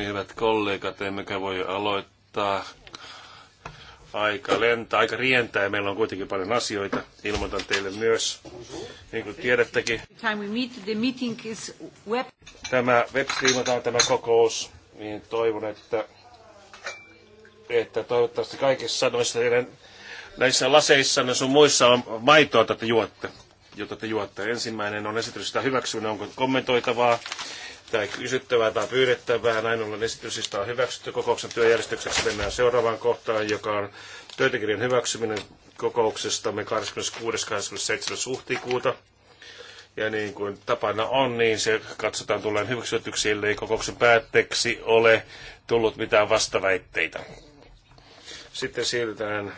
hyvät kollegat, emmekä voi aloittaa. Aika lentää, aika rientää ja meillä on kuitenkin paljon asioita. Ilmoitan teille myös, niin kuin tiedättekin. web. Tämä web tämä kokous, niin toivon, että, että toivottavasti kaikissa noissa teidän näissä laseissa ja sun muissa on maitoa, että juotte jota te juotte. Ensimmäinen on sitä hyväksyminen, onko kommentoitavaa tai kysyttävää tai pyydettävää. Näin ollen esitysistä siis on hyväksytty kokouksen työjärjestykseksi. Mennään seuraavaan kohtaan, joka on työntekijän hyväksyminen kokouksesta 26.–27. huhtikuuta. Ja niin kuin tapana on, niin se katsotaan tulleen hyväksytyksi, ellei kokouksen päätteeksi ole tullut mitään vastaväitteitä. Sitten siirrytään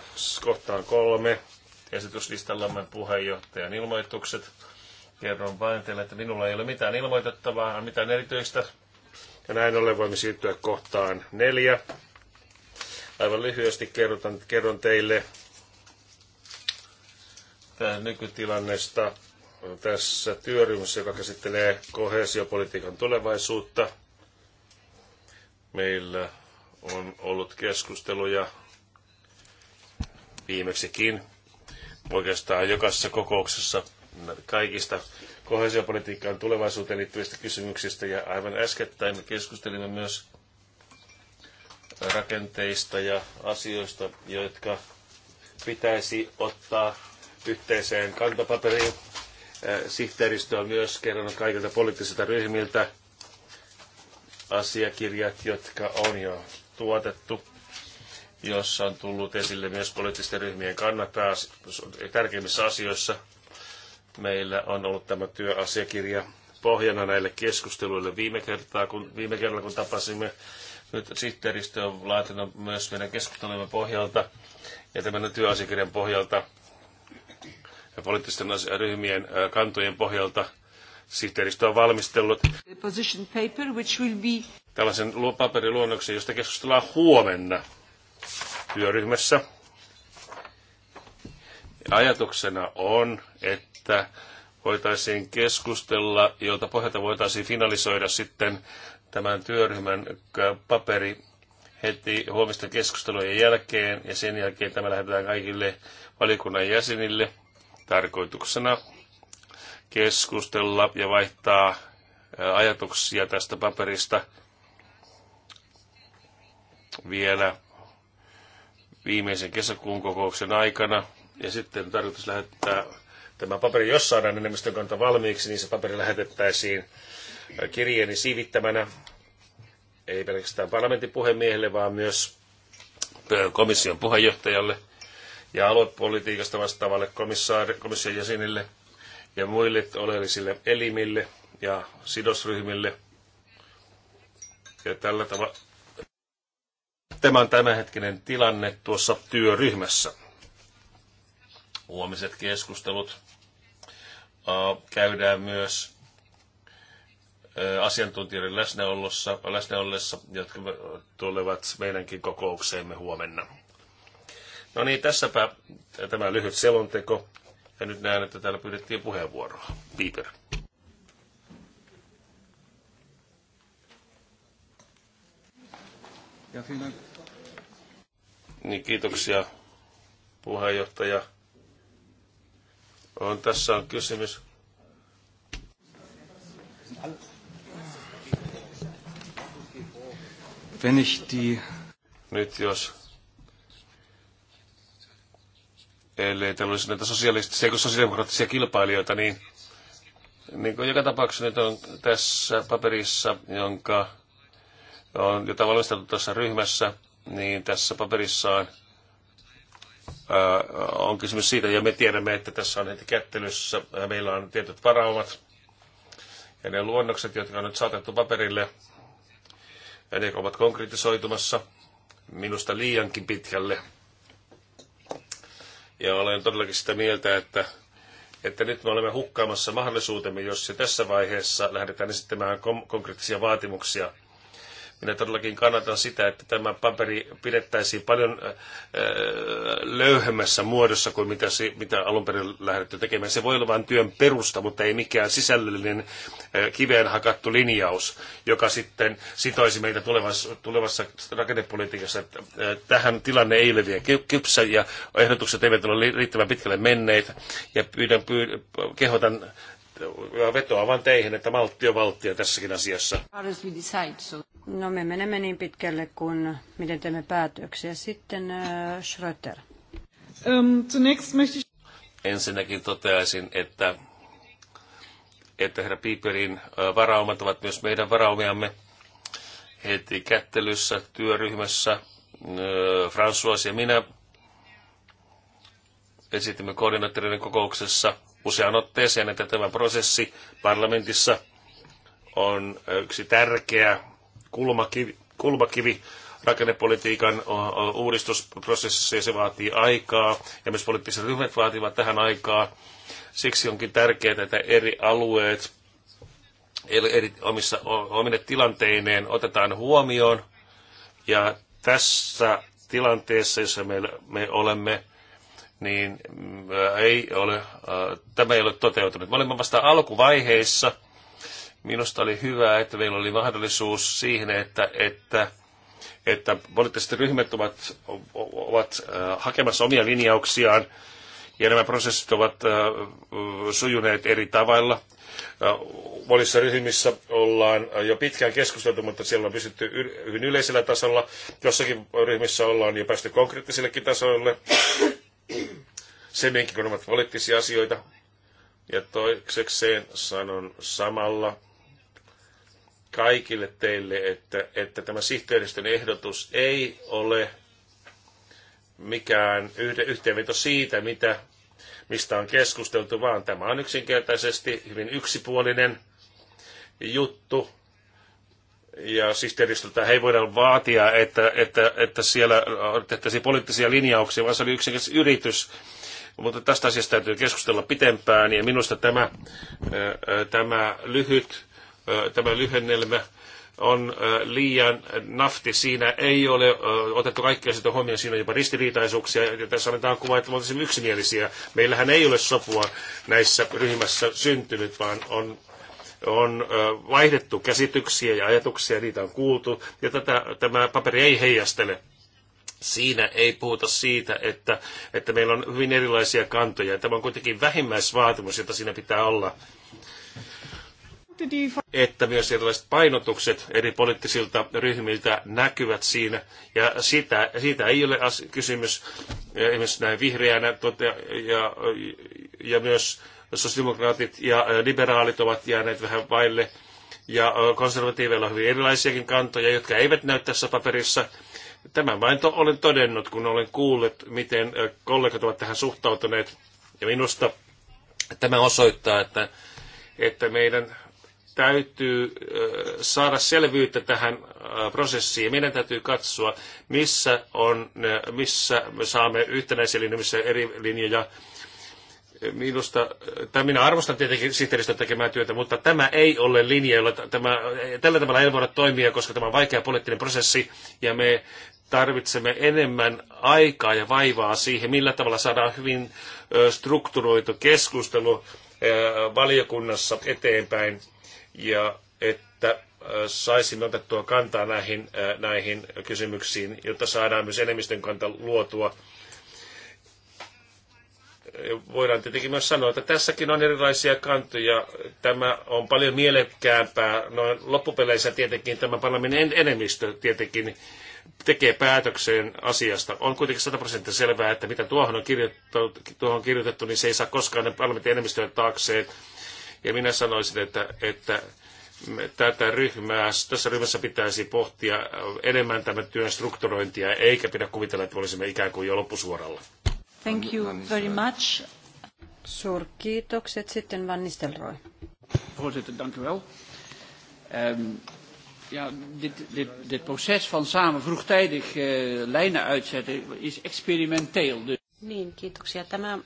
kohtaan kolme esityslistallamme puheenjohtajan ilmoitukset. Kerron vain teille, että minulla ei ole mitään ilmoitettavaa, mitään erityistä. Ja näin ollen voimme siirtyä kohtaan neljä. Aivan lyhyesti kerrotan, kerron teille tämän nykytilannesta tässä työryhmässä, joka käsittelee kohesiopolitiikan tulevaisuutta. Meillä on ollut keskusteluja viimeksikin oikeastaan jokaisessa kokouksessa kaikista kohesiopolitiikkaan tulevaisuuteen liittyvistä kysymyksistä. Ja aivan äskettäin me keskustelimme myös rakenteista ja asioista, jotka pitäisi ottaa yhteiseen kantapaperiin. Äh, Sihteeristö on myös kerran kaikilta poliittisilta ryhmiltä asiakirjat, jotka on jo tuotettu jossa on tullut esille myös poliittisten ryhmien kannattaa tärkeimmissä asioissa. Meillä on ollut tämä työasiakirja pohjana näille keskusteluille viime, kertaa, kun, viime kerralla, kun tapasimme. Nyt sihteeristö on laatinut myös meidän keskustelujemme pohjalta ja tämän työasiakirjan pohjalta ja poliittisten ryhmien kantojen pohjalta sihteeristö on valmistellut paper, which will be... tällaisen paperiluonnoksen, josta keskustellaan huomenna työryhmässä. Ajatuksena on, että voitaisiin keskustella, jolta pohjalta voitaisiin finalisoida sitten tämän työryhmän paperi heti huomisten keskustelujen jälkeen, ja sen jälkeen tämä lähetetään kaikille valikunnan jäsenille tarkoituksena keskustella ja vaihtaa ajatuksia tästä paperista vielä viimeisen kesäkuun kokouksen aikana. Ja sitten tarkoitus lähettää tämä paperi, jos saadaan enemmistön kanta valmiiksi, niin se paperi lähetettäisiin kirjeeni siivittämänä, ei pelkästään parlamentin puhemiehelle, vaan myös komission puheenjohtajalle ja aluepolitiikasta vastaavalle komission jäsenille ja muille oleellisille elimille ja sidosryhmille. Ja tällä tavalla Tämä on tämänhetkinen tilanne tuossa työryhmässä. Huomiset keskustelut käydään myös asiantuntijoiden läsnäollossa, läsnäollessa, jotka tulevat meidänkin kokoukseemme huomenna. No niin, tässäpä tämä lyhyt selonteko. Ja nyt näen, että täällä pyydettiin puheenvuoroa. Piiper. Ja, vielen Dank. Niin kiitoksia puheenjohtaja. On, tässä on kysymys. Wenn ich die... Nyt jos... Ellei täällä olisi näitä sosialistisia, eikö sosiaalidemokraattisia kilpailijoita, niin, niin kuin joka tapauksessa nyt on tässä paperissa, jonka on, jota valmisteltu tuossa ryhmässä, niin tässä paperissa on kysymys siitä, ja me tiedämme, että tässä on heti kättelyssä, meillä on tietyt varaumat, ja ne luonnokset, jotka on nyt saatettu paperille, ja ne ovat konkretisoitumassa minusta liiankin pitkälle. Ja olen todellakin sitä mieltä, että, että nyt me olemme hukkaamassa mahdollisuutemme, jos jo tässä vaiheessa lähdetään esittämään kom- konkreettisia vaatimuksia – minä todellakin kannatan sitä, että tämä paperi pidettäisiin paljon äh, löyhemmässä muodossa kuin mitä, mitä alun perin lähdetty tekemään. Se voi olla vain työn perusta, mutta ei mikään sisällöllinen äh, kiveen hakattu linjaus, joka sitten sitoisi meitä tulevassa, tulevassa rakennepolitiikassa. Äh, tähän tilanne ei ole vielä kypsä ja ehdotukset eivät ole riittävän pitkälle menneitä. Ja pyydän, pyydän kehotan vetoa vain teihin, että maltti on valttia tässäkin asiassa. No me menemme niin pitkälle kuin miten teemme päätöksiä. Sitten äh, Schröter. Ähm, Ensinnäkin toteaisin, että, että herra Piperin äh, varaumat ovat myös meidän varaumiamme heti kättelyssä työryhmässä. Äh, François ja minä esitimme koordinaattorien kokouksessa – usean otteeseen, että tämä prosessi parlamentissa on yksi tärkeä kulmakivi, kulmakivi rakennepolitiikan uudistusprosessissa ja se vaatii aikaa ja myös poliittiset ryhmät vaativat tähän aikaa. Siksi onkin tärkeää, että eri alueet eri omissa, omine tilanteineen otetaan huomioon ja tässä tilanteessa, jossa me, me olemme niin äh, ei ole, äh, tämä ei ole toteutunut. Me olimme vasta alkuvaiheissa. Minusta oli hyvä, että meillä oli mahdollisuus siihen, että, että, että poliittiset ryhmät ovat, ovat äh, hakemassa omia linjauksiaan ja nämä prosessit ovat sujuneet eri tavalla. Monissa ryhmissä ollaan jo pitkään keskusteltu, mutta siellä on pysytty hyvin yleisellä tasolla. Jossakin ryhmissä ollaan jo päästy konkreettisillekin tasoille. Semminkin kun ovat poliittisia asioita. Ja toisekseen sanon samalla kaikille teille, että, että tämä sihteeristön ehdotus ei ole mikään yhteenveto siitä, mitä, mistä on keskusteltu, vaan tämä on yksinkertaisesti hyvin yksipuolinen juttu, ja sihteeristöltä he ei voida vaatia, että, että, että siellä tehtäisiin poliittisia linjauksia, vaan se oli yksinkertaisesti yritys. Mutta tästä asiasta täytyy keskustella pitempään, ja minusta tämä, tämä lyhyt, tämä lyhennelmä on liian nafti. Siinä ei ole otettu kaikkia sitä huomioon, siinä on jopa ristiriitaisuuksia, ja tässä annetaan kuva, että me yksimielisiä. Meillähän ei ole sopua näissä ryhmässä syntynyt, vaan on on vaihdettu käsityksiä ja ajatuksia, niitä on kuultu, ja tätä, tämä paperi ei heijastele siinä ei puhuta siitä, että, että meillä on hyvin erilaisia kantoja. Tämä on kuitenkin vähimmäisvaatimus, jota siinä pitää olla. Että myös erilaiset painotukset eri poliittisilta ryhmiltä näkyvät siinä. Ja sitä, siitä ei ole kysymys esimerkiksi näin vihreänä ja, ja, ja myös sosiaalidemokraatit ja äh, liberaalit ovat jääneet vähän vaille. Ja äh, konservatiiveilla on hyvin erilaisiakin kantoja, jotka eivät näy tässä paperissa. Tämän vain to- olen todennut, kun olen kuullut, miten äh, kollegat ovat tähän suhtautuneet. Ja minusta tämä osoittaa, että, että meidän täytyy saada selvyyttä tähän prosessiin. Meidän täytyy katsoa, missä, on, missä me saamme yhtenäisiä linjoja, missä eri linjoja minusta, tai minä arvostan tietenkin sihteeristön tekemää työtä, mutta tämä ei ole linja, jolla tämä, tällä tavalla ei voida toimia, koska tämä on vaikea poliittinen prosessi ja me tarvitsemme enemmän aikaa ja vaivaa siihen, millä tavalla saadaan hyvin strukturoitu keskustelu valiokunnassa eteenpäin ja että saisin otettua kantaa näihin, näihin kysymyksiin, jotta saadaan myös enemmistön kanta luotua voidaan tietenkin myös sanoa, että tässäkin on erilaisia kantoja. Tämä on paljon mielekkäämpää. Noin loppupeleissä tietenkin tämä parlamentin enemmistö tietenkin tekee päätöksen asiasta. On kuitenkin 100 prosenttia selvää, että mitä tuohon on kirjoitettu, tuohon on kirjoitettu, niin se ei saa koskaan parlamentin enemmistöä taakseen. Ja minä sanoisin, että, että tätä ryhmää, tässä ryhmässä pitäisi pohtia enemmän tämän työn strukturointia, eikä pidä kuvitella, että olisimme ikään kuin jo loppusuoralla. Thank you very much. Suurkiitokset. Sitten Van Nistelrooy. Voorzitter, dank u wel. Um, ja, dit, dit, dit proces van samen vroegtijdig uh, lijnen uitzetten is experimenteel. Dus... Niin, kiitoksia. Tämä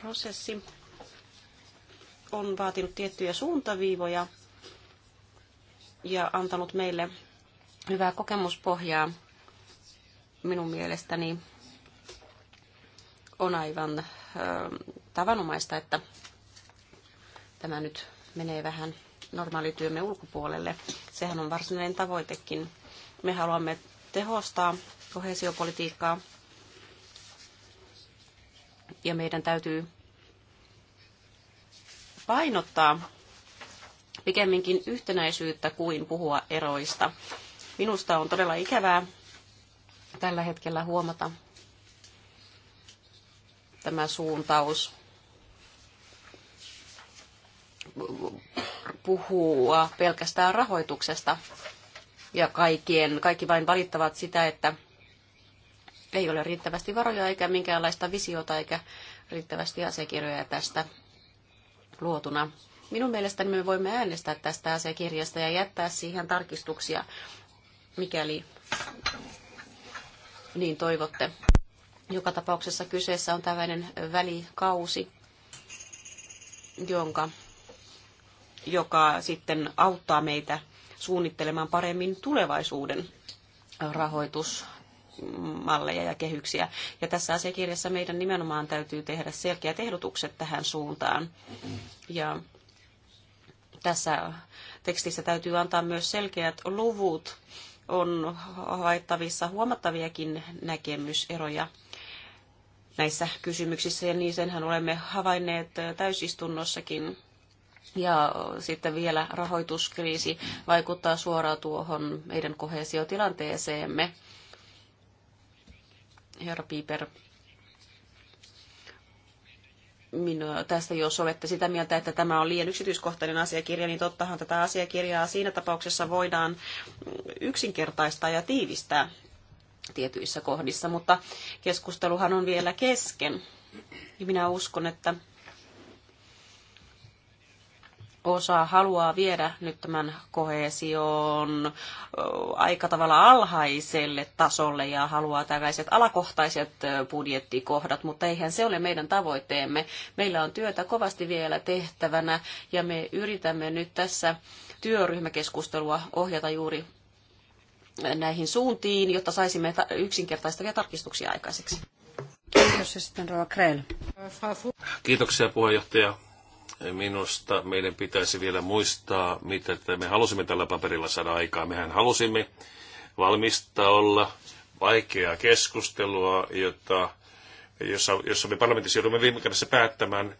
prosessi on vaatinut tiettyjä suuntaviivoja ja antanut meille hyvää kokemuspohjaa minun mielestäni on aivan tavanomaista, että tämä nyt menee vähän normaalityömme ulkopuolelle. Sehän on varsinainen tavoitekin. Me haluamme tehostaa kohesiopolitiikkaa ja meidän täytyy painottaa pikemminkin yhtenäisyyttä kuin puhua eroista. Minusta on todella ikävää tällä hetkellä huomata, tämä suuntaus puhua pelkästään rahoituksesta. Ja kaikkien, kaikki vain valittavat sitä, että ei ole riittävästi varoja eikä minkäänlaista visiota eikä riittävästi asiakirjoja tästä luotuna. Minun mielestäni me voimme äänestää tästä asiakirjasta ja jättää siihen tarkistuksia, mikäli niin toivotte. Joka tapauksessa kyseessä on tällainen välikausi, jonka, joka sitten auttaa meitä suunnittelemaan paremmin tulevaisuuden rahoitusmalleja ja kehyksiä. Ja tässä asiakirjassa meidän nimenomaan täytyy tehdä selkeät ehdotukset tähän suuntaan. Ja tässä tekstissä täytyy antaa myös selkeät luvut. On havaittavissa huomattaviakin näkemyseroja näissä kysymyksissä, ja niin senhän olemme havainneet täysistunnossakin. Ja sitten vielä rahoituskriisi vaikuttaa suoraan tuohon meidän kohesiotilanteeseemme. Herra Piper, minua tästä, jos olette sitä mieltä, että tämä on liian yksityiskohtainen asiakirja, niin tottahan tätä asiakirjaa siinä tapauksessa voidaan yksinkertaistaa ja tiivistää tietyissä kohdissa, mutta keskusteluhan on vielä kesken. Ja minä uskon, että osa haluaa viedä nyt tämän kohesion aika tavalla alhaiselle tasolle ja haluaa tällaiset alakohtaiset budjettikohdat, mutta eihän se ole meidän tavoitteemme. Meillä on työtä kovasti vielä tehtävänä ja me yritämme nyt tässä työryhmäkeskustelua ohjata juuri näihin suuntiin, jotta saisimme yksinkertaistavia tarkistuksia aikaiseksi. Kiitos ja sitten Rova Krell. Kiitoksia puheenjohtaja. Minusta meidän pitäisi vielä muistaa, mitä me halusimme tällä paperilla saada aikaa. Mehän halusimme valmistaa olla vaikeaa keskustelua, jota, jossa, jossa me parlamentissa joudumme viime kädessä päättämään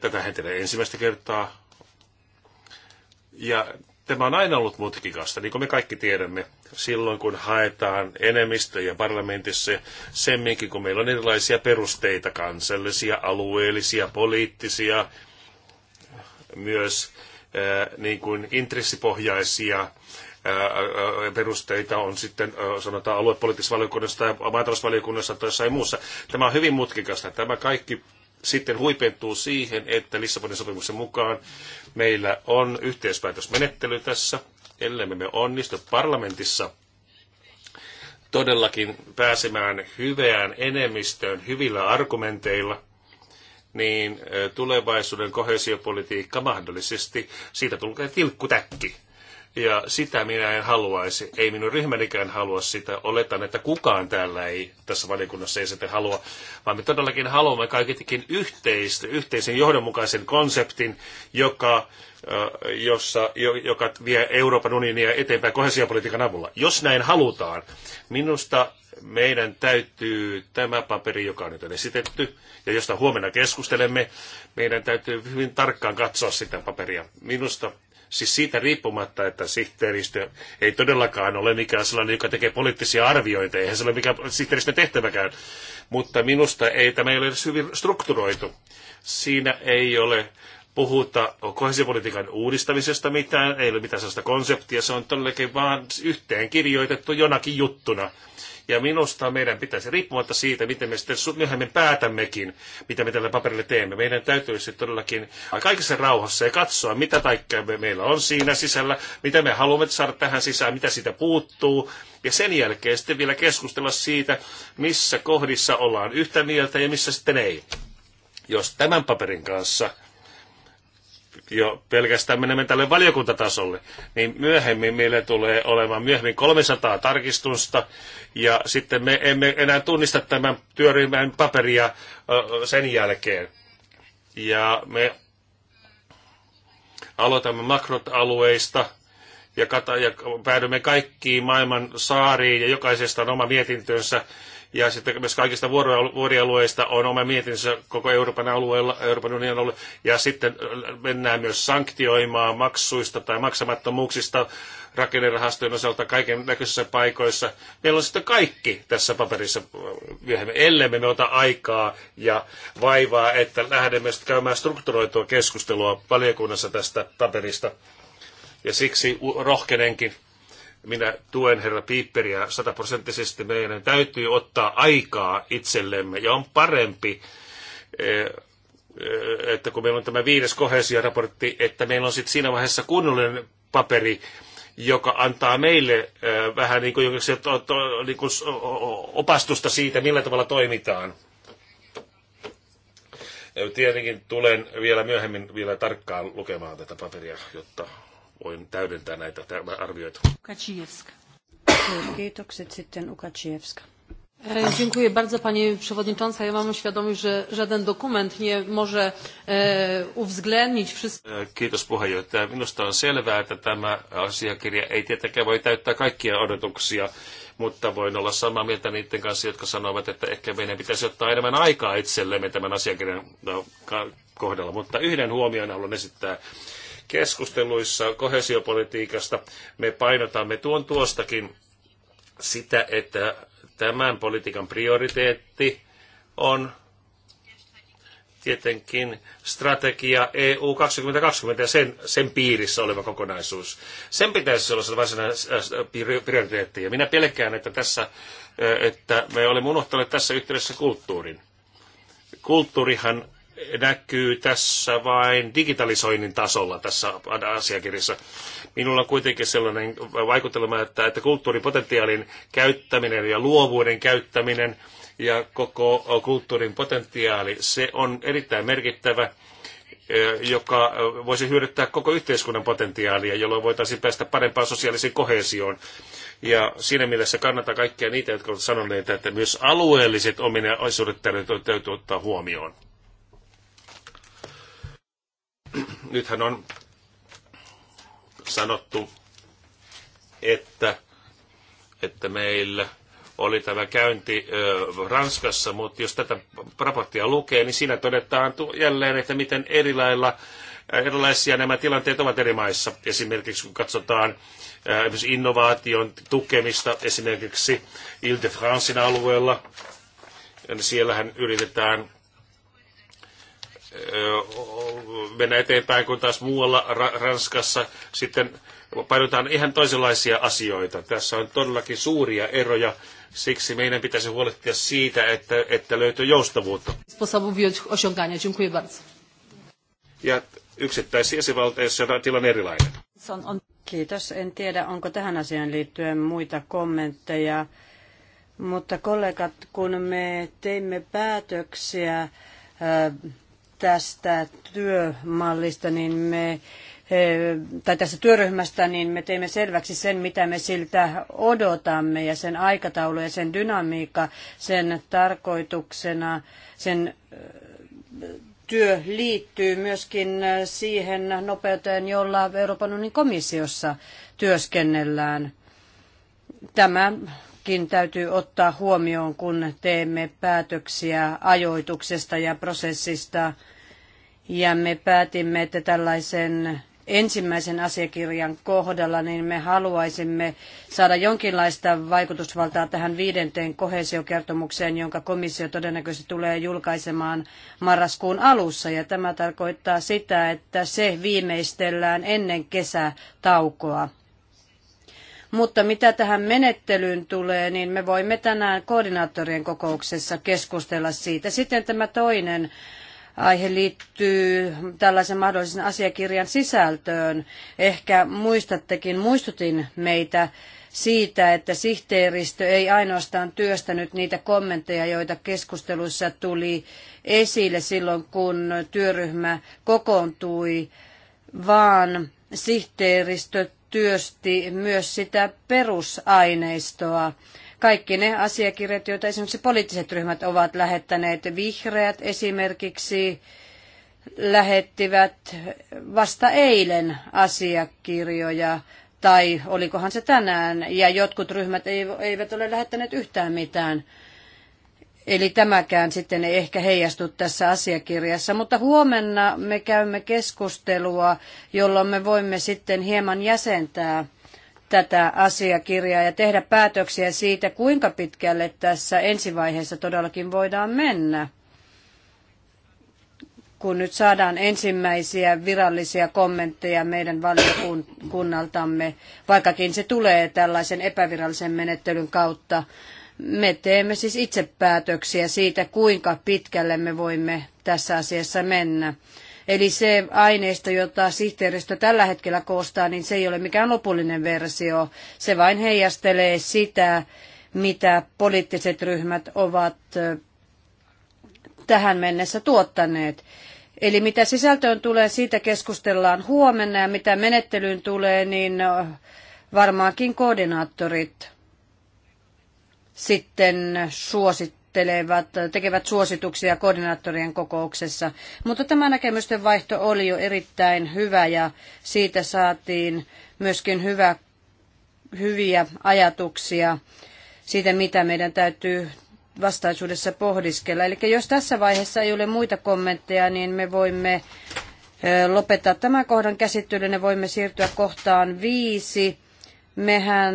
tätä hetelee ensimmäistä kertaa. Ja Tämä on aina ollut mutkikasta, niin kuin me kaikki tiedämme. Silloin kun haetaan enemmistöjä parlamentissa, semminkin kun meillä on erilaisia perusteita, kansallisia, alueellisia, poliittisia, myös äh, niin kuin intressipohjaisia äh, äh, perusteita on sitten sanotaan aluepoliittisessa valiokunnassa tai maatalousvaliokunnassa tai jossain muussa. Tämä on hyvin mutkikasta. Tämä kaikki sitten huipentuu siihen, että Lissabonin sopimuksen mukaan meillä on yhteispäätösmenettely tässä, ellei me onnistu parlamentissa todellakin pääsemään hyvään enemmistöön hyvillä argumenteilla, niin tulevaisuuden kohesiopolitiikka mahdollisesti, siitä tulee tilkkutäkki. Ja sitä minä en haluaisi. Ei minun ryhmänikään halua sitä. Oletan, että kukaan täällä ei tässä valiokunnassa ei sitä halua, vaan me todellakin haluamme kaiketikin yhteistä, yhteisen johdonmukaisen konseptin, joka, jossa, joka vie Euroopan unionia eteenpäin kohesiopolitiikan avulla. Jos näin halutaan, minusta meidän täytyy tämä paperi, joka on nyt esitetty ja josta huomenna keskustelemme, meidän täytyy hyvin tarkkaan katsoa sitä paperia. Minusta Siis siitä riippumatta, että sihteeristö ei todellakaan ole mikään sellainen, joka tekee poliittisia arvioita, eihän se ole mikään sihteeristön tehtäväkään. Mutta minusta ei, tämä ei ole edes hyvin strukturoitu. Siinä ei ole puhuta kohesiopolitiikan uudistamisesta mitään, ei ole mitään sellaista konseptia, se on todellakin vaan yhteen kirjoitettu jonakin juttuna. Ja minusta meidän pitäisi, riippumatta siitä, miten me sitten myöhemmin päätämmekin, mitä me tällä paperilla teemme, meidän täytyisi todellakin kaikessa rauhassa ja katsoa, mitä kaikkea me, meillä on siinä sisällä, mitä me haluamme saada tähän sisään, mitä siitä puuttuu. Ja sen jälkeen sitten vielä keskustella siitä, missä kohdissa ollaan yhtä mieltä ja missä sitten ei. Jos tämän paperin kanssa jo pelkästään menemme tälle valiokuntatasolle, niin myöhemmin meille tulee olemaan myöhemmin 300 tarkistusta, ja sitten me emme enää tunnista tämän työryhmän paperia sen jälkeen. Ja me aloitamme makrotalueista, ja, kata, ja päädymme kaikkiin maailman saariin, ja jokaisesta on oma mietintönsä, ja sitten myös kaikista vuorialueista on oma mietinsä koko Euroopan alueella, Euroopan unionin alueella. Ja sitten äh, mennään myös sanktioimaan maksuista tai maksamattomuuksista rakennerahastojen osalta kaiken näköisissä paikoissa. Meillä on sitten kaikki tässä paperissa äh, myöhemmin, ellei me ota aikaa ja vaivaa, että lähdemme sitten käymään strukturoitua keskustelua valiokunnassa tästä paperista. Ja siksi rohkenenkin minä tuen herra Piipperiä sataprosenttisesti. Meidän täytyy ottaa aikaa itsellemme ja on parempi eh, eh, että kun meillä on tämä viides kohesioraportti, että meillä on sitten siinä vaiheessa kunnollinen paperi, joka antaa meille eh, vähän niin kuin, niin kuin opastusta siitä, millä tavalla toimitaan. Tietenkin tulen vielä myöhemmin vielä tarkkaan lukemaan tätä paperia, jotta voin täydentää näitä arvioita. Kaczijewska. Kiitokset sitten Ukaczijewska. E, dziękuję bardzo Pani Przewodnicząca. Ja mam świadomość, że żaden dokument nie może e, uwzględnić wszystkich. E, kiitos puheenjohtaja. Minusta on selvää, että tämä asiakirja ei tietenkään voi täyttää kaikkia odotuksia, mutta voin olla samaa mieltä niiden kanssa, jotka sanovat, että ehkä meidän pitäisi ottaa enemmän aikaa itsellemme tämän asiakirjan no, kohdalla. Mutta yhden huomion haluan esittää Keskusteluissa kohesiopolitiikasta me painotamme tuon tuostakin sitä, että tämän politiikan prioriteetti on tietenkin strategia EU 2020 ja sen, sen piirissä oleva kokonaisuus. Sen pitäisi olla varsinainen äh, prioriteetti. Ja minä pelkään, että, tässä, äh, että me olemme unohtaneet tässä yhteydessä kulttuurin. Kulttuurihan näkyy tässä vain digitalisoinnin tasolla tässä asiakirjassa. Minulla on kuitenkin sellainen vaikutelma, että, että kulttuuripotentiaalin käyttäminen ja luovuuden käyttäminen ja koko kulttuurin potentiaali, se on erittäin merkittävä e, joka voisi hyödyttää koko yhteiskunnan potentiaalia, jolloin voitaisiin päästä parempaan sosiaaliseen kohesioon. Ja siinä mielessä kannattaa kaikkia niitä, jotka ovat sanoneet, että myös alueelliset ominaisuudet täytyy ottaa huomioon. nythän on sanottu, että, että meillä oli tämä käynti ö, Ranskassa, mutta jos tätä raporttia lukee, niin siinä todetaan jälleen, että miten erilailla, erilaisia nämä tilanteet ovat eri maissa. Esimerkiksi kun katsotaan ö, innovaation tukemista esimerkiksi Ile-de-Francin alueella, niin siellähän yritetään mennä eteenpäin, kun taas muualla Ranskassa sitten painotetaan ihan toisenlaisia asioita. Tässä on todellakin suuria eroja, siksi meidän pitäisi huolehtia siitä, että, että löytyy joustavuutta. Ja yksittäisiä jäsenvaltioissa on tilanne erilainen. Kiitos. En tiedä, onko tähän asiaan liittyen muita kommentteja, mutta kollegat, kun me teimme päätöksiä tästä työmallista, niin me tai tästä työryhmästä, niin me teimme selväksi sen, mitä me siltä odotamme ja sen aikataulu ja sen dynamiikka, sen tarkoituksena, sen työ liittyy myöskin siihen nopeuteen, jolla Euroopan unionin komissiossa työskennellään. Tämä myöskin täytyy ottaa huomioon, kun teemme päätöksiä ajoituksesta ja prosessista. Ja me päätimme, että tällaisen ensimmäisen asiakirjan kohdalla, niin me haluaisimme saada jonkinlaista vaikutusvaltaa tähän viidenteen kohesiokertomukseen, jonka komissio todennäköisesti tulee julkaisemaan marraskuun alussa. Ja tämä tarkoittaa sitä, että se viimeistellään ennen kesätaukoa. Mutta mitä tähän menettelyyn tulee, niin me voimme tänään koordinaattorien kokouksessa keskustella siitä. Sitten tämä toinen aihe liittyy tällaisen mahdollisen asiakirjan sisältöön. Ehkä muistattekin, muistutin meitä siitä, että sihteeristö ei ainoastaan työstänyt niitä kommentteja, joita keskusteluissa tuli esille silloin, kun työryhmä kokoontui, vaan sihteeristö työsti myös sitä perusaineistoa. Kaikki ne asiakirjat, joita esimerkiksi poliittiset ryhmät ovat lähettäneet, vihreät esimerkiksi, lähettivät vasta eilen asiakirjoja, tai olikohan se tänään, ja jotkut ryhmät eivät ole lähettäneet yhtään mitään. Eli tämäkään sitten ei ehkä heijastu tässä asiakirjassa, mutta huomenna me käymme keskustelua, jolloin me voimme sitten hieman jäsentää tätä asiakirjaa ja tehdä päätöksiä siitä, kuinka pitkälle tässä ensivaiheessa todellakin voidaan mennä kun nyt saadaan ensimmäisiä virallisia kommentteja meidän valiokunnaltamme, vaikkakin se tulee tällaisen epävirallisen menettelyn kautta, me teemme siis itse päätöksiä siitä, kuinka pitkälle me voimme tässä asiassa mennä. Eli se aineisto, jota sihteeristö tällä hetkellä koostaa, niin se ei ole mikään lopullinen versio. Se vain heijastelee sitä, mitä poliittiset ryhmät ovat tähän mennessä tuottaneet. Eli mitä sisältöön tulee, siitä keskustellaan huomenna ja mitä menettelyyn tulee, niin varmaankin koordinaattorit sitten suosittelevat, tekevät suosituksia koordinaattorien kokouksessa. Mutta tämä näkemysten vaihto oli jo erittäin hyvä ja siitä saatiin myöskin hyvä, hyviä ajatuksia siitä, mitä meidän täytyy vastaisuudessa pohdiskella. Eli jos tässä vaiheessa ei ole muita kommentteja, niin me voimme lopettaa tämän kohdan käsittelyn ja voimme siirtyä kohtaan viisi Mehän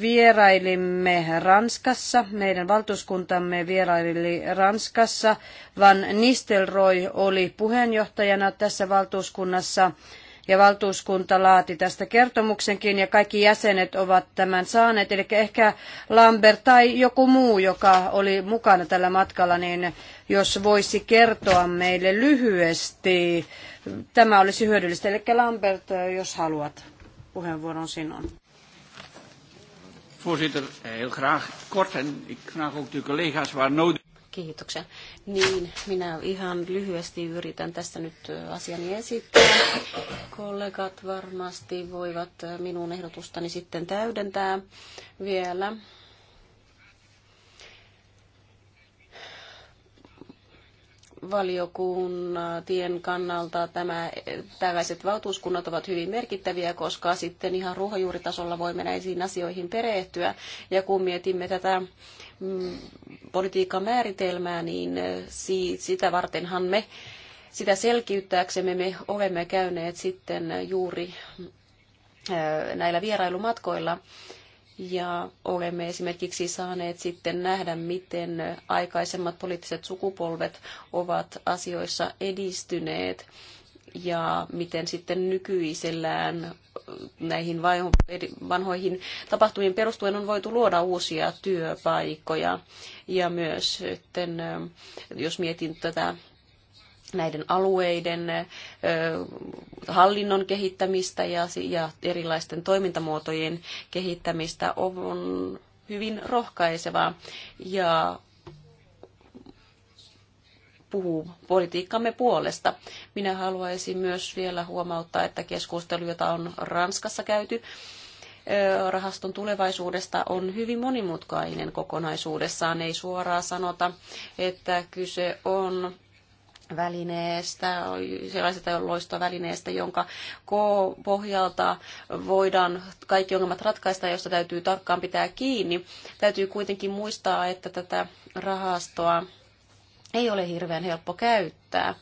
vierailimme Ranskassa, meidän valtuuskuntamme vieraili Ranskassa. Van Nistelrooy oli puheenjohtajana tässä valtuuskunnassa ja valtuuskunta laati tästä kertomuksenkin ja kaikki jäsenet ovat tämän saaneet. Eli ehkä Lambert tai joku muu, joka oli mukana tällä matkalla, niin jos voisi kertoa meille lyhyesti, tämä olisi hyödyllistä. Eli Lambert, jos haluat puheenvuoron sinun. Voorzitter, eh, heel graag kort en ik vraag ook de collega's waar nodig. Kiitoksia. Niin, minä ihan lyhyesti yritän tässä nyt eh, asiani esittää. Kollegat varmasti voivat eh, minun ehdotustani sitten täydentää vielä. valiokuntien kannalta tämä, tällaiset valtuuskunnat ovat hyvin merkittäviä, koska sitten ihan ruohonjuuritasolla voimme näisiin asioihin perehtyä. Ja kun mietimme tätä mm, politiikan määritelmää, niin äh, si, sitä vartenhan me, sitä selkiyttääksemme me olemme käyneet sitten juuri äh, näillä vierailumatkoilla ja olemme esimerkiksi saaneet sitten nähdä, miten aikaisemmat poliittiset sukupolvet ovat asioissa edistyneet ja miten sitten nykyisellään näihin vanhoihin tapahtumiin perustuen on voitu luoda uusia työpaikkoja. Ja myös sitten, jos mietin tätä näiden alueiden hallinnon kehittämistä ja erilaisten toimintamuotojen kehittämistä on hyvin rohkaisevaa ja puhuu politiikkamme puolesta. Minä haluaisin myös vielä huomauttaa, että keskustelu, jota on Ranskassa käyty, rahaston tulevaisuudesta on hyvin monimutkainen kokonaisuudessaan. Ei suoraan sanota, että kyse on välineestä, sellaisesta loistovälineestä, jonka pohjalta voidaan kaikki ongelmat ratkaista, josta täytyy tarkkaan pitää kiinni. Täytyy kuitenkin muistaa, että tätä rahastoa ei ole hirveän helppo käyttää.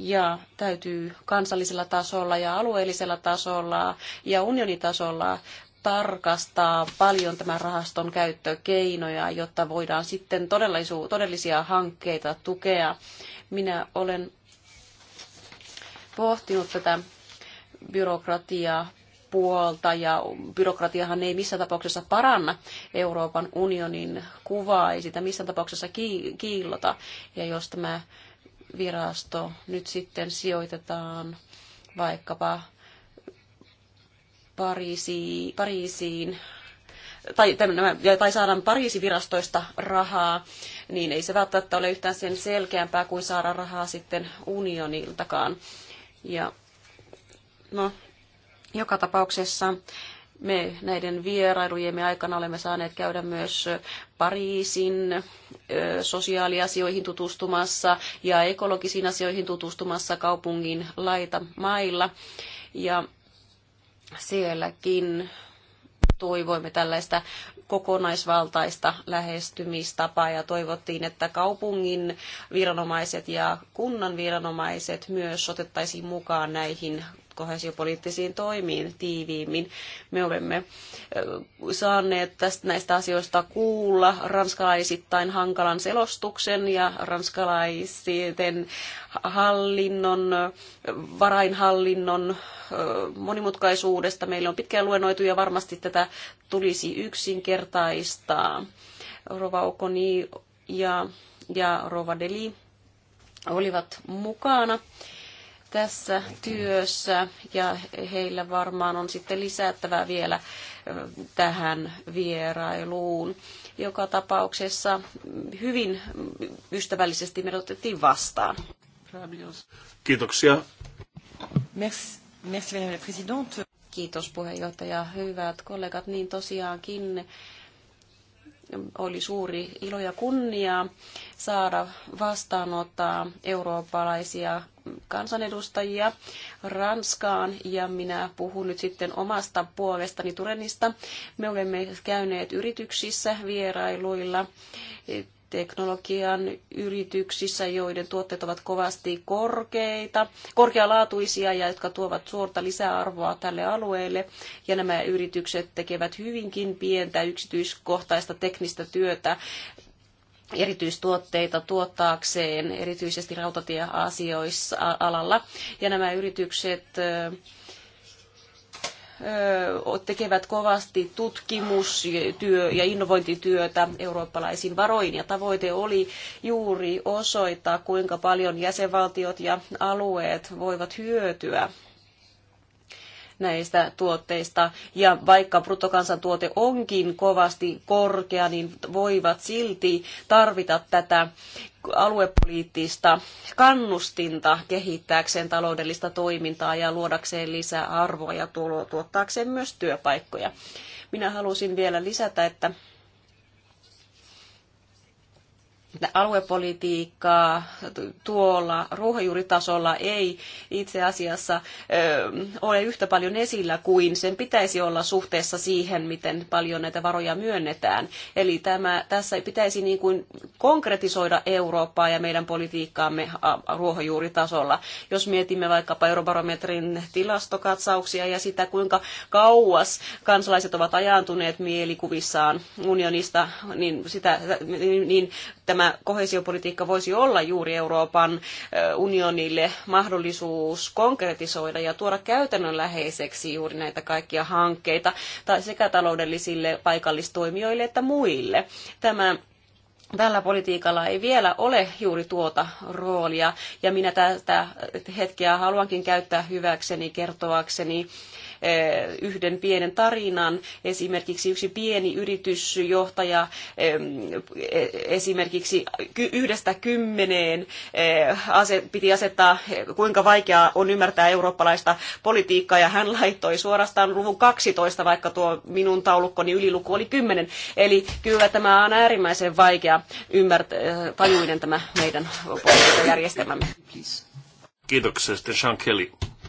ja täytyy kansallisella tasolla ja alueellisella tasolla ja unionitasolla tarkastaa paljon tämän rahaston käyttökeinoja, jotta voidaan sitten todellisia hankkeita tukea. Minä olen pohtinut tätä byrokratiaa puolta ja byrokratiahan ei missään tapauksessa paranna Euroopan unionin kuvaa, ei sitä missään tapauksessa kiillota. Ja jos tämä virasto nyt sitten sijoitetaan vaikkapa Pariisiin, Pariisiin tai, tai saadaan Pariisin virastoista rahaa, niin ei se välttämättä ole yhtään sen selkeämpää kuin saada rahaa sitten unioniltakaan. Ja, no, joka tapauksessa me näiden vierailujemme aikana olemme saaneet käydä myös Pariisin sosiaaliasioihin tutustumassa ja ekologisiin asioihin tutustumassa kaupungin laita mailla. Ja sielläkin toivoimme tällaista kokonaisvaltaista lähestymistapaa ja toivottiin, että kaupungin viranomaiset ja kunnan viranomaiset myös otettaisiin mukaan näihin koheesiopoliittisiin toimiin tiiviimmin. Me olemme saaneet tästä, näistä asioista kuulla ranskalaisittain hankalan selostuksen ja ranskalaisten hallinnon, varainhallinnon monimutkaisuudesta. Meillä on pitkään luennoitu ja varmasti tätä tulisi yksinkertaistaa. Rova Okoni ja, ja Rova Deli olivat mukana tässä työssä ja heillä varmaan on sitten lisättävää vielä tähän vierailuun. Joka tapauksessa hyvin ystävällisesti me otettiin vastaan. Kiitoksia. Merci, merci madame présidente. Kiitos puheenjohtaja. Hyvät kollegat, niin tosiaankin oli suuri ilo ja kunnia saada vastaanottaa eurooppalaisia kansanedustajia Ranskaan ja minä puhun nyt sitten omasta puolestani Turenista. Me olemme käyneet yrityksissä vierailuilla teknologian yrityksissä, joiden tuotteet ovat kovasti korkeita, korkealaatuisia ja jotka tuovat suorta lisäarvoa tälle alueelle. Ja nämä yritykset tekevät hyvinkin pientä yksityiskohtaista teknistä työtä erityistuotteita tuottaakseen, erityisesti rautatieasioissa alalla. Ja nämä yritykset tekevät kovasti tutkimus- ja innovointityötä eurooppalaisin varoin. Ja tavoite oli juuri osoittaa, kuinka paljon jäsenvaltiot ja alueet voivat hyötyä näistä tuotteista. Ja vaikka bruttokansantuote onkin kovasti korkea, niin voivat silti tarvita tätä aluepoliittista kannustinta kehittääkseen taloudellista toimintaa ja luodakseen lisää arvoa ja tuottaakseen myös työpaikkoja. Minä halusin vielä lisätä, että aluepolitiikkaa tuolla ruohonjuuritasolla ei itse asiassa ole yhtä paljon esillä kuin sen pitäisi olla suhteessa siihen, miten paljon näitä varoja myönnetään. Eli tämä, tässä pitäisi niin kuin konkretisoida Eurooppaa ja meidän politiikkaamme ruohonjuuritasolla. Jos mietimme vaikkapa eurobarometrin tilastokatsauksia ja sitä, kuinka kauas kansalaiset ovat ajaantuneet mielikuvissaan unionista, niin, sitä, niin, niin tämä tämä kohesiopolitiikka voisi olla juuri Euroopan unionille mahdollisuus konkretisoida ja tuoda käytännönläheiseksi juuri näitä kaikkia hankkeita tai sekä taloudellisille paikallistoimijoille että muille. Tämä tällä politiikalla ei vielä ole juuri tuota roolia, ja minä tätä hetkeä haluankin käyttää hyväkseni kertoakseni Eh, yhden pienen tarinan. Esimerkiksi yksi pieni yritysjohtaja e, esimerkiksi yhdestä kymmeneen eh, piti asettaa, kuinka vaikeaa on ymmärtää eurooppalaista politiikkaa, ja hän laittoi suorastaan luvun 12, vaikka tuo minun taulukkoni yliluku oli 10. Eli kyllä tämä on äärimmäisen vaikea ymmärtää, eh, tajuinen tämä meidän järjestelmämme. Kiitoksia. Sitten Sean Kelly.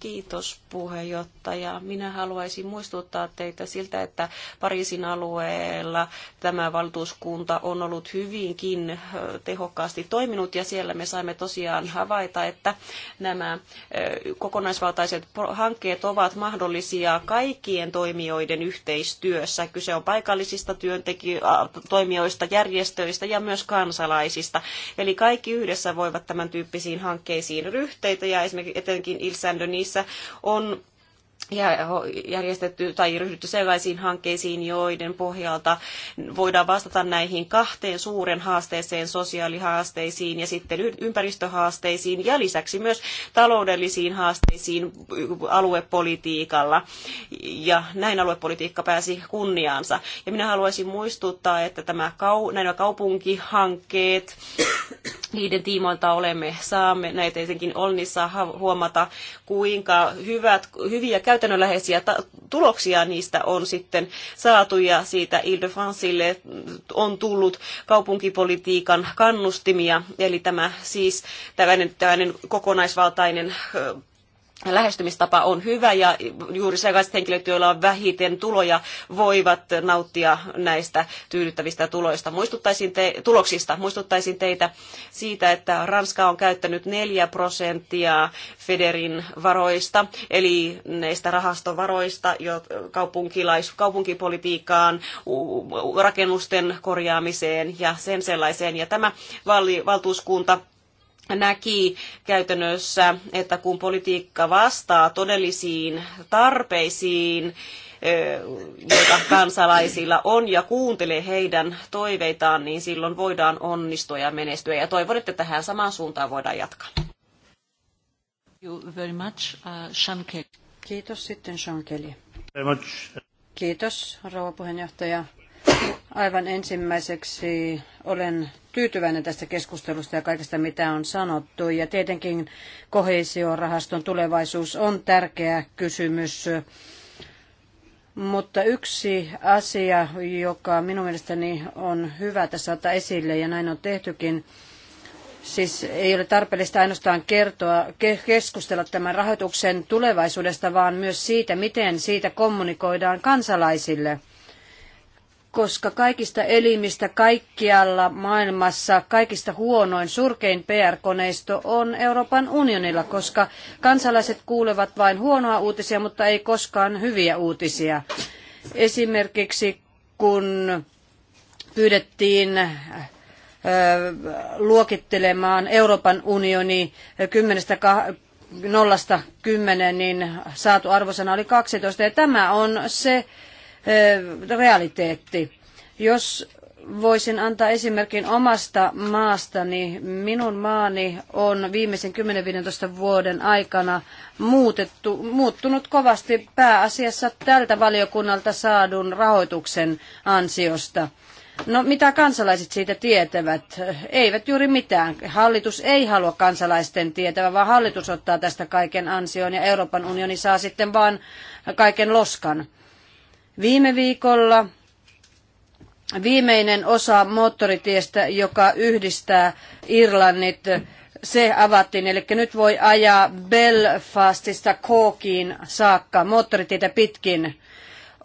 Kiitos puheenjohtaja. Minä haluaisin muistuttaa teitä siltä, että Pariisin alueella tämä valtuuskunta on ollut hyvinkin tehokkaasti toiminut ja siellä me saimme tosiaan havaita, että nämä kokonaisvaltaiset hankkeet ovat mahdollisia kaikkien toimijoiden yhteistyössä. Kyse on paikallisista työntekijöistä, toimijoista, järjestöistä ja myös kansalaisista. Eli kaikki yhdessä voivat tämän tyyppisiin hankkeisiin ryhteitä ja esimerkiksi etenkin Ilsändönissä niissä on ja järjestetty tai ryhdytty sellaisiin hankkeisiin, joiden pohjalta voidaan vastata näihin kahteen suuren haasteeseen, sosiaalihaasteisiin ja sitten ympäristöhaasteisiin ja lisäksi myös taloudellisiin haasteisiin aluepolitiikalla. Ja näin aluepolitiikka pääsi kunniaansa. Ja minä haluaisin muistuttaa, että tämä kau- nämä kaupunkihankkeet, niiden tiimoilta olemme, saamme näitä etenkin Olnissa huomata, kuinka hyvät, hyviä käytännönläheisiä tuloksia niistä on sitten saatu ja siitä ile de on tullut kaupunkipolitiikan kannustimia. Eli tämä siis tällainen, tällainen kokonaisvaltainen lähestymistapa on hyvä ja juuri sellaiset henkilöt, joilla on vähiten tuloja, voivat nauttia näistä tyydyttävistä tuloista. Muistuttaisin te, tuloksista. Muistuttaisin teitä siitä, että Ranska on käyttänyt 4 prosenttia Federin varoista, eli näistä rahastovaroista jo kaupunkilais, kaupunkipolitiikkaan, rakennusten korjaamiseen ja sen sellaiseen. Ja tämä valtuuskunta näki käytännössä, että kun politiikka vastaa todellisiin tarpeisiin, joita kansalaisilla on ja kuuntelee heidän toiveitaan, niin silloin voidaan onnistua ja menestyä. Ja toivon, että tähän samaan suuntaan voidaan jatkaa. Uh, Kiitos sitten Sean Kiitos rouva puheenjohtaja. Aivan ensimmäiseksi olen tyytyväinen tästä keskustelusta ja kaikesta, mitä on sanottu. Ja tietenkin kohesiorahaston tulevaisuus on tärkeä kysymys. Mutta yksi asia, joka minun mielestäni on hyvä tässä ottaa esille, ja näin on tehtykin, siis ei ole tarpeellista ainoastaan kertoa, keskustella tämän rahoituksen tulevaisuudesta, vaan myös siitä, miten siitä kommunikoidaan kansalaisille koska kaikista elimistä kaikkialla maailmassa kaikista huonoin, surkein PR-koneisto on Euroopan unionilla, koska kansalaiset kuulevat vain huonoa uutisia, mutta ei koskaan hyviä uutisia. Esimerkiksi kun pyydettiin luokittelemaan Euroopan unioni 10 nollasta 10, niin saatu arvosana oli 12. Ja tämä on se realiteetti. Jos voisin antaa esimerkin omasta maastani. Minun maani on viimeisen 10-15 vuoden aikana muutettu, muuttunut kovasti pääasiassa tältä valiokunnalta saadun rahoituksen ansiosta. No mitä kansalaiset siitä tietävät? Eivät juuri mitään. Hallitus ei halua kansalaisten tietävä, vaan hallitus ottaa tästä kaiken ansion ja Euroopan unioni saa sitten vaan kaiken loskan. Viime viikolla viimeinen osa moottoritiestä, joka yhdistää Irlannit, se avattiin. Eli nyt voi ajaa Belfastista Kookiin saakka moottoritietä pitkin.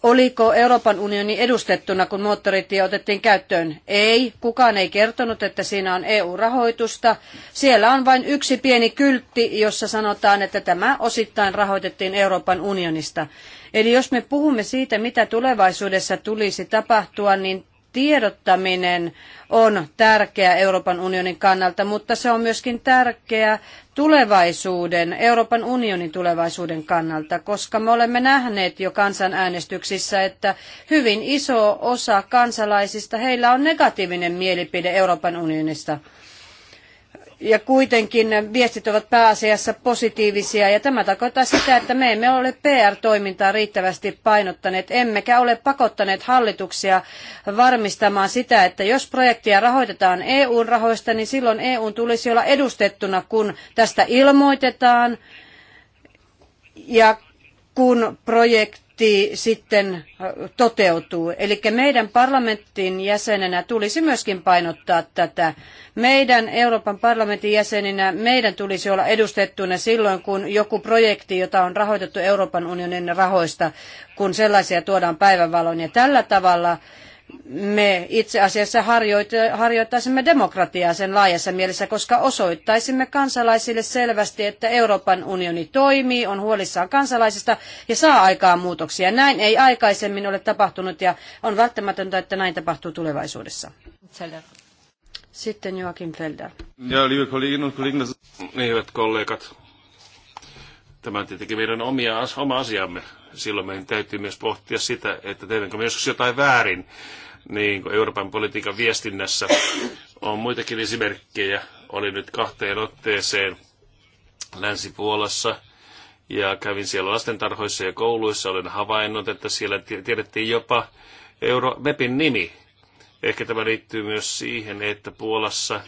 Oliko Euroopan unioni edustettuna, kun moottoritie otettiin käyttöön? Ei, kukaan ei kertonut, että siinä on EU-rahoitusta. Siellä on vain yksi pieni kyltti, jossa sanotaan, että tämä osittain rahoitettiin Euroopan unionista. Eli jos me puhumme siitä, mitä tulevaisuudessa tulisi tapahtua, niin tiedottaminen on tärkeä Euroopan unionin kannalta, mutta se on myöskin tärkeä tulevaisuuden, Euroopan unionin tulevaisuuden kannalta, koska me olemme nähneet jo kansanäänestyksissä, että hyvin iso osa kansalaisista, heillä on negatiivinen mielipide Euroopan unionista ja kuitenkin viestit ovat pääasiassa positiivisia ja tämä tarkoittaa sitä, että me emme ole PR-toimintaa riittävästi painottaneet, emmekä ole pakottaneet hallituksia varmistamaan sitä, että jos projektia rahoitetaan EU-rahoista, niin silloin EU tulisi olla edustettuna, kun tästä ilmoitetaan ja kun projekti budjetti sitten toteutuu. Eli meidän parlamentin jäsenenä tulisi myöskin painottaa tätä. Meidän Euroopan parlamentin jäseninä meidän tulisi olla edustettuna silloin, kun joku projekti, jota on rahoitettu Euroopan unionin rahoista, kun sellaisia tuodaan päivänvaloon. Ja tällä tavalla me itse asiassa harjoittaisimme demokratiaa sen laajassa mielessä, koska osoittaisimme kansalaisille selvästi, että Euroopan unioni toimii, on huolissaan kansalaisista ja saa aikaan muutoksia. Näin ei aikaisemmin ole tapahtunut ja on välttämätöntä, että näin tapahtuu tulevaisuudessa. Sitten Joakim Felder. Ja, niin, hyvät kollegat, tämä on tietenkin meidän omia, oma asiamme silloin meidän täytyy myös pohtia sitä, että teemmekö me joskus jotain väärin niin kuin Euroopan politiikan viestinnässä. On muitakin esimerkkejä, oli nyt kahteen otteeseen Länsi-Puolassa ja kävin siellä lastentarhoissa ja kouluissa. Olen havainnut, että siellä tiedettiin jopa euro mepin nimi. Ehkä tämä liittyy myös siihen, että Puolassa äh,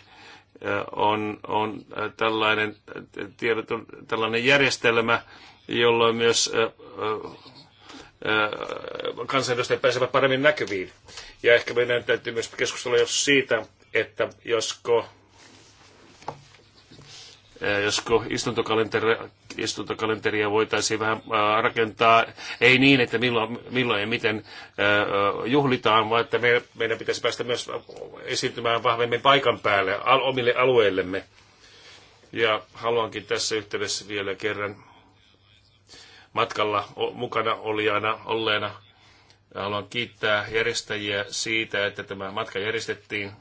on, on äh, tällainen, äh, tiedot, tällainen järjestelmä, jolloin myös kansanedustajat pääsevät paremmin näkyviin. Ja ehkä meidän täytyy myös keskustella jos siitä, että josko, josko istuntokalenteri, istuntokalenteria voitaisiin vähän rakentaa, ei niin, että milloin, milloin ja miten juhlitaan, vaan että meidän, pitäisi päästä myös esiintymään vahvemmin paikan päälle, omille alueillemme. Ja haluankin tässä yhteydessä vielä kerran matkalla mukana olijana, olleena. Haluan kiittää järjestäjiä siitä, että tämä matka järjestettiin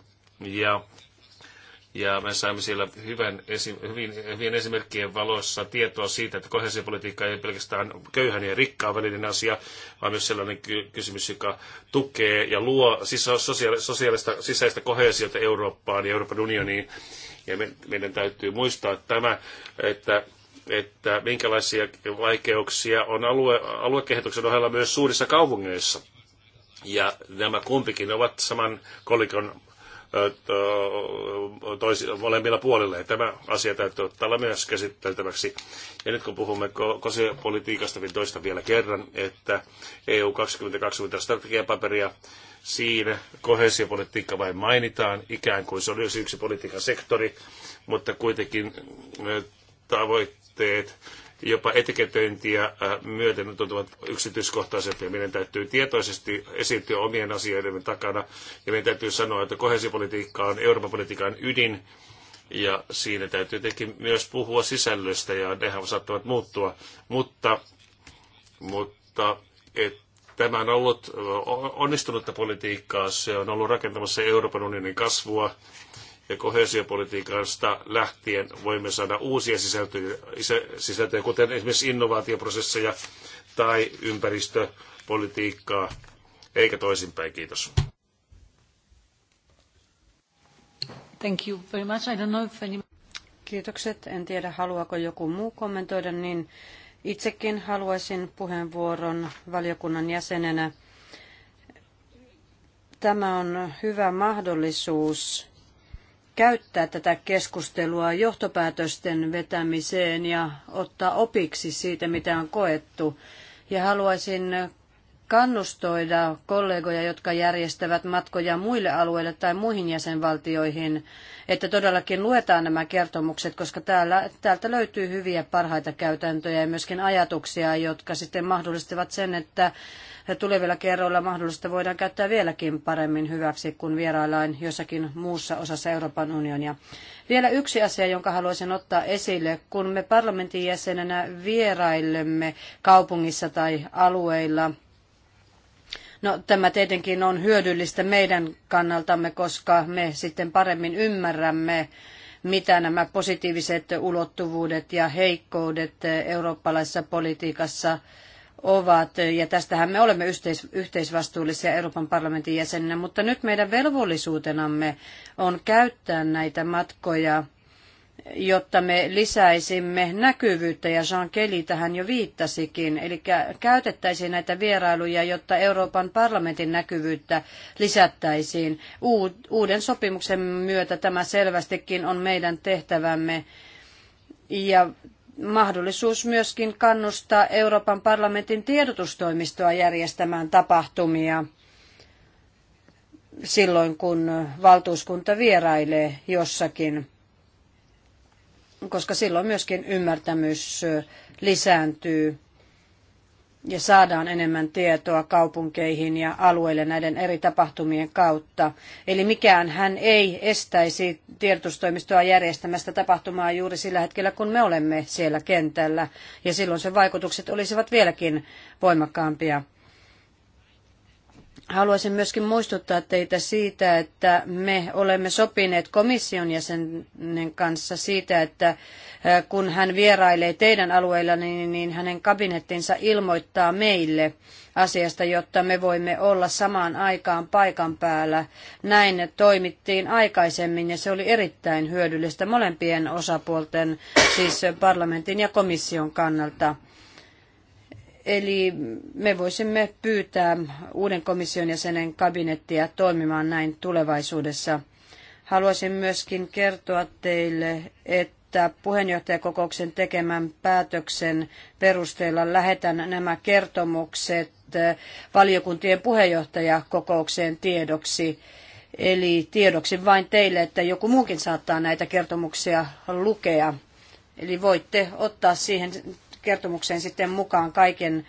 ja, ja me saimme siellä hyvän esi- hyvin, hyvin esimerkkien valossa tietoa siitä, että kohesiopolitiikka ei ole pelkästään köyhän ja rikkaan välinen asia, vaan myös sellainen ky- kysymys, joka tukee ja luo sosiaali- sosiaalista sisäistä kohesiota Eurooppaan ja Euroopan unioniin. Ja me, meidän täytyy muistaa tämä, että että minkälaisia vaikeuksia on alue, aluekehityksen ohella myös suurissa kaupungeissa. Ja nämä kumpikin ovat saman kolikon toisi, molemmilla puolilla. Ja tämä asia täytyy ottaa myös käsiteltäväksi. Ja nyt kun puhumme kosiopolitiikasta, niin toista vielä kerran, että EU 2020 strategiapaperia siinä kohesiopolitiikka vain mainitaan, ikään kuin se olisi yksi politiikan sektori, mutta kuitenkin tavoitteet, jopa etiketöintiä äh, myöten tuntuvat yksityiskohtaisempia. Meidän täytyy tietoisesti esiintyä omien asioidemme takana ja meidän täytyy sanoa, että kohesiopolitiikka on Euroopan politiikan ydin ja siinä täytyy tietenkin myös puhua sisällöstä ja nehän saattavat muuttua, mutta, mutta et, tämä on ollut äh, onnistunutta politiikkaa, se on ollut rakentamassa Euroopan unionin kasvua ja kohesiopolitiikasta lähtien voimme saada uusia sisältöjä, sisältöjä kuten esimerkiksi innovaatioprosesseja tai ympäristöpolitiikkaa, eikä toisinpäin. Kiitos. Thank you very much. I don't know if any... Kiitokset. En tiedä, haluaako joku muu kommentoida, niin itsekin haluaisin puheenvuoron valiokunnan jäsenenä. Tämä on hyvä mahdollisuus käyttää tätä keskustelua johtopäätösten vetämiseen ja ottaa opiksi siitä, mitä on koettu. Ja haluaisin kannustoida kollegoja, jotka järjestävät matkoja muille alueille tai muihin jäsenvaltioihin, että todellakin luetaan nämä kertomukset, koska täällä, täältä löytyy hyviä parhaita käytäntöjä ja myöskin ajatuksia, jotka sitten mahdollistavat sen, että tulevilla kerroilla mahdollista voidaan käyttää vieläkin paremmin hyväksi, kuin vieraillaan jossakin muussa osassa Euroopan unionia. Vielä yksi asia, jonka haluaisin ottaa esille. Kun me parlamentin jäsenenä vierailemme kaupungissa tai alueilla, No, tämä tietenkin on hyödyllistä meidän kannaltamme, koska me sitten paremmin ymmärrämme, mitä nämä positiiviset ulottuvuudet ja heikkoudet eurooppalaisessa politiikassa ovat, ja tästähän me olemme yhteis- yhteisvastuullisia Euroopan parlamentin jäseninä, mutta nyt meidän velvollisuutenamme on käyttää näitä matkoja jotta me lisäisimme näkyvyyttä, ja Jean Kelly tähän jo viittasikin, eli käytettäisiin näitä vierailuja, jotta Euroopan parlamentin näkyvyyttä lisättäisiin. Uuden sopimuksen myötä tämä selvästikin on meidän tehtävämme, ja mahdollisuus myöskin kannustaa Euroopan parlamentin tiedotustoimistoa järjestämään tapahtumia silloin, kun valtuuskunta vierailee jossakin koska silloin myöskin ymmärtämys lisääntyy ja saadaan enemmän tietoa kaupunkeihin ja alueille näiden eri tapahtumien kautta. Eli mikään hän ei estäisi tiedotustoimistoa järjestämästä tapahtumaa juuri sillä hetkellä, kun me olemme siellä kentällä, ja silloin sen vaikutukset olisivat vieläkin voimakkaampia. Haluaisin myöskin muistuttaa teitä siitä, että me olemme sopineet komission jäsenen kanssa siitä, että kun hän vierailee teidän alueilla, niin, niin hänen kabinettinsa ilmoittaa meille asiasta, jotta me voimme olla samaan aikaan paikan päällä. Näin toimittiin aikaisemmin ja se oli erittäin hyödyllistä molempien osapuolten, siis parlamentin ja komission kannalta. Eli me voisimme pyytää uuden komission jäsenen kabinettia toimimaan näin tulevaisuudessa. Haluaisin myöskin kertoa teille, että puheenjohtajakokouksen tekemän päätöksen perusteella lähetän nämä kertomukset valiokuntien puheenjohtajakokoukseen tiedoksi. Eli tiedoksi vain teille, että joku muukin saattaa näitä kertomuksia lukea. Eli voitte ottaa siihen kertomukseen sitten mukaan kaiken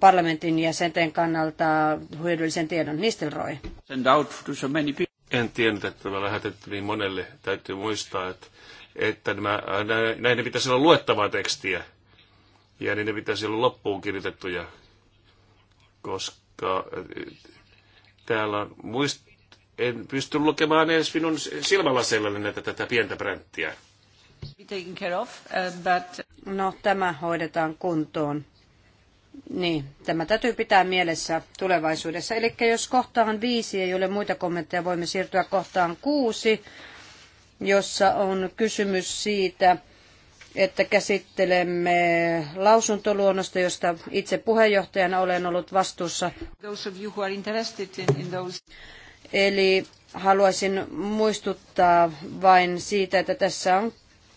parlamentin jäsenten kannalta hyödyllisen tiedon. Nistelroi. En tiennyt, että tämä lähetettiin niin monelle. Täytyy muistaa, että, että nämä, näiden pitäisi olla luettavaa tekstiä ja niiden pitäisi olla loppuun kirjoitettuja, koska äh, täällä on muist, en pysty lukemaan edes minun silmälaseillani näitä tätä pientä bränttiä. Uh, no tämä hoidetaan kuntoon. Niin, tämä täytyy pitää mielessä tulevaisuudessa. Eli jos kohtaan viisi ei ole muita kommentteja, voimme siirtyä kohtaan kuusi, jossa on kysymys siitä, että käsittelemme lausuntoluonnosta, josta itse puheenjohtajana olen ollut vastuussa. Eli haluaisin muistuttaa vain siitä, että tässä on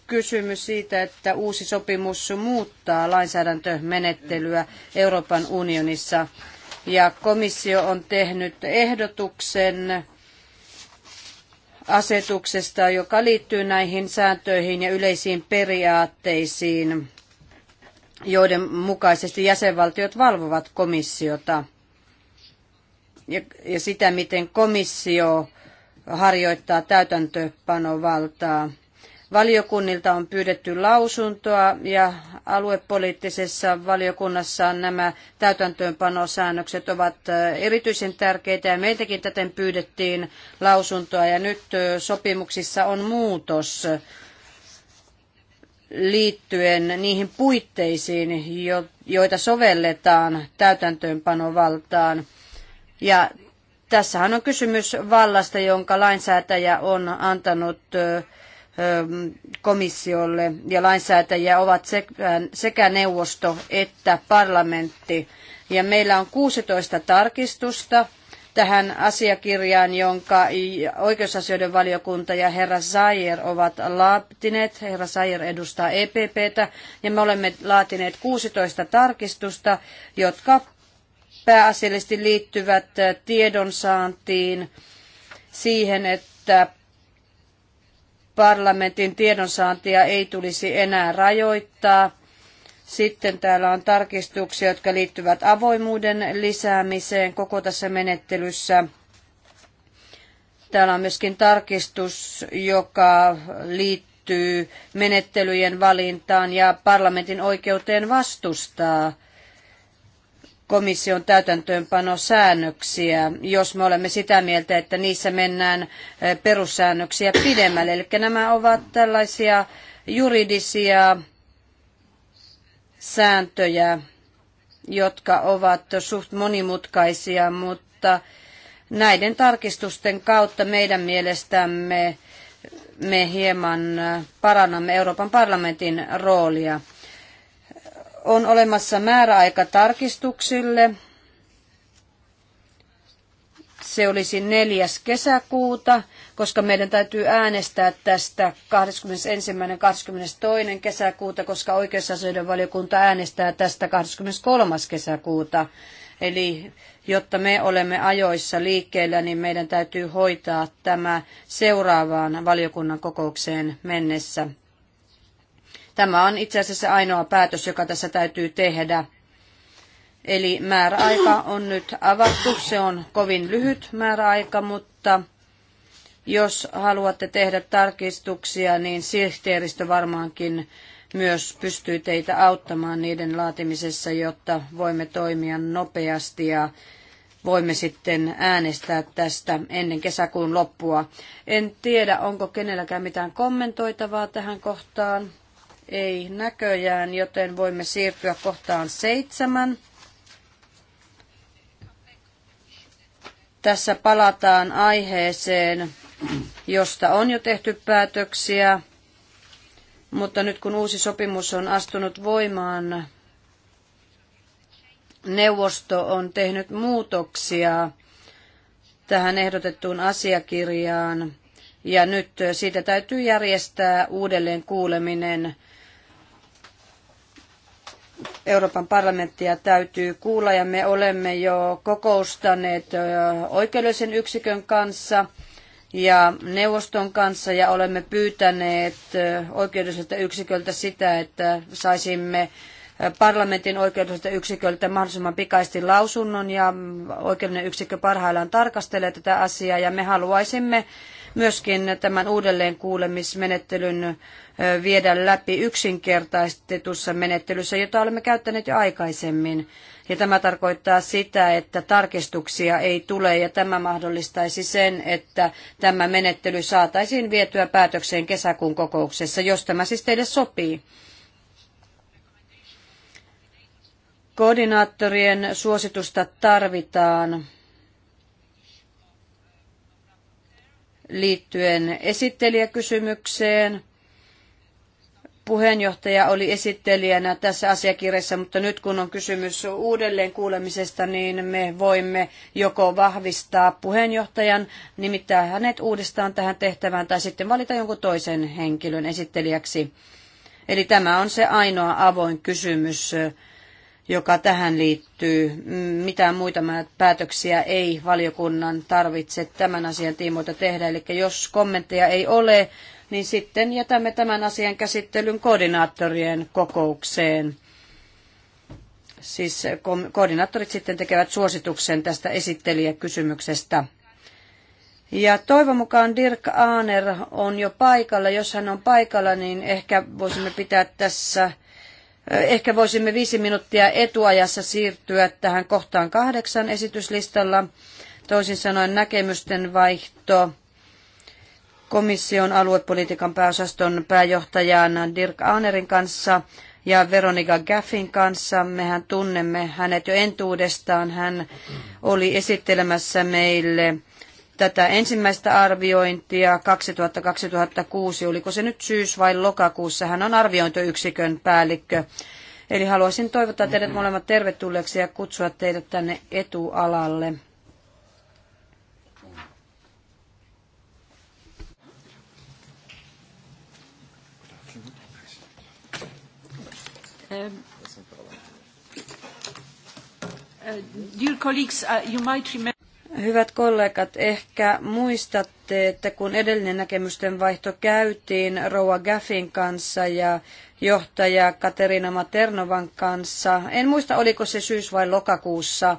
kysymys siitä, että uusi sopimus muuttaa lainsäädäntömenettelyä Euroopan unionissa. Ja komissio on tehnyt ehdotuksen asetuksesta, joka liittyy näihin sääntöihin ja yleisiin periaatteisiin, joiden mukaisesti jäsenvaltiot valvovat komissiota ja, ja sitä, miten komissio harjoittaa täytäntöpanovaltaa. Valiokunnilta on pyydetty lausuntoa ja aluepoliittisessa valiokunnassa nämä täytäntöönpanosäännökset ovat erityisen tärkeitä ja meiltäkin täten pyydettiin lausuntoa ja nyt sopimuksissa on muutos liittyen niihin puitteisiin, joita sovelletaan täytäntöönpanovaltaan. Ja tässähän on kysymys vallasta, jonka lainsäätäjä on antanut Ähm, komissiolle ja lainsäätäjiä ovat ähm, sekä neuvosto että parlamentti. Ja meillä on 16 tarkistusta tähän asiakirjaan, jonka oikeusasioiden valiokunta ja herra Sayer ovat laatineet. Herra Sayer edustaa EPPtä ja me olemme laatineet 16 tarkistusta, jotka pääasiallisesti liittyvät äh, tiedonsaantiin siihen, että parlamentin tiedonsaantia ei tulisi enää rajoittaa. Sitten täällä on tarkistuksia, jotka liittyvät avoimuuden lisäämiseen koko tässä menettelyssä. Täällä on myöskin tarkistus, joka liittyy menettelyjen valintaan ja parlamentin oikeuteen vastustaa komission täytäntöönpanosäännöksiä, jos me olemme sitä mieltä, että niissä mennään eh, perussäännöksiä pidemmälle. Eli nämä ovat tällaisia juridisia sääntöjä, jotka ovat suht monimutkaisia, mutta näiden tarkistusten kautta meidän mielestämme me hieman eh, parannamme Euroopan parlamentin roolia on olemassa määräaika tarkistuksille. Se olisi neljäs kesäkuuta, koska meidän täytyy äänestää tästä 21. 22. kesäkuuta, koska oikeusasioiden valiokunta äänestää tästä 23. kesäkuuta. Eli jotta me olemme ajoissa liikkeellä, niin meidän täytyy hoitaa tämä seuraavaan valiokunnan kokoukseen mennessä Tämä on itse asiassa ainoa päätös, joka tässä täytyy tehdä. Eli määräaika on nyt avattu. Se on kovin lyhyt määräaika, mutta jos haluatte tehdä tarkistuksia, niin sihteeristö varmaankin myös pystyy teitä auttamaan niiden laatimisessa, jotta voimme toimia nopeasti ja voimme sitten äänestää tästä ennen kesäkuun loppua. En tiedä, onko kenelläkään mitään kommentoitavaa tähän kohtaan. Ei näköjään, joten voimme siirtyä kohtaan seitsemän. Tässä palataan aiheeseen, josta on jo tehty päätöksiä, mutta nyt kun uusi sopimus on astunut voimaan, neuvosto on tehnyt muutoksia tähän ehdotettuun asiakirjaan ja nyt siitä täytyy järjestää uudelleen kuuleminen Euroopan parlamenttia täytyy kuulla ja me olemme jo kokoustaneet oikeudellisen yksikön kanssa ja neuvoston kanssa ja olemme pyytäneet oikeudelliselta yksiköltä sitä, että saisimme parlamentin oikeudelliselta yksiköltä mahdollisimman pikaisesti lausunnon ja oikeudellinen yksikkö parhaillaan tarkastelee tätä asiaa ja me haluaisimme myöskin tämän uudelleen kuulemismenettelyn viedä läpi yksinkertaistetussa menettelyssä, jota olemme käyttäneet jo aikaisemmin. Ja tämä tarkoittaa sitä, että tarkistuksia ei tule ja tämä mahdollistaisi sen, että tämä menettely saataisiin vietyä päätökseen kesäkuun kokouksessa, jos tämä siis teille sopii. Koordinaattorien suositusta tarvitaan liittyen esittelijäkysymykseen. Puheenjohtaja oli esittelijänä tässä asiakirjassa, mutta nyt kun on kysymys uudelleen kuulemisesta, niin me voimme joko vahvistaa puheenjohtajan, nimittää hänet uudestaan tähän tehtävään, tai sitten valita jonkun toisen henkilön esittelijäksi. Eli tämä on se ainoa avoin kysymys joka tähän liittyy. Mitään muita päätöksiä ei valiokunnan tarvitse tämän asian tiimoilta tehdä. Eli jos kommentteja ei ole, niin sitten jätämme tämän asian käsittelyn koordinaattorien kokoukseen. Siis koordinaattorit sitten tekevät suosituksen tästä esittelijäkysymyksestä. Ja toivon mukaan Dirk Aaner on jo paikalla. Jos hän on paikalla, niin ehkä voisimme pitää tässä Ehkä voisimme viisi minuuttia etuajassa siirtyä tähän kohtaan kahdeksan esityslistalla. Toisin sanoen näkemysten vaihto komission aluepolitiikan pääosaston pääjohtajan Dirk Ahnerin kanssa ja Veronika Gaffin kanssa. Mehän tunnemme hänet jo entuudestaan. Hän oli esittelemässä meille tätä ensimmäistä arviointia 2000-2006, oliko se nyt syys- vai lokakuussa. Hän on arviointoyksikön päällikkö. Eli haluaisin toivottaa teidät molemmat tervetulleeksi ja kutsua teidät tänne etualalle. Um, uh, dear colleagues, uh, you might remember Hyvät kollegat, ehkä muistatte, että kun edellinen näkemysten vaihto käytiin Rouva Gaffin kanssa ja johtaja Katerina Maternovan kanssa, en muista oliko se syys- vai lokakuussa,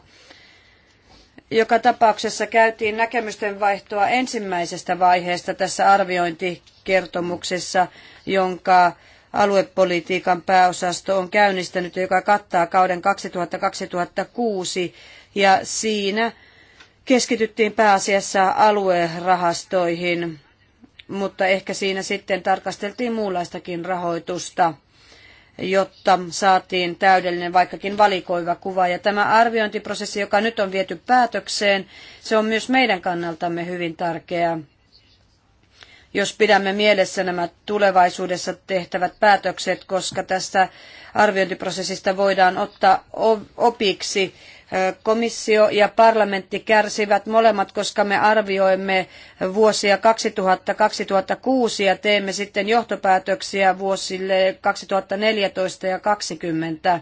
joka tapauksessa käytiin näkemysten vaihtoa ensimmäisestä vaiheesta tässä arviointikertomuksessa, jonka aluepolitiikan pääosasto on käynnistänyt, joka kattaa kauden 2000-2006, ja siinä – keskityttiin pääasiassa aluerahastoihin, mutta ehkä siinä sitten tarkasteltiin muunlaistakin rahoitusta, jotta saatiin täydellinen, vaikkakin valikoiva kuva. Ja tämä arviointiprosessi, joka nyt on viety päätökseen, se on myös meidän kannaltamme hyvin tärkeä. Jos pidämme mielessä nämä tulevaisuudessa tehtävät päätökset, koska tästä arviointiprosessista voidaan ottaa opiksi Komissio ja parlamentti kärsivät molemmat, koska me arvioimme vuosia 2000-2006 ja teemme sitten johtopäätöksiä vuosille 2014 ja 2020.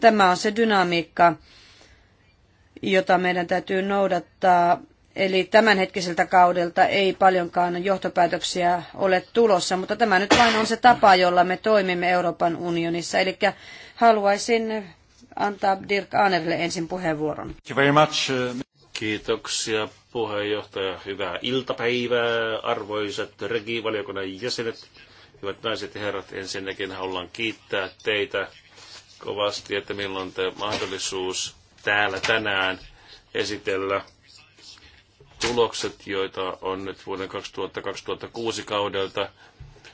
Tämä on se dynamiikka, jota meidän täytyy noudattaa. Eli tämänhetkiseltä kaudelta ei paljonkaan johtopäätöksiä ole tulossa, mutta tämä nyt vain on se tapa, jolla me toimimme Euroopan unionissa. Eli haluaisin antaa Dirk Aanerille ensin puheenvuoron. Thank you very much. Uh, Kiitoksia puheenjohtaja. Hyvää iltapäivää arvoisat regivaliokunnan jäsenet. Hyvät naiset ja herrat, ensinnäkin haluan kiittää teitä kovasti, että milloin on te mahdollisuus täällä tänään esitellä tulokset, joita on nyt vuoden 2000-2006 kaudelta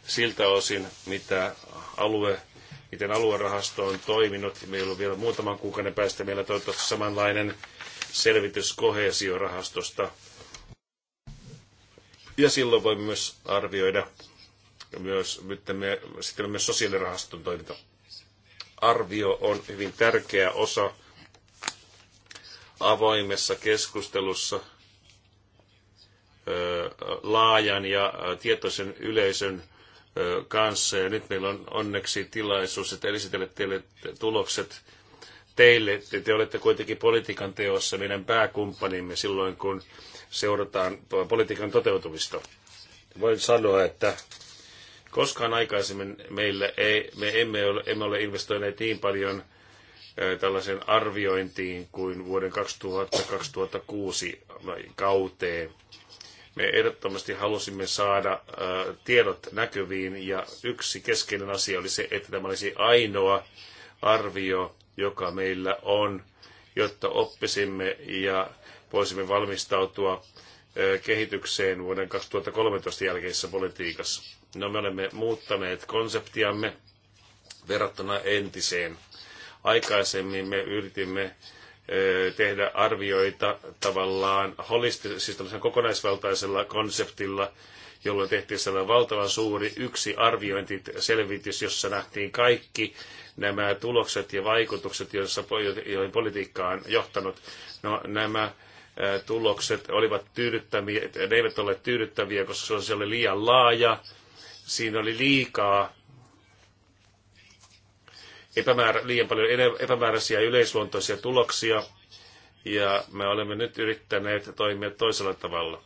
siltä osin, mitä alue miten aluerahasto on toiminut. Meillä on vielä muutaman kuukauden päästä meillä toivottavasti samanlainen selvitys kohesiorahastosta. Ja silloin voimme myös arvioida myös, sitten me, sitten myös sosiaalirahaston toiminta. Arvio on hyvin tärkeä osa avoimessa keskustelussa laajan ja tietoisen yleisön kanssa. Ja nyt meillä on onneksi tilaisuus, että esitellä teille tulokset teille. Te, te olette kuitenkin politiikan teossa meidän pääkumppanimme silloin, kun seurataan politiikan toteutumista. Voin sanoa, että koskaan aikaisemmin meillä ei, me emme ole, emme ole investoineet niin paljon tällaisen arviointiin kuin vuoden 2000-2006 kauteen. Me ehdottomasti halusimme saada äh, tiedot näkyviin ja yksi keskeinen asia oli se, että tämä olisi ainoa arvio, joka meillä on, jotta oppisimme ja voisimme valmistautua äh, kehitykseen vuoden 2013 jälkeisessä politiikassa. No me olemme muuttaneet konseptiamme verrattuna entiseen. Aikaisemmin me yritimme tehdä arvioita tavallaan holistisesti, siis kokonaisvaltaisella konseptilla, jolloin tehtiin sellainen valtavan suuri yksi arviointiselvitys, jossa nähtiin kaikki nämä tulokset ja vaikutukset, joissa, joihin politiikka on johtanut. No, nämä tulokset olivat tyydyttäviä, ne eivät ole tyydyttäviä, koska se oli liian laaja, siinä oli liikaa epämäärä, liian paljon epämääräisiä yleisluontoisia tuloksia, ja me olemme nyt yrittäneet toimia toisella tavalla.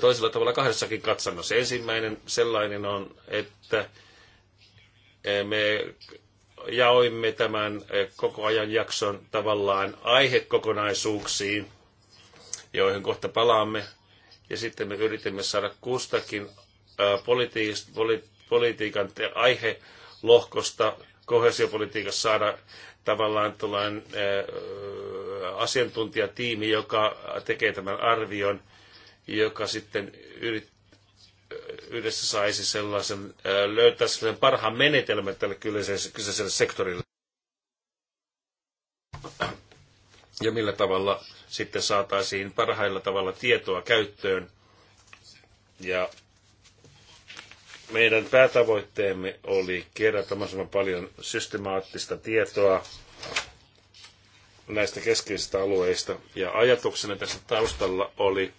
Toisella tavalla kahdessakin katsannossa. Ensimmäinen sellainen on, että e, me jaoimme tämän e, koko ajan jakson tavallaan aihekokonaisuuksiin, joihin kohta palaamme. Ja sitten me yritimme saada kustakin politiikan aihe lohkosta kohesiopolitiikassa saada tavallaan tuollainen äh, asiantuntijatiimi, joka tekee tämän arvion, joka sitten yrit, yhdessä saisi sellaisen, äh, löytää sellaisen parhaan menetelmän tälle kyseiselle sektorille. Ja millä tavalla sitten saataisiin parhailla tavalla tietoa käyttöön ja meidän päätavoitteemme oli kerätä mahdollisimman paljon systemaattista tietoa näistä keskeisistä alueista. Ja ajatuksena tässä taustalla oli,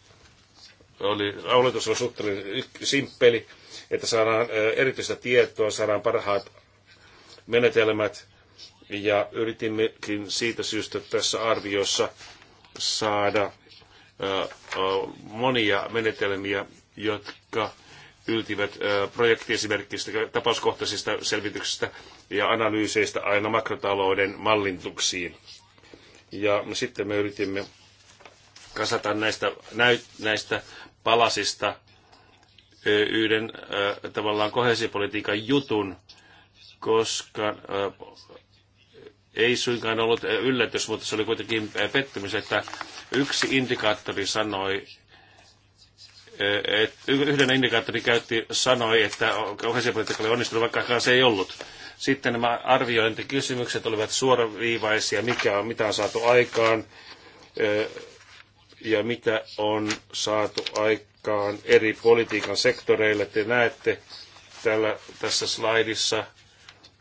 oli oletus on suhteellisen simppeli, että saadaan erityistä tietoa, saadaan parhaat menetelmät. Ja yritimmekin siitä syystä tässä arviossa saada monia menetelmiä, jotka yltivät projektiesimerkistä, tapauskohtaisista selvityksistä ja analyyseistä aina makrotalouden mallintuksiin. Ja sitten me yritimme kasata näistä, näistä palasista yhden tavallaan kohesiopolitiikan jutun, koska ei suinkaan ollut yllätys, mutta se oli kuitenkin pettymys, että yksi indikaattori sanoi, Eh, et, yhden indikaattorin käytti, sanoi, että kohesiopolitiikka oli onnistunut, vaikka se ei ollut. Sitten nämä arviointikysymykset olivat suoraviivaisia, mikä on, mitä on saatu aikaan eh, ja mitä on saatu aikaan eri politiikan sektoreille. Te näette tällä, tässä slaidissa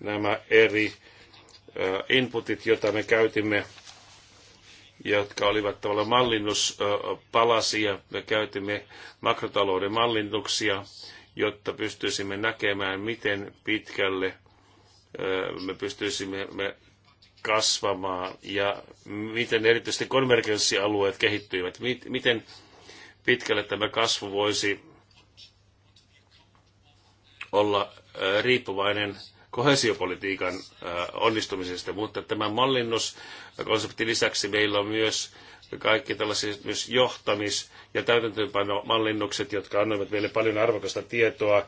nämä eri eh, inputit, joita me käytimme jotka olivat tavallaan mallinnuspalasia. Me käytimme makrotalouden mallinnuksia, jotta pystyisimme näkemään, miten pitkälle me pystyisimme me kasvamaan ja miten erityisesti konvergenssialueet kehittyivät. Miten pitkälle tämä kasvu voisi olla riippuvainen – kohesiopolitiikan onnistumisesta, mutta tämän mallinnuskonseptin lisäksi meillä on myös kaikki tällaiset myös johtamis- ja täytäntöönpanomallinnukset, jotka annoivat meille paljon arvokasta tietoa.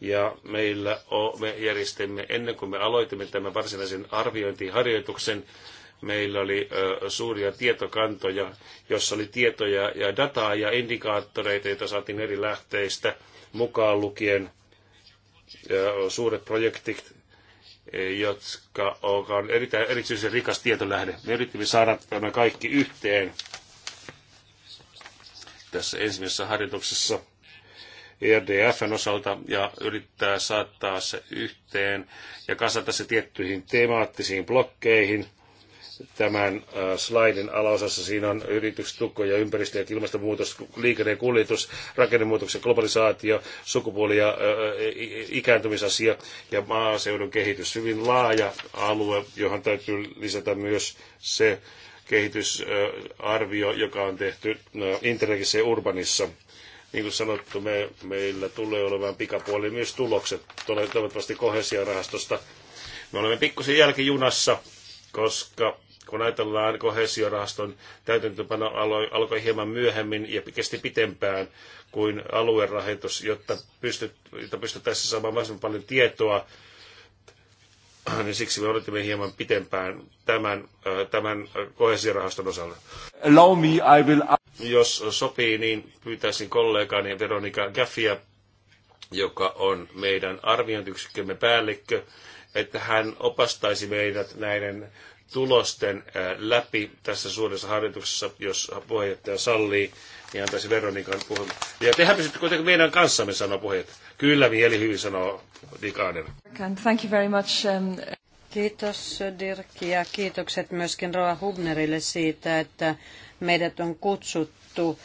Ja meillä on, me järjestimme, ennen kuin me aloitimme tämän varsinaisen arviointiharjoituksen, meillä oli ö, suuria tietokantoja, jossa oli tietoja ja dataa ja indikaattoreita, joita saatiin eri lähteistä mukaan lukien suuret projektit, eh, jotka on erittäin, erityisen rikas tietolähde. Me yritimme saada nämä kaikki yhteen tässä ensimmäisessä harjoituksessa ERDFn osalta ja yrittää saattaa se yhteen ja kasata se tiettyihin temaattisiin blokkeihin – tämän äh, slaidin alaosassa. Siinä on yritykset, tukko ja ympäristö ja ilmastonmuutos, liikenne ja kuljetus, rakennemuutoksen globalisaatio, sukupuoli ja äh, äh, ikääntymisasia ja maaseudun kehitys. Hyvin laaja alue, johon täytyy lisätä myös se kehitysarvio, joka on tehty Interregissä ja Urbanissa niin kuin sanottu, me, meillä tulee olemaan pikapuoli myös tulokset toivottavasti kohesiorahastosta. Me olemme pikkusen jälkijunassa, koska kun ajatellaan kohesiorahaston täytäntöpano alkoi hieman myöhemmin ja kesti pitempään kuin aluerahoitus, jotta, pystyt, jotta pystyttäisiin saamaan mahdollisimman paljon tietoa, niin siksi me odotimme hieman pitempään tämän, tämän kohesiorahaston osalta. Allow me, I will... Jos sopii, niin pyytäisin kollegaani Veronika Gaffia, joka on meidän arviointiyksikkömme päällikkö, että hän opastaisi meidät näiden tulosten läpi tässä suuressa harjoituksessa, jos puheenjohtaja sallii, niin antaisi Veronikan puhua. Ja tehän pysytte kuitenkin meidän kanssamme, sanoo puheenjohtaja. Kyllä, mieli hyvin sanoo Dikaner. Thank you very much. Um, Kiitos Dirk ja kiitokset myöskin Roa Hubnerille siitä, että meidät on kutsuttu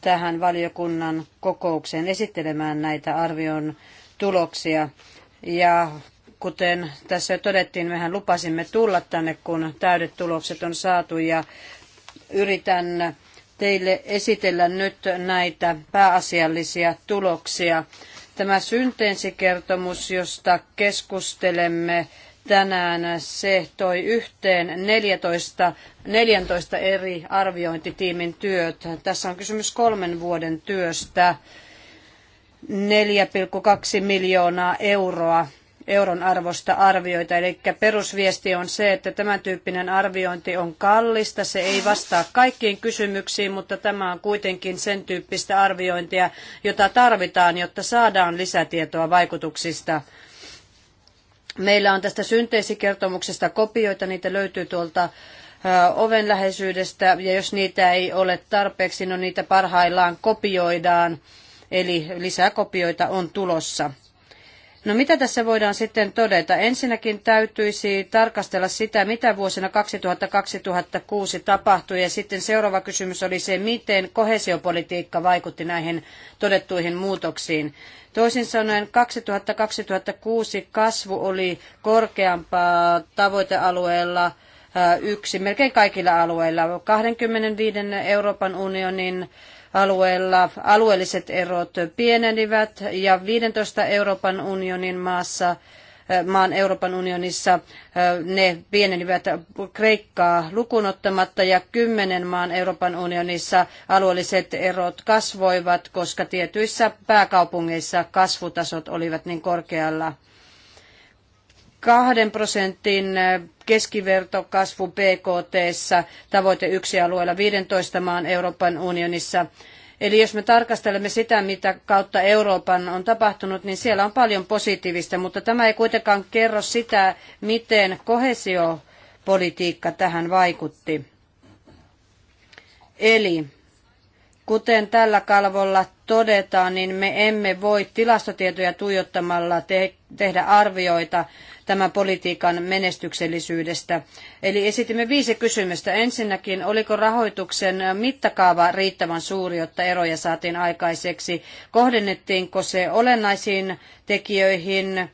tähän valiokunnan kokoukseen esittelemään näitä arvion tuloksia. Ja kuten tässä jo todettiin, mehän lupasimme tulla tänne, kun täydet tulokset on saatu ja yritän teille esitellä nyt näitä pääasiallisia tuloksia. Tämä synteensikertomus, josta keskustelemme tänään, se toi yhteen 14, 14 eri arviointitiimin työt. Tässä on kysymys kolmen vuoden työstä. 4,2 miljoonaa euroa euron arvosta arvioita. Eli perusviesti on se, että tämän tyyppinen arviointi on kallista, se ei vastaa kaikkiin kysymyksiin, mutta tämä on kuitenkin sen tyyppistä arviointia, jota tarvitaan, jotta saadaan lisätietoa vaikutuksista. Meillä on tästä synteesikertomuksesta kopioita, niitä löytyy tuolta oven läheisyydestä, ja jos niitä ei ole tarpeeksi, no niitä parhaillaan kopioidaan, eli lisää kopioita on tulossa. No mitä tässä voidaan sitten todeta? Ensinnäkin täytyisi tarkastella sitä, mitä vuosina 2000-2006 tapahtui. Ja sitten seuraava kysymys oli se, miten kohesiopolitiikka vaikutti näihin todettuihin muutoksiin. Toisin sanoen 2000-2006 kasvu oli korkeampaa tavoitealueella äh, yksi, melkein kaikilla alueilla. 25 Euroopan unionin alueella alueelliset erot pienenivät ja 15 Euroopan unionin maassa maan Euroopan unionissa ne pienenivät Kreikkaa lukunottamatta ja kymmenen maan Euroopan unionissa alueelliset erot kasvoivat, koska tietyissä pääkaupungeissa kasvutasot olivat niin korkealla. Kahden prosentin keskivertokasvu PKT, tavoite yksi alueella 15 maan Euroopan unionissa. Eli jos me tarkastelemme sitä, mitä kautta Euroopan on tapahtunut, niin siellä on paljon positiivista, mutta tämä ei kuitenkaan kerro sitä, miten kohesiopolitiikka tähän vaikutti. Eli kuten tällä kalvolla todetaan, niin me emme voi tilastotietoja tuijottamalla te- tehdä arvioita tämän politiikan menestyksellisyydestä. Eli esitimme viisi kysymystä. Ensinnäkin, oliko rahoituksen mittakaava riittävän suuri, jotta eroja saatiin aikaiseksi? Kohdennettiinko se olennaisiin tekijöihin?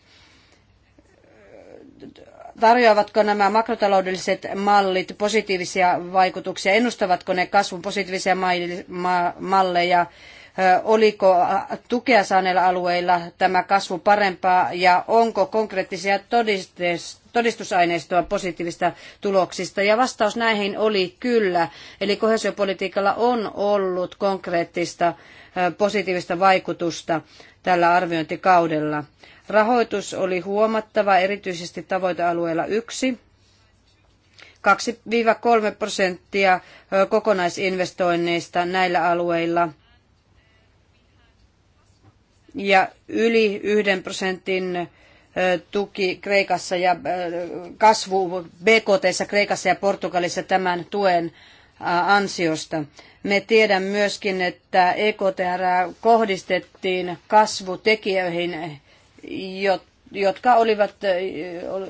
tarjoavatko nämä makrotaloudelliset mallit positiivisia vaikutuksia, ennustavatko ne kasvun positiivisia malleja, oliko tukea saaneilla alueilla tämä kasvu parempaa ja onko konkreettisia todistusaineistoa positiivista tuloksista. Ja vastaus näihin oli kyllä. Eli kohesiopolitiikalla on ollut konkreettista positiivista vaikutusta tällä arviointikaudella. Rahoitus oli huomattava erityisesti tavoitealueella yksi. 2-3 prosenttia kokonaisinvestoinneista näillä alueilla – ja yli yhden prosentin tuki Kreikassa ja kasvu BKT Kreikassa ja Portugalissa tämän tuen ansiosta. Me tiedämme myöskin, että EKTR kohdistettiin kasvutekijöihin, jotka olivat,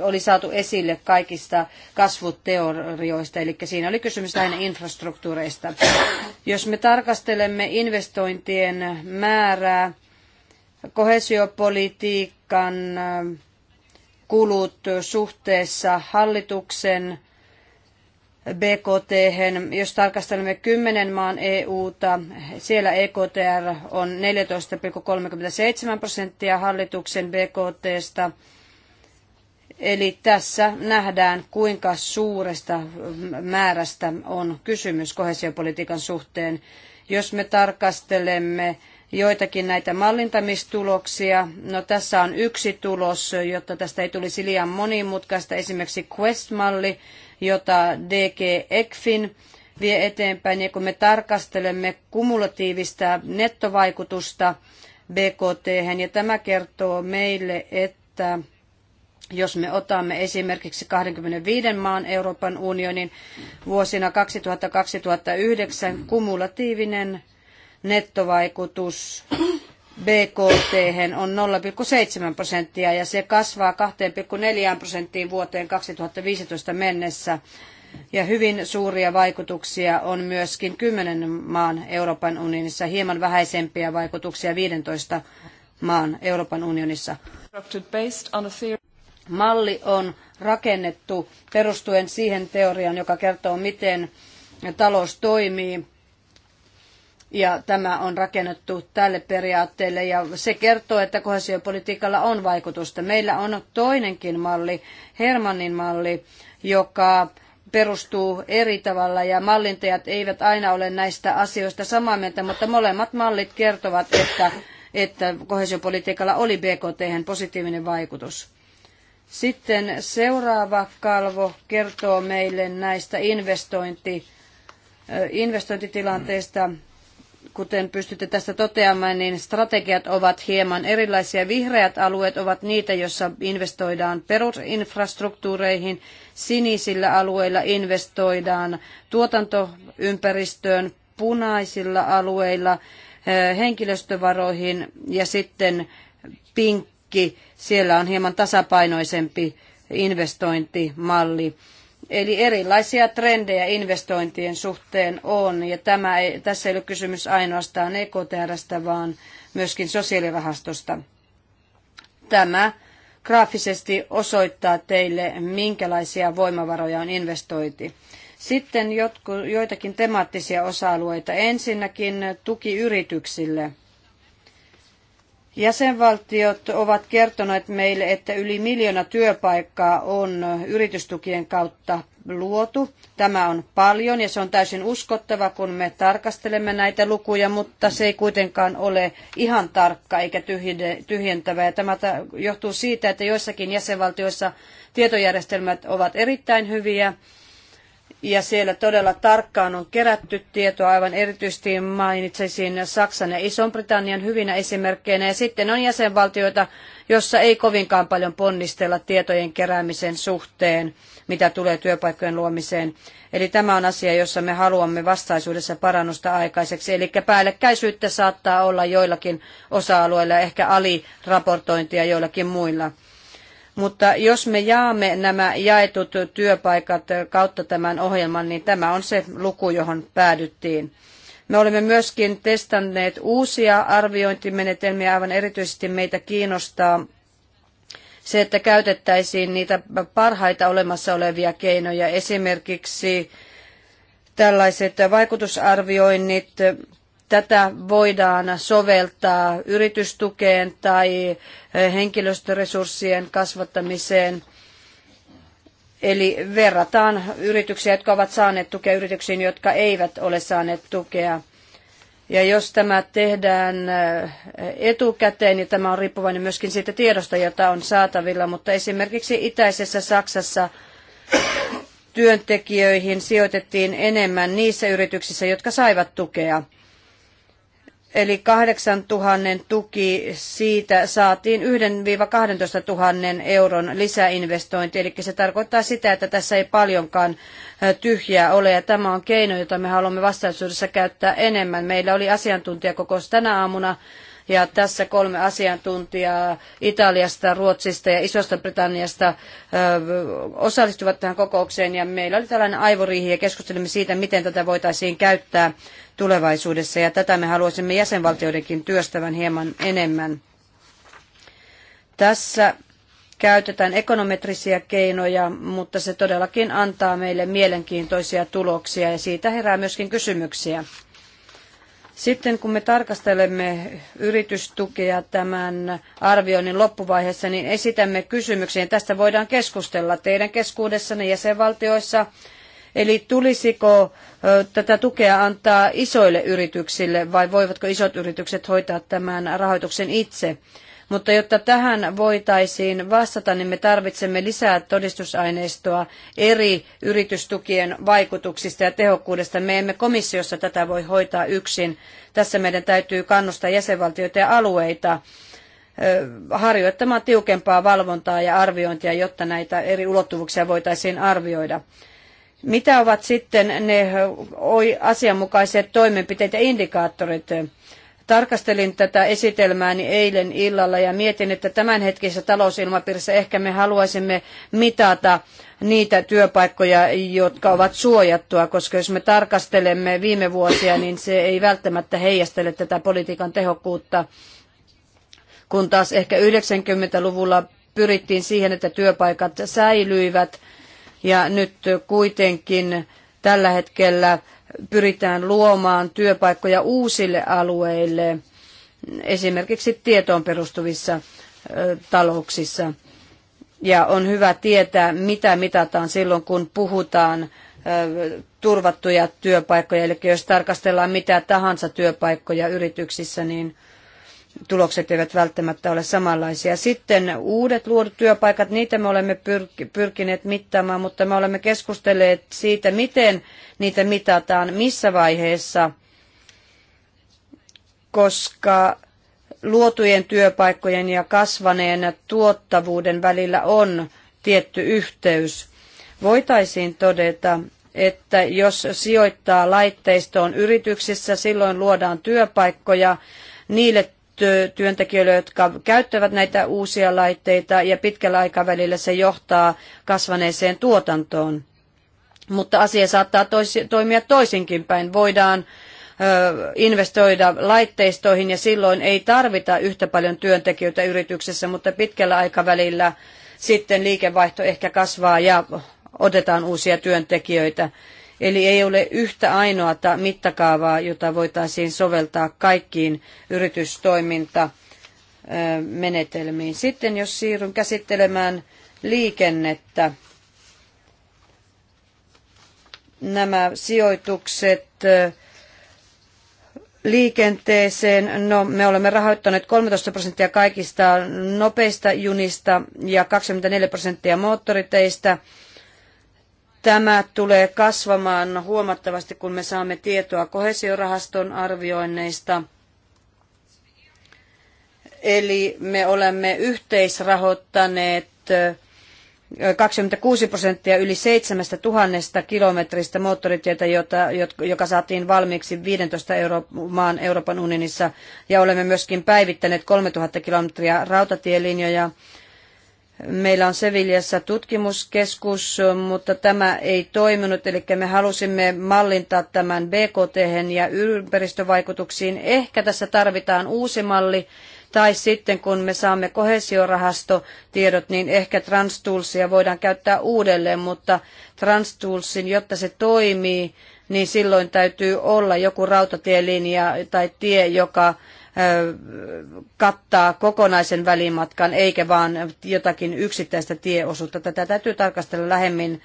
oli saatu esille kaikista kasvuteorioista, eli siinä oli kysymys lähinnä infrastruktuureista. Jos me tarkastelemme investointien määrää, kohesiopolitiikan kulut suhteessa hallituksen BKT, hen. jos tarkastelemme kymmenen maan EUta, siellä EKTR on 14,37 prosenttia hallituksen BKTstä. Eli tässä nähdään, kuinka suuresta määrästä on kysymys kohesiopolitiikan suhteen. Jos me tarkastelemme joitakin näitä mallintamistuloksia. No tässä on yksi tulos, jotta tästä ei tulisi liian monimutkaista, esimerkiksi Quest-malli, jota DG ECFIN vie eteenpäin. Ja kun me tarkastelemme kumulatiivista nettovaikutusta BKT, ja tämä kertoo meille, että jos me otamme esimerkiksi 25 maan Euroopan unionin vuosina 2000-2009 kumulatiivinen nettovaikutus BKT on 0,7 prosenttia ja se kasvaa 2,4 prosenttiin vuoteen 2015 mennessä. Ja hyvin suuria vaikutuksia on myöskin kymmenen maan Euroopan unionissa, hieman vähäisempiä vaikutuksia 15 maan Euroopan unionissa. Malli on rakennettu perustuen siihen teoriaan, joka kertoo, miten talous toimii ja tämä on rakennettu tälle periaatteelle ja se kertoo, että kohesiopolitiikalla on vaikutusta. Meillä on toinenkin malli, Hermannin malli, joka perustuu eri tavalla ja mallintajat eivät aina ole näistä asioista samaa mieltä, mutta molemmat mallit kertovat, että, että kohesiopolitiikalla oli BKT positiivinen vaikutus. Sitten seuraava kalvo kertoo meille näistä investointi, investointitilanteista kuten pystytte tästä toteamaan, niin strategiat ovat hieman erilaisia. Vihreät alueet ovat niitä, joissa investoidaan perusinfrastruktuureihin. Sinisillä alueilla investoidaan tuotantoympäristöön, punaisilla alueilla eh, henkilöstövaroihin ja sitten pinkki, siellä on hieman tasapainoisempi investointimalli. Eli erilaisia trendejä investointien suhteen on, ja tämä ei, tässä ei ole kysymys ainoastaan EKTRstä, vaan myöskin sosiaalirahastosta. Tämä graafisesti osoittaa teille, minkälaisia voimavaroja on investointi. Sitten jotku, joitakin temaattisia osa-alueita. Ensinnäkin tuki yrityksille – Jäsenvaltiot ovat kertoneet meille, että yli miljoona työpaikkaa on yritystukien kautta luotu. Tämä on paljon ja se on täysin uskottava, kun me tarkastelemme näitä lukuja, mutta se ei kuitenkaan ole ihan tarkka eikä tyhjentävä. Ja tämä johtuu siitä, että joissakin jäsenvaltioissa tietojärjestelmät ovat erittäin hyviä ja siellä todella tarkkaan on kerätty tietoa, aivan erityisesti mainitsisin Saksan ja Ison-Britannian hyvinä esimerkkeinä. Ja sitten on jäsenvaltioita, jossa ei kovinkaan paljon ponnistella tietojen keräämisen suhteen, mitä tulee työpaikkojen luomiseen. Eli tämä on asia, jossa me haluamme vastaisuudessa parannusta aikaiseksi. Eli päällekkäisyyttä saattaa olla joillakin osa-alueilla, ehkä aliraportointia joillakin muilla. Mutta jos me jaamme nämä jaetut työpaikat kautta tämän ohjelman, niin tämä on se luku, johon päädyttiin. Me olemme myöskin testanneet uusia arviointimenetelmiä, aivan erityisesti meitä kiinnostaa se, että käytettäisiin niitä parhaita olemassa olevia keinoja, esimerkiksi tällaiset vaikutusarvioinnit, Tätä voidaan soveltaa yritystukeen tai eh, henkilöstöresurssien kasvattamiseen. Eli verrataan yrityksiä, jotka ovat saaneet tukea yrityksiin, jotka eivät ole saaneet tukea. Ja jos tämä tehdään eh, etukäteen, niin tämä on riippuvainen myöskin siitä tiedosta, jota on saatavilla. Mutta esimerkiksi itäisessä Saksassa työntekijöihin sijoitettiin enemmän niissä yrityksissä, jotka saivat tukea. Eli 8000 tuki siitä saatiin 1-12 000 euron lisäinvestointi. Eli se tarkoittaa sitä, että tässä ei paljonkaan tyhjää ole. Ja tämä on keino, jota me haluamme vastaisuudessa käyttää enemmän. Meillä oli asiantuntijakokous tänä aamuna ja tässä kolme asiantuntijaa Italiasta, Ruotsista ja Isosta Britanniasta osallistuvat tähän kokoukseen. Ja meillä oli tällainen aivoriihi ja keskustelimme siitä, miten tätä voitaisiin käyttää tulevaisuudessa. Ja tätä me haluaisimme jäsenvaltioidenkin työstävän hieman enemmän. Tässä käytetään ekonometrisiä keinoja, mutta se todellakin antaa meille mielenkiintoisia tuloksia ja siitä herää myöskin kysymyksiä. Sitten kun me tarkastelemme yritystukea tämän arvioinnin loppuvaiheessa, niin esitämme kysymyksiä. Tästä voidaan keskustella teidän keskuudessanne jäsenvaltioissa. Eli tulisiko tätä tukea antaa isoille yrityksille vai voivatko isot yritykset hoitaa tämän rahoituksen itse? Mutta jotta tähän voitaisiin vastata, niin me tarvitsemme lisää todistusaineistoa eri yritystukien vaikutuksista ja tehokkuudesta. Me emme komissiossa tätä voi hoitaa yksin. Tässä meidän täytyy kannustaa jäsenvaltioita ja alueita harjoittamaan tiukempaa valvontaa ja arviointia, jotta näitä eri ulottuvuuksia voitaisiin arvioida. Mitä ovat sitten ne asianmukaiset toimenpiteet ja indikaattorit? tarkastelin tätä esitelmääni eilen illalla ja mietin, että tämänhetkisessä talousilmapiirissä ehkä me haluaisimme mitata niitä työpaikkoja, jotka ovat suojattua, koska jos me tarkastelemme viime vuosia, niin se ei välttämättä heijastele tätä politiikan tehokkuutta, kun taas ehkä 90-luvulla pyrittiin siihen, että työpaikat säilyivät ja nyt kuitenkin tällä hetkellä pyritään luomaan työpaikkoja uusille alueille, esimerkiksi tietoon perustuvissa talouksissa. Ja on hyvä tietää, mitä mitataan silloin, kun puhutaan turvattuja työpaikkoja. Eli jos tarkastellaan mitä tahansa työpaikkoja yrityksissä, niin tulokset eivät välttämättä ole samanlaisia. Sitten uudet luodut työpaikat, niitä me olemme pyrkineet mittaamaan, mutta me olemme keskustelleet siitä, miten niitä mitataan missä vaiheessa, koska luotujen työpaikkojen ja kasvaneen tuottavuuden välillä on tietty yhteys. Voitaisiin todeta, että jos sijoittaa laitteistoon yrityksissä, silloin luodaan työpaikkoja niille työntekijöille, jotka käyttävät näitä uusia laitteita ja pitkällä aikavälillä se johtaa kasvaneeseen tuotantoon mutta asia saattaa toimia toisinkin päin. Voidaan investoida laitteistoihin ja silloin ei tarvita yhtä paljon työntekijöitä yrityksessä, mutta pitkällä aikavälillä sitten liikevaihto ehkä kasvaa ja otetaan uusia työntekijöitä. Eli ei ole yhtä ainoata mittakaavaa, jota voitaisiin soveltaa kaikkiin yritystoimintamenetelmiin. Sitten jos siirryn käsittelemään liikennettä, nämä sijoitukset liikenteeseen. No, me olemme rahoittaneet 13 prosenttia kaikista nopeista junista ja 24 prosenttia moottoriteistä. Tämä tulee kasvamaan huomattavasti, kun me saamme tietoa kohesiorahaston arvioinneista. Eli me olemme yhteisrahoittaneet 26 prosenttia yli 7000 kilometristä moottoritietä, jota, joka saatiin valmiiksi 15 euro, maan Euroopan unionissa. Ja olemme myöskin päivittäneet 3000 kilometriä rautatielinjoja. Meillä on Seviljassa tutkimuskeskus, mutta tämä ei toiminut, eli me halusimme mallintaa tämän BKT ja ympäristövaikutuksiin. Ehkä tässä tarvitaan uusi malli, tai sitten kun me saamme kohesiorahastotiedot, niin ehkä TransToolsia voidaan käyttää uudelleen, mutta TransToolsin, jotta se toimii, niin silloin täytyy olla joku rautatielinja tai tie, joka kattaa kokonaisen välimatkan, eikä vaan jotakin yksittäistä tieosuutta. Tätä täytyy tarkastella lähemmin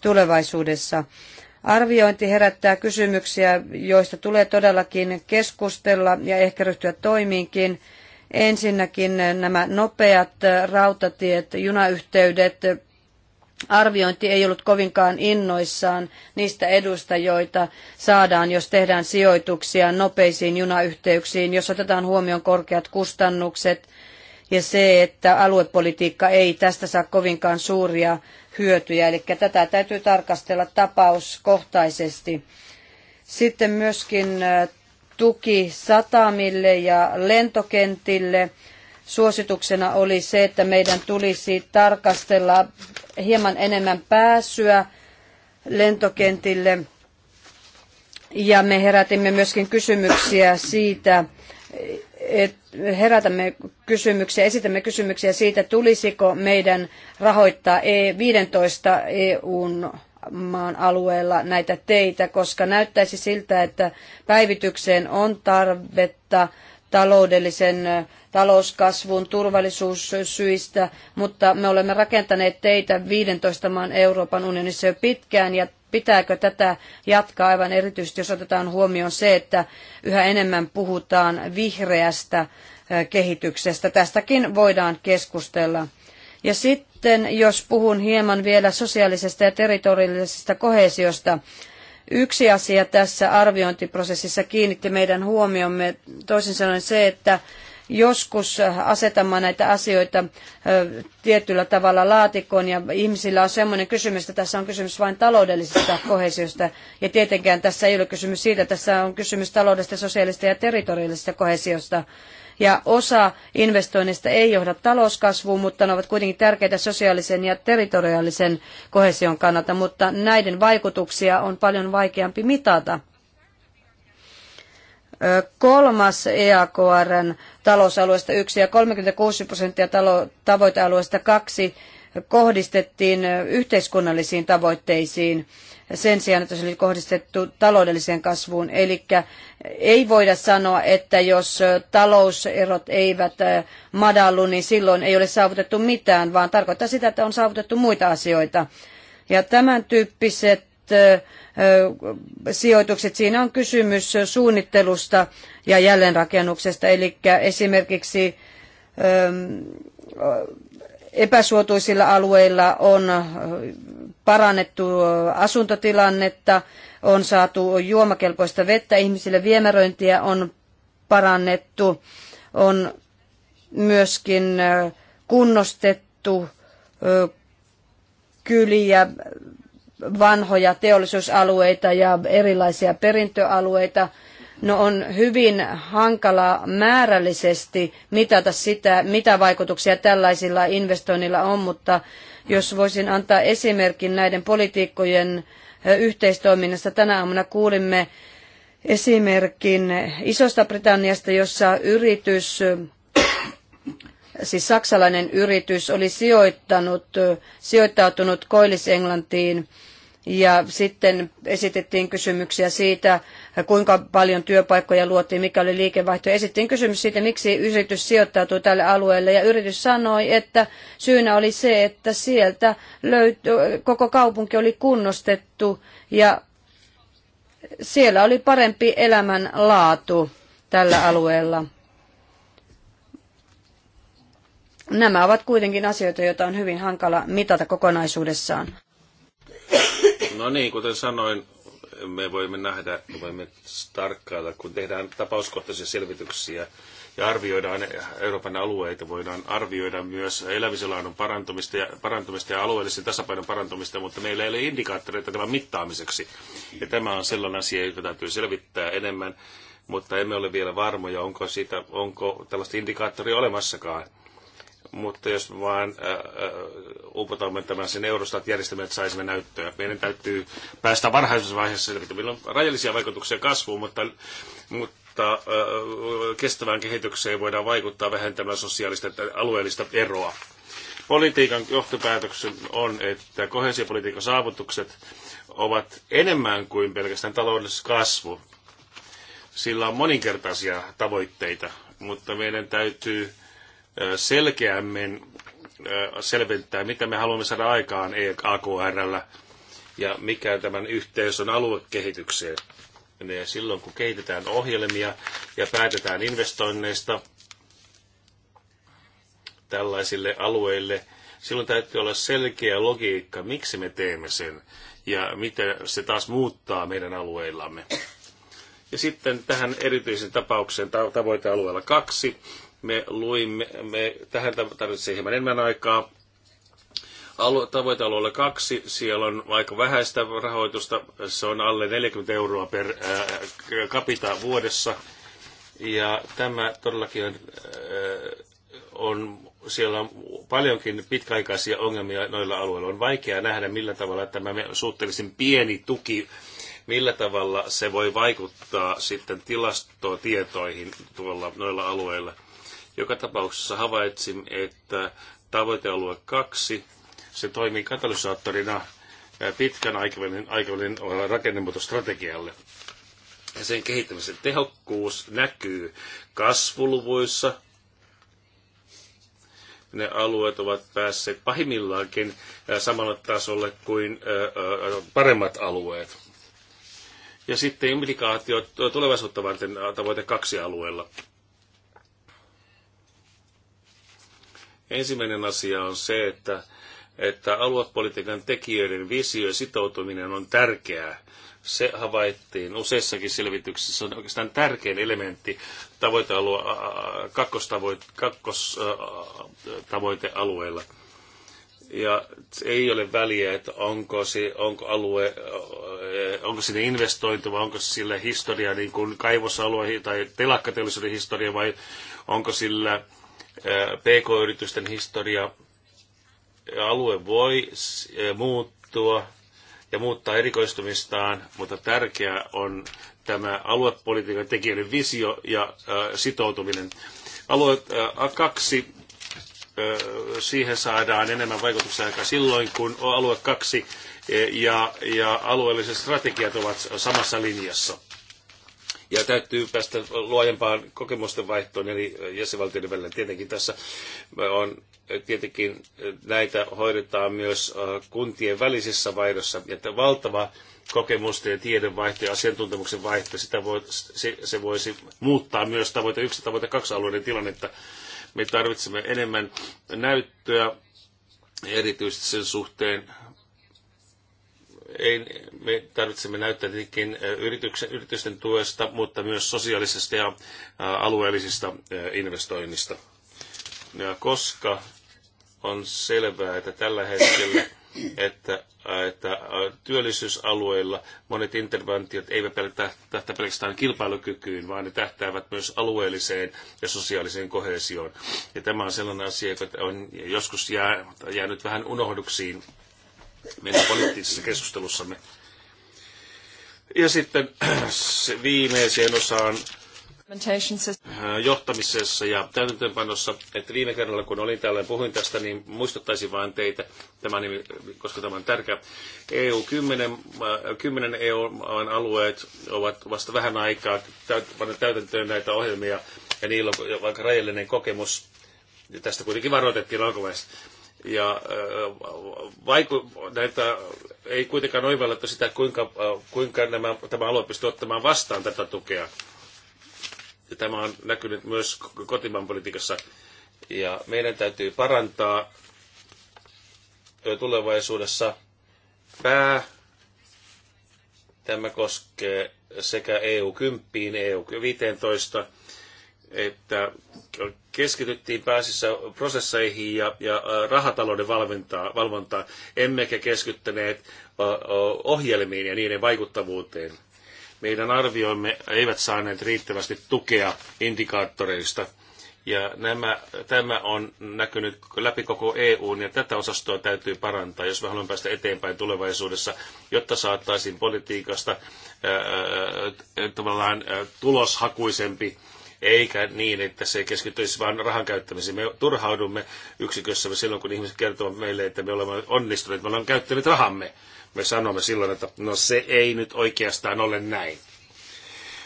tulevaisuudessa. Arviointi herättää kysymyksiä, joista tulee todellakin keskustella ja ehkä ryhtyä toimiinkin. Ensinnäkin nämä nopeat rautatiet, junayhteydet, arviointi ei ollut kovinkaan innoissaan niistä edusta, joita saadaan, jos tehdään sijoituksia nopeisiin junayhteyksiin, jos otetaan huomioon korkeat kustannukset ja se, että aluepolitiikka ei tästä saa kovinkaan suuria hyötyjä. Eli tätä täytyy tarkastella tapauskohtaisesti. Sitten myöskin tuki satamille ja lentokentille. Suosituksena oli se, että meidän tulisi tarkastella hieman enemmän pääsyä lentokentille. Ja me herätimme myöskin kysymyksiä siitä, et herätämme kysymyksiä, esitämme kysymyksiä siitä, tulisiko meidän rahoittaa 15 e EUn maan alueella näitä teitä, koska näyttäisi siltä, että päivitykseen on tarvetta taloudellisen talouskasvun turvallisuussyistä, mutta me olemme rakentaneet teitä 15 maan Euroopan unionissa jo pitkään ja pitääkö tätä jatkaa aivan erityisesti, jos otetaan huomioon se, että yhä enemmän puhutaan vihreästä kehityksestä. Tästäkin voidaan keskustella. Ja sitten, jos puhun hieman vielä sosiaalisesta ja territoriallisesta kohesiosta, yksi asia tässä arviointiprosessissa kiinnitti meidän huomiomme, toisin sanoen se, että joskus asetamaan näitä asioita tietyllä tavalla laatikkoon ja ihmisillä on sellainen kysymys, että tässä on kysymys vain taloudellisesta kohesiosta ja tietenkään tässä ei ole kysymys siitä, tässä on kysymys taloudesta, sosiaalista ja territoriallisesta kohesiosta ja osa investoinnista ei johda talouskasvuun, mutta ne ovat kuitenkin tärkeitä sosiaalisen ja territoriaalisen kohesion kannalta, mutta näiden vaikutuksia on paljon vaikeampi mitata. Kolmas EAKRn talousalueesta yksi ja 36 prosenttia talo- tavoitealueesta kaksi kohdistettiin yhteiskunnallisiin tavoitteisiin sen sijaan, että se oli kohdistettu taloudelliseen kasvuun. Eli ei voida sanoa, että jos talouserot eivät äh, madallu, niin silloin ei ole saavutettu mitään, vaan tarkoittaa sitä, että on saavutettu muita asioita. Ja tämän tyyppiset äh, äh, sijoitukset. Siinä on kysymys suunnittelusta ja jälleenrakennuksesta, eli esimerkiksi ähm, epäsuotuisilla alueilla on parannettu asuntotilannetta, on saatu juomakelpoista vettä ihmisille, viemäröintiä on parannettu, on myöskin kunnostettu kyliä, vanhoja teollisuusalueita ja erilaisia perintöalueita – No on hyvin hankala määrällisesti mitata sitä, mitä vaikutuksia tällaisilla investoinnilla on, mutta jos voisin antaa esimerkin näiden politiikkojen yhteistoiminnasta. Tänä aamuna kuulimme esimerkin Isosta Britanniasta, jossa yritys, siis saksalainen yritys, oli sijoittanut, sijoittautunut Koillis-Englantiin – ja sitten esitettiin kysymyksiä siitä, kuinka paljon työpaikkoja luotiin, mikä oli liikevaihto. esitettiin kysymys siitä, miksi yritys sijoittautui tälle alueelle. Ja yritys sanoi, että syynä oli se, että sieltä löytyi, koko kaupunki oli kunnostettu ja siellä oli parempi elämänlaatu tällä alueella. Nämä ovat kuitenkin asioita, joita on hyvin hankala mitata kokonaisuudessaan. No niin, kuten sanoin, me voimme nähdä, me voimme tarkkailla, kun tehdään tapauskohtaisia selvityksiä ja arvioidaan Euroopan alueita, voidaan arvioida myös elämisenlaadun parantumista ja, parantumista ja alueellisen tasapainon parantumista, mutta meillä ei ole indikaattoreita tämän mittaamiseksi. Ja tämä on sellainen asia, joka täytyy selvittää enemmän, mutta emme ole vielä varmoja, onko, siitä, onko tällaista indikaattoria olemassakaan mutta jos vaan äh, äh, upotamme tämän sen Eurostat-järjestelmän, että saisimme näyttöä. Meidän täytyy päästä varhaisessa vaiheessa selvittämään. Meillä on rajallisia vaikutuksia kasvuun, mutta, mutta ää, äh, kestävään kehitykseen voidaan vaikuttaa vähentämään sosiaalista ja alueellista eroa. Politiikan johtopäätöksen on, että kohesiopolitiikan saavutukset ovat enemmän kuin pelkästään taloudellinen kasvu. Sillä on moninkertaisia tavoitteita, mutta meidän täytyy selkeämmin selventää, mitä me haluamme saada aikaan AKRllä ja mikä tämän yhteys on aluekehitykseen. Ja silloin kun kehitetään ohjelmia ja päätetään investoinneista tällaisille alueille, silloin täytyy olla selkeä logiikka, miksi me teemme sen ja miten se taas muuttaa meidän alueillamme. Ja sitten tähän erityisen tapaukseen tavoitealueella kaksi, me luimme, me, tähän tarvitsee hieman enemmän aikaa. Alue, tavoitealueella kaksi, siellä on aika vähäistä rahoitusta, se on alle 40 euroa per kapita äh, vuodessa. Ja tämä todellakin on, äh, ää, on siellä on paljonkin pitkäaikaisia ongelmia noilla alueilla. On vaikea nähdä, millä tavalla tämä suhteellisen pieni tuki, millä tavalla se voi vaikuttaa sitten tilastotietoihin tuolla noilla alueilla. Joka tapauksessa havaitsin, että tavoitealue 2, se toimii katalysaattorina pitkän aikavälin, aikavälin rakennemuutostrategialle. Ja sen kehittämisen tehokkuus näkyy kasvuluvuissa. Ne alueet ovat päässeet pahimmillaankin samalle tasolle kuin paremmat alueet. Ja sitten implikaatiot tulevaisuutta varten tavoite kaksi alueella. Ensimmäinen asia on se, että, että aluepolitiikan tekijöiden visio ja sitoutuminen on tärkeää. Se havaittiin useissakin selvityksissä. Se on oikeastaan tärkein elementti tavoitealue, kakkostavoite, kakkostavoitealueella. Ja ei ole väliä, että onko, se, onko alue, onko sinne investointu vai onko sillä historia, niin kuin kaivosalue tai telakkateollisuuden historia vai onko sillä PK-yritysten historia, alue voi muuttua ja muuttaa erikoistumistaan, mutta tärkeää on tämä aluepolitiikan tekijöiden visio ja sitoutuminen. Alue A2, siihen saadaan enemmän vaikutuksia aika silloin, kun alue 2 ja, ja alueelliset strategiat ovat samassa linjassa ja täytyy päästä luojempaan kokemusten vaihtoon eli jäsenvaltioiden välillä. Tietenkin tässä on, tietenkin näitä hoidetaan myös äh, kuntien välisessä vaihdossa, että valtava kokemusten ja tiedenvaihto ja asiantuntemuksen vaihto, sitä voi, se, se voisi muuttaa myös tavoite yksi tavoite kaksi alueiden tilannetta. Me tarvitsemme enemmän näyttöä erityisesti sen suhteen, ei, me tarvitsemme näyttää tietenkin yrityksen, yritysten tuesta, mutta myös sosiaalisesta ja alueellisista investoinnista. Ja koska on selvää, että tällä hetkellä että, että työllisyysalueilla monet interventiot eivät tähtää pelkästään kilpailukykyyn, vaan ne tähtäävät myös alueelliseen ja sosiaaliseen kohesioon. Ja tämä on sellainen asia, joka on joskus jää, jäänyt vähän unohduksiin meidän poliittisessa keskustelussamme. Ja sitten se viimeiseen osaan äh, johtamisessa ja täytäntöönpanossa, että viime kerralla kun olin täällä ja puhuin tästä, niin muistuttaisin vain teitä, tämä nimi, koska tämä on tärkeä. EU 10, 10 eu alueet ovat vasta vähän aikaa panna täytäntöön näitä ohjelmia, ja niillä on vaikka rajallinen kokemus, ja tästä kuitenkin varoitettiin alkuvaiheessa ja vaiku, näitä ei kuitenkaan oivallettu sitä, kuinka, kuinka nämä, tämä alue pystyy ottamaan vastaan tätä tukea. Ja tämä on näkynyt myös kotimaan politiikassa. Ja meidän täytyy parantaa tulevaisuudessa pää. Tämä koskee sekä EU-10, EU-15 että keskityttiin pääsissä prosesseihin ja, ja äh, rahatalouden valvontaa, valvontaa, emmekä keskittyneet äh, äh, ohjelmiin ja niiden vaikuttavuuteen. Meidän arvioimme eivät saaneet riittävästi tukea indikaattoreista. Ja nämä, tämä on näkynyt läpi koko EUn ja tätä osastoa täytyy parantaa, jos me haluamme päästä eteenpäin tulevaisuudessa, jotta saattaisiin politiikasta ää, ää, tavallaan ää, tuloshakuisempi eikä niin, että se keskittyisi vain rahan käyttämiseen. Me turhaudumme yksikössämme silloin, kun ihmiset kertovat meille, että me olemme onnistuneet, me olemme käyttäneet rahamme. Me sanomme silloin, että no se ei nyt oikeastaan ole näin.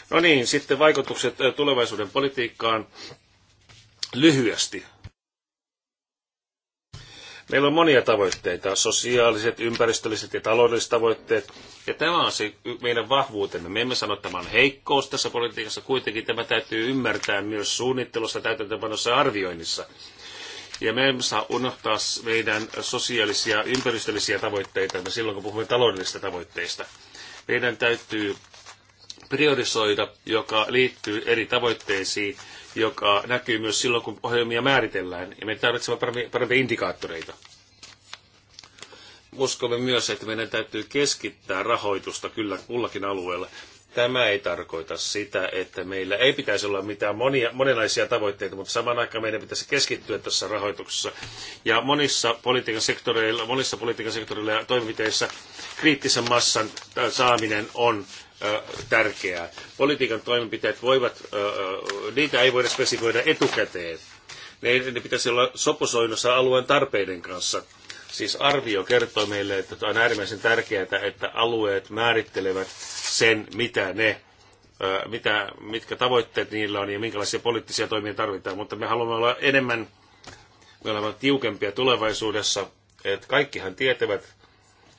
No niin, sitten vaikutukset tulevaisuuden politiikkaan lyhyesti. Meillä on monia tavoitteita, sosiaaliset, ympäristölliset ja taloudelliset tavoitteet. Ja tämä on se meidän vahvuutemme. Me emme sano, että tämä on heikkous tässä politiikassa. Kuitenkin tämä täytyy ymmärtää myös suunnittelussa, täytäntöönpanossa ja arvioinnissa. Ja me emme saa unohtaa meidän sosiaalisia, ympäristöllisiä tavoitteita silloin, kun puhumme taloudellisista tavoitteista. Meidän täytyy priorisoida, joka liittyy eri tavoitteisiin joka näkyy myös silloin, kun ohjelmia määritellään. Ja me tarvitsemme parempia indikaattoreita. Uskomme myös, että meidän täytyy keskittää rahoitusta kyllä kullakin alueella. Tämä ei tarkoita sitä, että meillä ei pitäisi olla mitään monia, monenlaisia tavoitteita, mutta samaan aikaan meidän pitäisi keskittyä tässä rahoituksessa. Ja monissa politiikan sektoreilla, monissa politiikan sektoreilla ja toimenpiteissä kriittisen massan saaminen on tärkeää. Politiikan toimenpiteet voivat, niitä ei voida spesifoida etukäteen. Ne, ne pitäisi olla sopusoinnossa alueen tarpeiden kanssa. Siis arvio kertoo meille, että on äärimmäisen tärkeää, että alueet määrittelevät sen, mitä ne mitä, mitkä tavoitteet niillä on ja minkälaisia poliittisia toimia tarvitaan, mutta me haluamme olla enemmän, me olemme tiukempia tulevaisuudessa, että kaikkihan tietävät,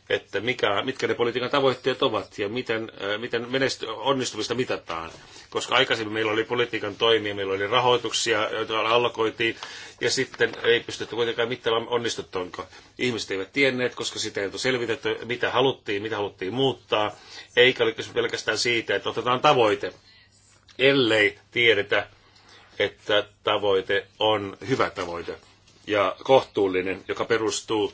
että mikä, mitkä ne politiikan tavoitteet ovat ja miten, äh, miten menesty, onnistumista mitataan. Koska aikaisemmin meillä oli politiikan toimia, meillä oli rahoituksia, joita allokoitiin, ja sitten ei pystytty kuitenkaan mittaamaan onnistuttuinko. Ihmiset eivät tienneet, koska sitä ei ole selvitetty, mitä haluttiin, mitä haluttiin muuttaa, eikä ole kysymys pelkästään siitä, että otetaan tavoite, ellei tiedetä, että tavoite on hyvä tavoite ja kohtuullinen, joka perustuu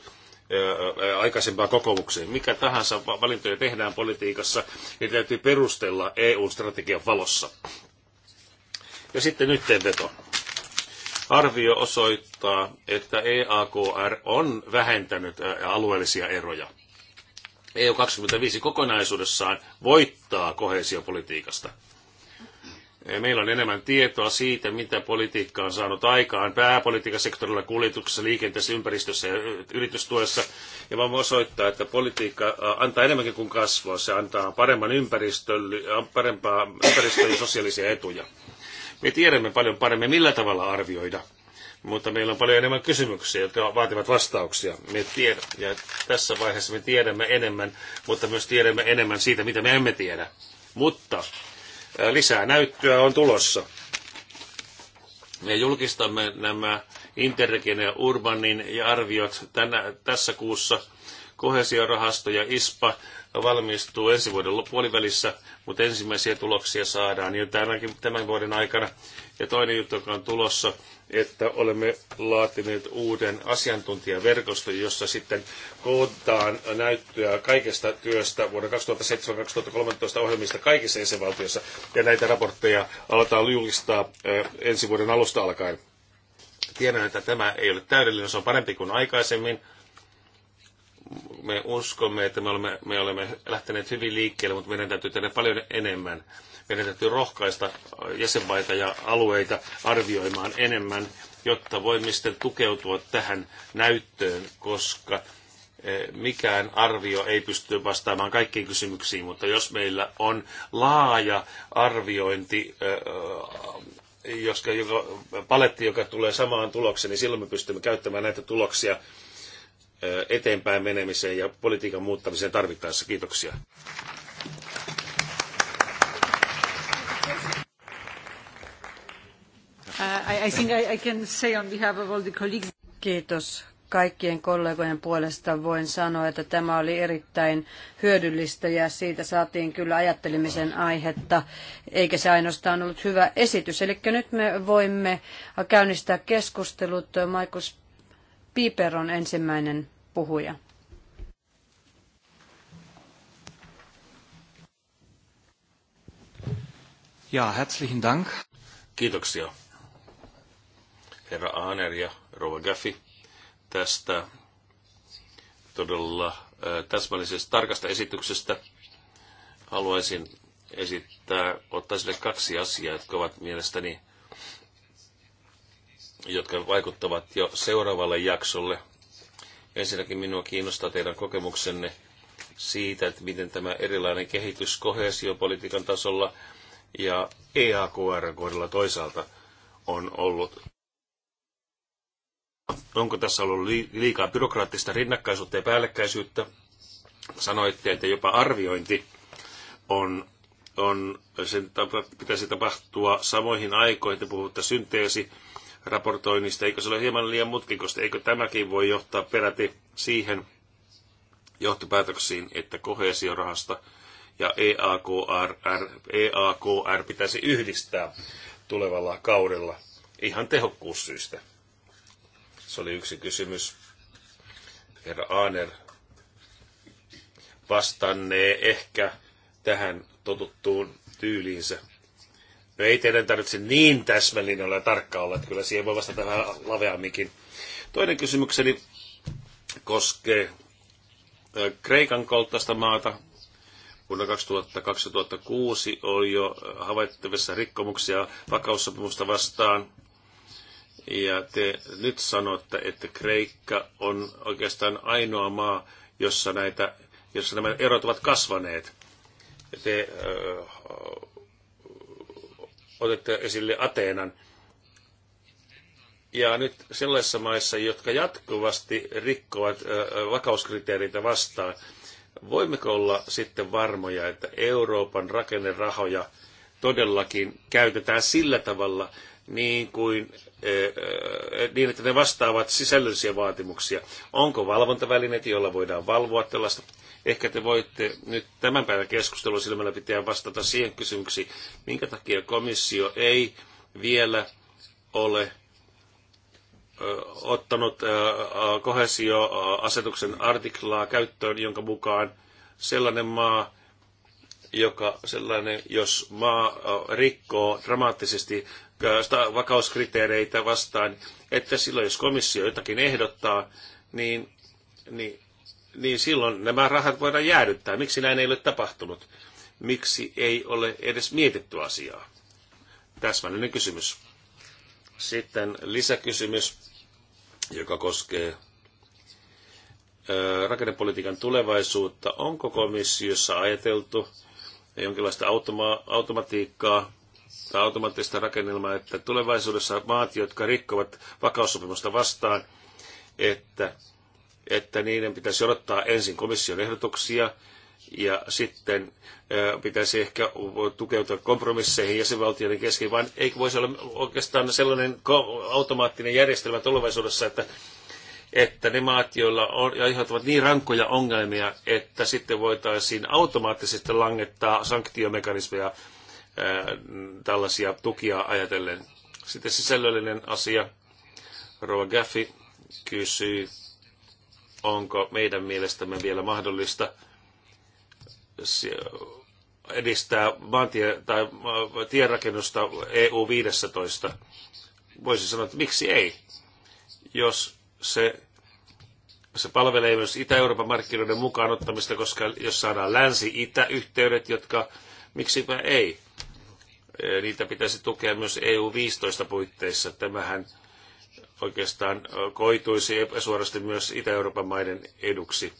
aikaisempaan kokoukseen. Mikä tahansa valintoja tehdään politiikassa, niin täytyy perustella EU-strategian valossa. Ja sitten yhteenveto. Arvio osoittaa, että EAKR on vähentänyt alueellisia eroja. EU25 kokonaisuudessaan voittaa kohesiopolitiikasta meillä on enemmän tietoa siitä, mitä politiikka on saanut aikaan pääpolitiikan sektorilla, kuljetuksessa, liikenteessä, ympäristössä ja yritystuessa. Ja vaan osoittaa, että politiikka antaa enemmänkin kuin kasvua. Se antaa paremman ympäristön, parempaa ympäristöä ja sosiaalisia etuja. Me tiedämme paljon paremmin, millä tavalla arvioida. Mutta meillä on paljon enemmän kysymyksiä, jotka vaativat vastauksia. Me tiedä, ja tässä vaiheessa me tiedämme enemmän, mutta myös tiedämme enemmän siitä, mitä me emme tiedä. Mutta lisää näyttöä on tulossa. Me julkistamme nämä Interregin ja Urbanin ja arviot tänä, tässä kuussa. Kohesiorahasto ja ISPA valmistuu ensi vuoden puolivälissä, mutta ensimmäisiä tuloksia saadaan jo tämänkin, tämän vuoden aikana. Ja toinen juttu, joka on tulossa, että olemme laatineet uuden asiantuntijaverkoston, jossa sitten kootaan näyttöä kaikesta työstä vuonna 2007-2013 ohjelmista kaikissa jäsenvaltioissa, ja näitä raportteja aletaan julkistaa eh, ensi vuoden alusta alkaen. Tiedän, että tämä ei ole täydellinen, se on parempi kuin aikaisemmin, me uskomme, että me olemme, me olemme lähteneet hyvin liikkeelle, mutta meidän täytyy tehdä paljon enemmän. Meidän täytyy rohkaista jäsenmaita ja alueita arvioimaan enemmän, jotta voimme sitten tukeutua tähän näyttöön, koska eh, mikään arvio ei pysty vastaamaan kaikkiin kysymyksiin, mutta jos meillä on laaja arviointi, eh, eh, joska, joka, paletti, joka tulee samaan tulokseen, niin silloin me pystymme käyttämään näitä tuloksia eteenpäin menemiseen ja politiikan muuttamiseen tarvittaessa. Kiitoksia. Uh, Kiitos kaikkien kollegojen puolesta voin sanoa, että tämä oli erittäin hyödyllistä ja siitä saatiin kyllä ajattelemisen aihetta, eikä se ainoastaan ollut hyvä esitys. Eli nyt me voimme käynnistää keskustelut. Maikus Piper on ensimmäinen puhuja. Ja, herzlichen Dank. Kiitoksia herra Aaner ja rouva Gaffi tästä todella täsmällisestä tarkasta esityksestä. Haluaisin esittää, ottaa sille kaksi asiaa, jotka ovat mielestäni, jotka vaikuttavat jo seuraavalle jaksolle. Ensinnäkin minua kiinnostaa teidän kokemuksenne siitä, että miten tämä erilainen kehitys kohesiopolitiikan tasolla ja EAKR kohdalla toisaalta on ollut Onko tässä ollut liikaa byrokraattista rinnakkaisuutta ja päällekkäisyyttä? Sanoitte, että jopa arviointi on, on sen tapa, pitäisi tapahtua samoihin aikoihin. Te puhutte synteesi raportoinnista. Eikö se ole hieman liian mutkikosta? Eikö tämäkin voi johtaa peräti siihen johtopäätöksiin, että kohesiorahasta ja EAKR, EAKR pitäisi yhdistää tulevalla kaudella ihan tehokkuussyistä? Se oli yksi kysymys. Herra Aaner vastannee ehkä tähän totuttuun tyyliinsä. No ei teidän tarvitse niin täsmällinen olla ja tarkka olla, että kyllä siihen voi vastata vähän laveamminkin. Toinen kysymykseni koskee Kreikan kolttaista maata. Vuonna 2006 oli jo havaittavissa rikkomuksia vakaussopimusta vastaan. Ja te nyt sanotte, että Kreikka on oikeastaan ainoa maa, jossa, näitä, jossa nämä erot ovat kasvaneet. Te ö, äh, otette esille Ateenan. Ja nyt sellaisissa maissa, jotka jatkuvasti rikkovat äh, vakauskriteereitä vastaan, voimmeko olla sitten varmoja, että Euroopan rakennerahoja todellakin käytetään sillä tavalla, niin, kuin, eh, eh, niin että ne vastaavat sisällöllisiä vaatimuksia. Onko valvontavälineitä, joilla voidaan valvoa tällaista? Ehkä te voitte nyt tämän päivän keskustelun silmällä pitää vastata siihen kysymyksiin, minkä takia komissio ei vielä ole eh, ottanut kohesioasetuksen artiklaa käyttöön, jonka mukaan sellainen maa, joka sellainen, jos maa rikkoo dramaattisesti vakauskriteereitä vastaan, että silloin jos komissio jotakin ehdottaa, niin, niin, niin silloin nämä rahat voidaan jäädyttää. Miksi näin ei ole tapahtunut? Miksi ei ole edes mietitty asiaa? Täsmällinen kysymys. Sitten lisäkysymys, joka koskee rakennepolitiikan tulevaisuutta. Onko komissiossa ajateltu jonkinlaista automa- automatiikkaa tai automaattista rakennelmaa, että tulevaisuudessa maat, jotka rikkovat vakaussopimusta vastaan, että, että niiden pitäisi odottaa ensin komission ehdotuksia ja sitten pitäisi ehkä tukeutua kompromisseihin jäsenvaltioiden kesken, vaan eikö voisi olla oikeastaan sellainen automaattinen järjestelmä tulevaisuudessa, että, että ne maat, joilla on, ja aiheuttavat niin rankkoja ongelmia, että sitten voitaisiin automaattisesti langettaa sanktiomekanismeja tällaisia tukia ajatellen. Sitten sisällöllinen asia. Rova Gaffi kysyy, onko meidän mielestämme vielä mahdollista edistää maantie- tai tienrakennusta EU-15. Voisi sanoa, että miksi ei, jos se, se palvelee myös Itä-Euroopan markkinoiden mukaan ottamista, koska jos saadaan länsi-itä-yhteydet, jotka miksipä ei niitä pitäisi tukea myös EU-15 puitteissa. Tämähän oikeastaan koituisi epäsuorasti myös Itä-Euroopan maiden eduksi.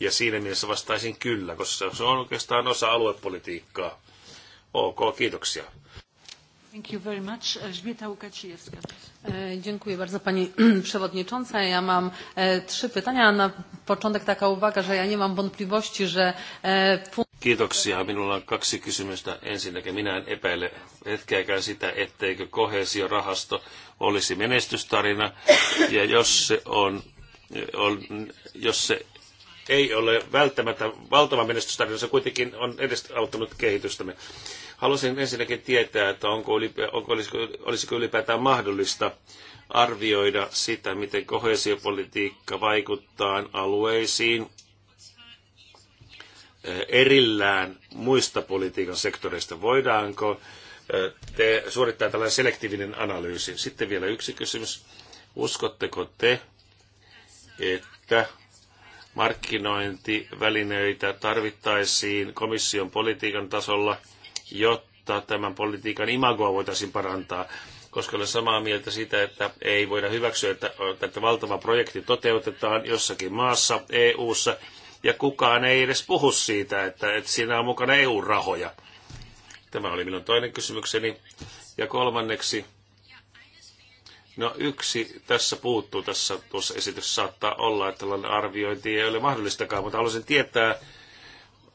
Ja siinä mielessä vastaisin kyllä, koska se on oikeastaan osa aluepolitiikkaa. Ok, kiitoksia. Thank you very much. Elżbieta Łukacijewska. E, dziękuję bardzo Pani Przewodnicząca. Ja mam e, trzy pytania. Na początek taka uwaga, że ja nie mam wątpliwości, że e, Kiitoksia. Minulla on kaksi kysymystä. Ensinnäkin minä en epäile hetkeäkään sitä, etteikö kohesiorahasto olisi menestystarina. Ja jos se, on, on, jos se ei ole välttämättä valtava menestystarina, se kuitenkin on auttanut kehitystämme. Haluaisin ensinnäkin tietää, että onko, onko, olisiko, olisiko ylipäätään mahdollista arvioida sitä, miten kohesiopolitiikka vaikuttaa alueisiin, Eh, erillään muista politiikan sektoreista? Voidaanko eh, te suorittaa tällainen selektiivinen analyysi? Sitten vielä yksi kysymys. Uskotteko te, että markkinointivälineitä tarvittaisiin komission politiikan tasolla, jotta tämän politiikan imagoa voitaisiin parantaa? koska olen samaa mieltä siitä, että ei voida hyväksyä, että, että valtava projekti toteutetaan jossakin maassa, EU-ssa, ja kukaan ei edes puhu siitä, että, että siinä on mukana EU-rahoja. Tämä oli minun toinen kysymykseni. Ja kolmanneksi, no yksi tässä puuttuu, tässä tuossa esityksessä saattaa olla, että tällainen arviointi ei ole mahdollistakaan, mutta haluaisin tietää,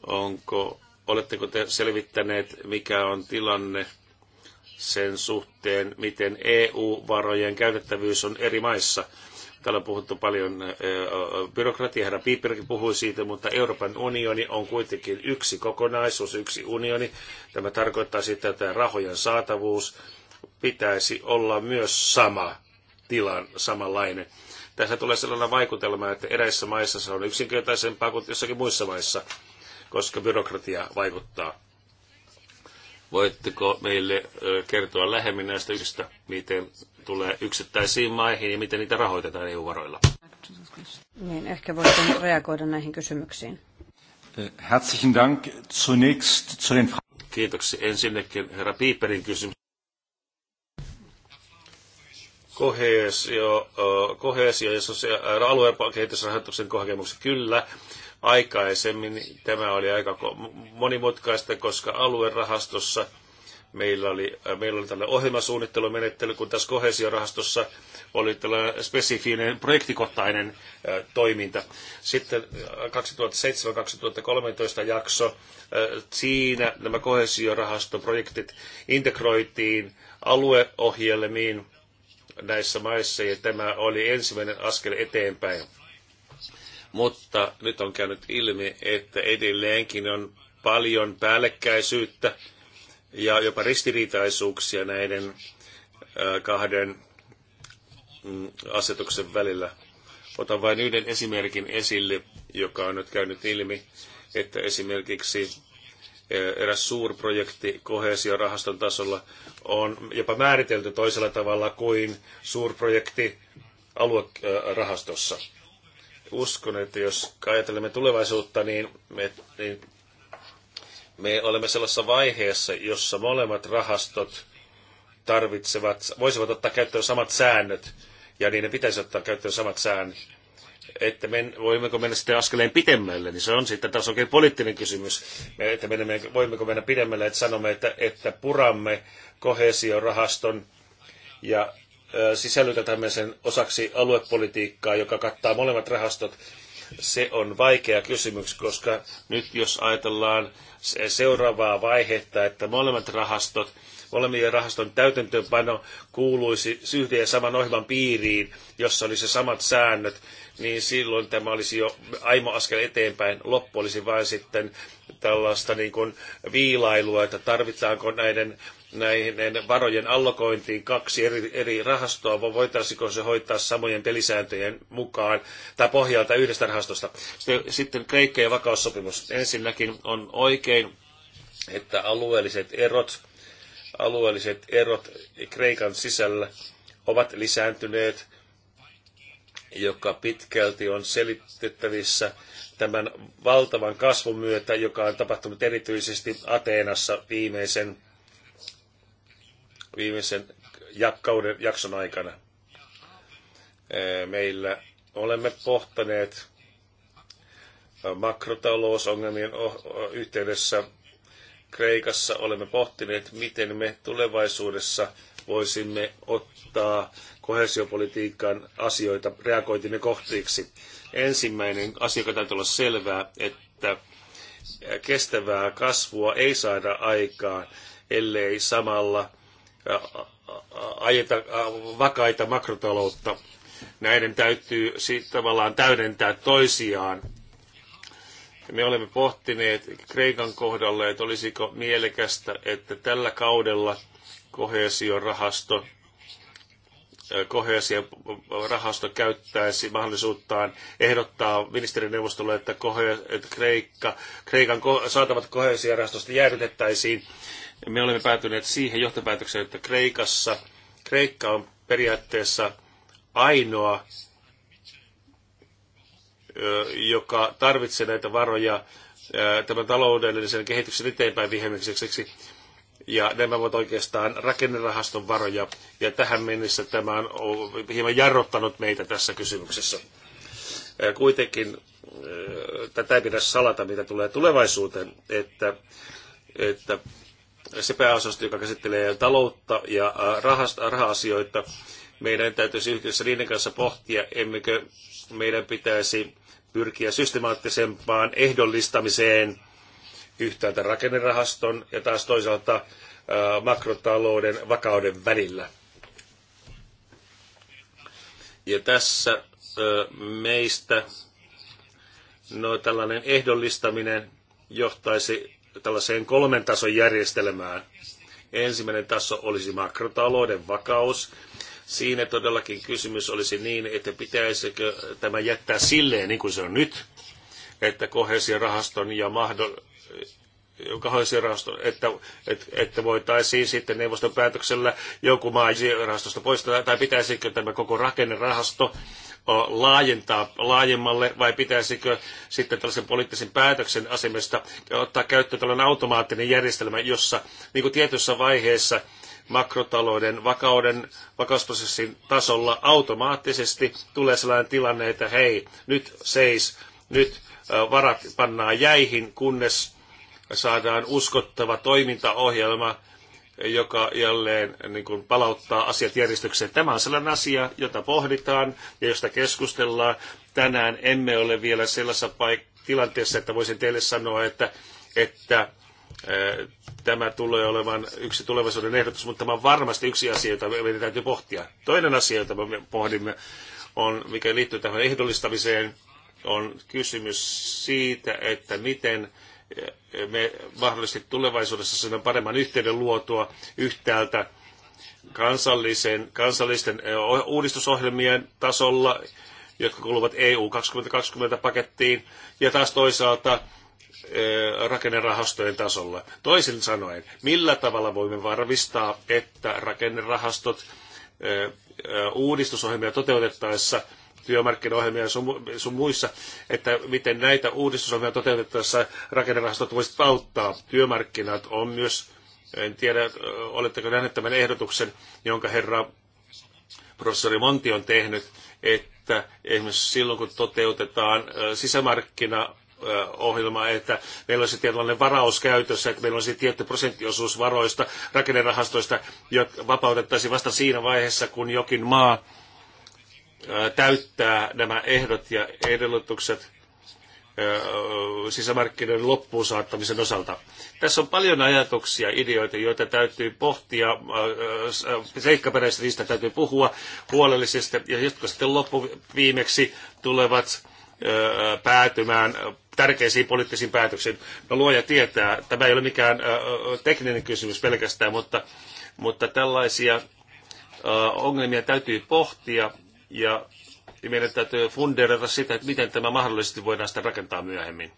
onko, oletteko te selvittäneet, mikä on tilanne sen suhteen, miten EU-varojen käytettävyys on eri maissa. Täällä on puhuttu paljon byrokratia herra Piiperkin puhui siitä, mutta Euroopan unioni on kuitenkin yksi kokonaisuus, yksi unioni. Tämä tarkoittaa sitä, että rahojen saatavuus pitäisi olla myös sama tilan samanlainen. Tässä tulee sellainen vaikutelma, että eräissä maissa se on yksinkertaisempaa kuin jossakin muissa maissa, koska byrokratia vaikuttaa. Voitteko meille kertoa lähemmin näistä yksistä, miten tulee yksittäisiin maihin ja miten niitä rahoitetaan EU-varoilla. Niin, ehkä voisin reagoida näihin kysymyksiin. Äh, herzlichen Dank zunächst zu den Kiitoksia ensinnäkin herra Piiperin kysymys. Kohesio, äh, kohesio ja sosia- äh, aluekehitysrahoituksen kohdemuksen, kyllä. Aikaisemmin tämä oli aika monimutkaista, koska aluerahastossa – meillä oli, äh, meillä oli tällainen ohjelmasuunnittelumenettely, kun tässä kohesiorahastossa oli tällainen spesifinen projektikohtainen äh, toiminta. Sitten 2007-2013 äh, jakso, siinä nämä kohesiorahastoprojektit integroitiin alueohjelmiin näissä maissa, ja tämä oli ensimmäinen askel eteenpäin. Mutta nyt on käynyt ilmi, että edelleenkin on paljon päällekkäisyyttä ja jopa ristiriitaisuuksia näiden kahden mm, asetuksen välillä. Otan vain yhden esimerkin esille, joka on nyt käynyt ilmi, että esimerkiksi eräs suurprojekti kohesiorahaston tasolla on jopa määritelty toisella tavalla kuin suurprojekti aluerahastossa. Uskon, että jos ajattelemme tulevaisuutta, niin, me, niin me olemme sellaisessa vaiheessa, jossa molemmat rahastot tarvitsevat, voisivat ottaa käyttöön samat säännöt, ja niiden pitäisi ottaa käyttöön samat säännöt. Että men, voimmeko mennä sitten askeleen pidemmälle, niin se on sitten taas oikein poliittinen kysymys, että menemme, voimmeko mennä pidemmälle, että sanomme, että, että puramme kohesiorahaston ja sisällytämme sen osaksi aluepolitiikkaa, joka kattaa molemmat rahastot, se on vaikea kysymys, koska nyt jos ajatellaan seuraavaa vaihetta, että molemmat rahastot, molemmien rahaston täytäntöönpano kuuluisi yhden ja saman ohjelman piiriin, jossa olisi samat säännöt, niin silloin tämä olisi jo aimo askel eteenpäin. Loppu olisi vain sitten tällaista niin kuin viilailua, että tarvitaanko näiden näiden varojen allokointiin kaksi eri, eri rahastoa, vai voitaisiko se hoitaa samojen pelisääntöjen mukaan tai pohjalta yhdestä rahastosta. Sitten Kreikka ja vakaussopimus. Ensinnäkin on oikein, että alueelliset erot, alueelliset erot Kreikan sisällä ovat lisääntyneet, joka pitkälti on selitettävissä tämän valtavan kasvun myötä, joka on tapahtunut erityisesti Ateenassa viimeisen viimeisen jakkauden jakson aikana. Meillä olemme pohtaneet makrotalousongelmien yhteydessä Kreikassa olemme pohtineet, miten me tulevaisuudessa voisimme ottaa kohesiopolitiikan asioita reagoitimme kohtiksi. Ensimmäinen asia, joka täytyy olla selvää, että kestävää kasvua ei saada aikaan, ellei samalla ajeta vakaita makrotaloutta. Näiden täytyy tavallaan täydentää toisiaan. Me olemme pohtineet Kreikan kohdalla, että olisiko mielekästä, että tällä kaudella kohesiorahasto rahasto käyttäisi mahdollisuuttaan ehdottaa ministerineuvostolle, että, kohe, että Kreikka, Kreikan saatavat kohesiorahastosta jäädytettäisiin me olemme päätyneet siihen johtopäätökseen, että Kreikassa, Kreikka on periaatteessa ainoa, joka tarvitsee näitä varoja tämän taloudellisen kehityksen eteenpäin vihemiseksi. Ja nämä ovat oikeastaan rakennerahaston varoja, ja tähän mennessä tämä on hieman jarruttanut meitä tässä kysymyksessä. Kuitenkin tätä ei pidä salata, mitä tulee tulevaisuuteen, että, että se pääosasto, joka käsittelee taloutta ja äh, raha-asioita. Meidän täytyisi yhdessä niiden kanssa pohtia, emmekö meidän pitäisi pyrkiä systemaattisempaan ehdollistamiseen yhtäältä rakennerahaston ja taas toisaalta äh, makrotalouden vakauden välillä. Ja tässä meistä no, tällainen ehdollistaminen johtaisi tällaiseen kolmen tason järjestelmään. Ensimmäinen taso olisi makrotalouden vakaus. Siinä todellakin kysymys olisi niin, että pitäisikö tämä jättää silleen, niin kuin se on nyt, että kohesiorahaston ja mahdoll- rahaston, että, että, että voitaisiin sitten neuvoston päätöksellä joku maa rahastosta poistaa, tai pitäisikö tämä koko rakennerahasto rahasto laajentaa laajemmalle vai pitäisikö sitten tällaisen poliittisen päätöksen asemesta ottaa käyttöön tällainen automaattinen järjestelmä, jossa niin kuin tietyssä vaiheessa makrotalouden vakauden, vakausprosessin tasolla automaattisesti tulee sellainen tilanne, että hei, nyt seis, nyt varat pannaan jäihin, kunnes saadaan uskottava toimintaohjelma, joka jälleen niin kuin palauttaa asiat järjestykseen. Tämä on sellainen asia, jota pohditaan ja josta keskustellaan. Tänään emme ole vielä sellaisessa paik- tilanteessa, että voisin teille sanoa, että, että eh, tämä tulee olemaan yksi tulevaisuuden ehdotus, mutta tämä on varmasti yksi asia, jota meidän täytyy pohtia. Toinen asia, jota me pohdimme, on, mikä liittyy tähän ehdollistamiseen, on kysymys siitä, että miten me mahdollisesti tulevaisuudessa saamme paremman yhteyden luotua yhtäältä kansallisen, kansallisten uudistusohjelmien tasolla, jotka kuuluvat EU 2020-pakettiin, ja taas toisaalta rakennerahastojen tasolla. Toisin sanoen, millä tavalla voimme varmistaa, että rakennerahastot uudistusohjelmia toteutettaessa – työmarkkinaohjelmia sun muissa, että miten näitä uudistusohjelmia toteutettaessa rakennerahastot voisivat auttaa. Työmarkkinat on myös, en tiedä, oletteko nähneet tämän ehdotuksen, jonka herra professori Monti on tehnyt, että esimerkiksi silloin kun toteutetaan sisämarkkina ohjelma, että meillä olisi tietynlainen varaus käytössä, että meillä olisi tietty prosenttiosuus varoista, rakennerahastoista, jotka vapautettaisiin vasta siinä vaiheessa, kun jokin maa täyttää nämä ehdot ja edellytykset sisämarkkinoiden loppuun saattamisen osalta. Tässä on paljon ajatuksia, ideoita, joita täytyy pohtia, seikkaperäisesti niistä täytyy puhua huolellisesti, ja jotka sitten loppuviimeksi tulevat päätymään tärkeisiin poliittisiin päätöksiin. No luoja tietää, tämä ei ole mikään tekninen kysymys pelkästään, mutta, mutta tällaisia ongelmia täytyy pohtia ja meidän täytyy fundeerata sitä, että miten tämä mahdollisesti voidaan sitä rakentaa myöhemmin.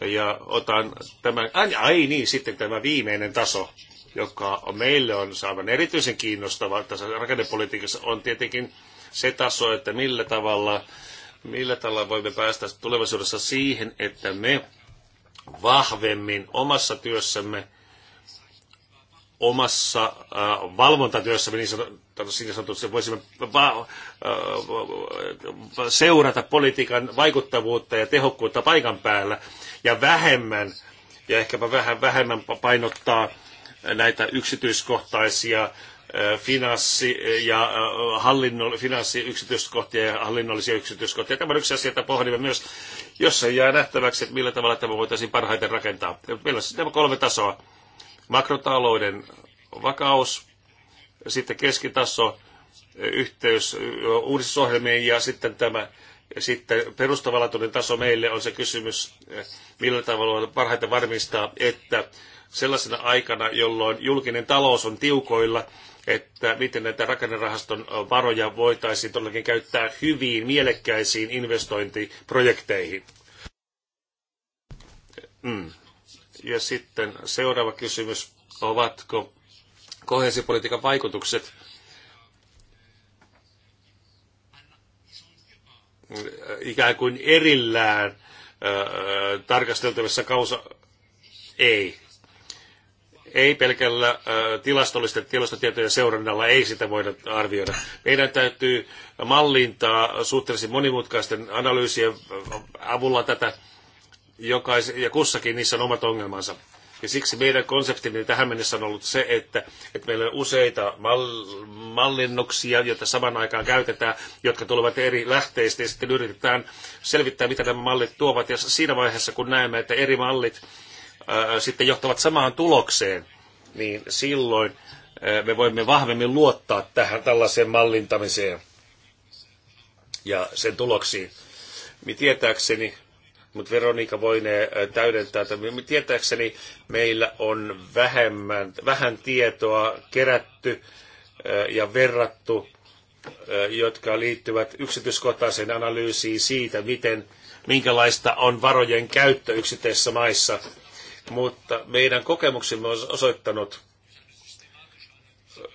Ja otan tämän, ai, ai niin, sitten tämä viimeinen taso, joka on, meille on saavan erityisen kiinnostava tässä rakennepolitiikassa, on tietenkin se taso, että millä tavalla, millä tavalla voimme päästä tulevaisuudessa siihen, että me vahvemmin omassa työssämme – omassa äh, valvontatyössä, niin sanotusti voisimme äh, seurata politiikan vaikuttavuutta ja tehokkuutta paikan päällä ja vähemmän ja ehkäpä vähän vähemmän painottaa näitä yksityiskohtaisia äh, finanssi- ja hallinnoll- finanssiyksityiskohtia ja hallinnollisia yksityiskohtia. Tämä on yksi asia, jota pohdimme myös, jos se jää nähtäväksi, että millä tavalla tämä voitaisiin parhaiten rakentaa. Meillä on siis kolme tasoa makrotalouden vakaus, sitten keskitaso, yhteys uudistusohjelmiin ja sitten tämä sitten perustavanlaatuinen taso meille on se kysymys, millä tavalla parhaiten varmistaa, että sellaisena aikana, jolloin julkinen talous on tiukoilla, että miten näitä rakennerahaston varoja voitaisiin todellakin käyttää hyviin, mielekkäisiin investointiprojekteihin. Mm. Ja sitten seuraava kysymys, ovatko kohesipolitiikan vaikutukset ikään kuin erillään äh, tarkasteltavissa kausa? Ei. Ei pelkällä äh, tilastollisten tilastotietojen seurannalla, ei sitä voida arvioida. Meidän täytyy mallintaa suhteellisen monimutkaisten analyysien avulla tätä jokais, ja kussakin niissä on omat ongelmansa. Ja siksi meidän konseptimme tähän mennessä on ollut se, että, että meillä on useita mal- mallinnoksia, joita saman aikaan käytetään, jotka tulevat eri lähteistä ja sitten yritetään selvittää, mitä nämä mallit tuovat. Ja siinä vaiheessa, kun näemme, että eri mallit ää, sitten johtavat samaan tulokseen, niin silloin ää, me voimme vahvemmin luottaa tähän tällaiseen mallintamiseen ja sen tuloksiin. Niin tietääkseni mutta Veronika ne täydentää, että tietääkseni meillä on vähemmän, vähän tietoa kerätty ja verrattu, jotka liittyvät yksityiskohtaiseen analyysiin siitä, miten, minkälaista on varojen käyttö yksittäisissä maissa. Mutta meidän kokemuksemme on osoittanut,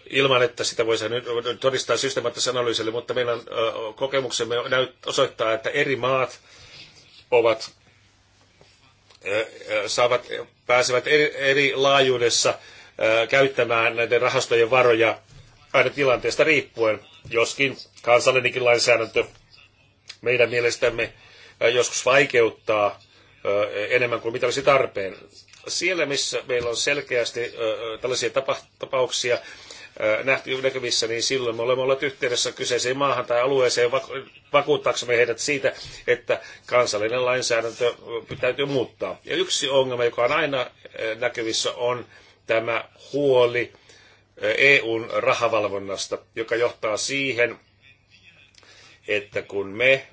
ilman, että sitä voisi todistaa systemaattisessa analyysille, mutta meidän kokemuksemme osoittaa, että eri maat ovat, saavat, pääsevät eri, eri laajuudessa käyttämään näiden rahastojen varoja aina tilanteesta riippuen, joskin kansallinenkin lainsäädäntö meidän mielestämme joskus vaikeuttaa enemmän kuin mitä olisi tarpeen. Siellä, missä meillä on selkeästi tällaisia tapauksia, nähty näkyvissä, niin silloin me olemme olleet yhteydessä kyseiseen maahan tai alueeseen vakuuttaaksemme heidät siitä, että kansallinen lainsäädäntö täytyy muuttaa. Ja yksi ongelma, joka on aina näkyvissä, on tämä huoli EUn rahavalvonnasta, joka johtaa siihen, että kun me,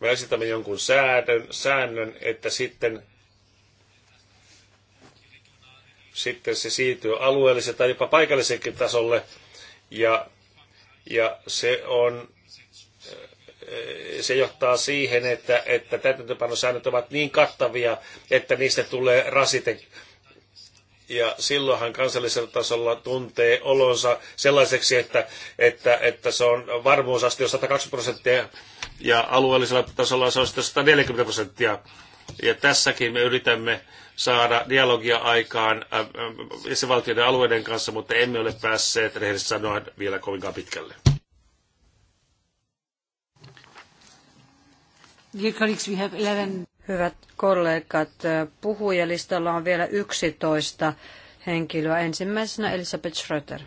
me esitämme jonkun säädön, säännön, että sitten sitten se siirtyy alueelliselle tai jopa paikallisellekin tasolle, ja, ja se on se johtaa siihen, että, että täytäntöpanosäännöt ovat niin kattavia, että niistä tulee rasite. Ja silloinhan kansallisella tasolla tuntee olonsa sellaiseksi, että, että, että se on varmuusasti on 120 prosenttia ja alueellisella tasolla se on 140 prosenttia. Ja tässäkin me yritämme saada dialogia aikaan äh, äh, jäsenvaltioiden alueiden kanssa, mutta emme ole päässeet rehellisesti sanoen vielä kovinkaan pitkälle. Hyvät kollegat, äh, puhujalistalla on vielä 11 henkilöä. Ensimmäisenä Elisabeth Schröter.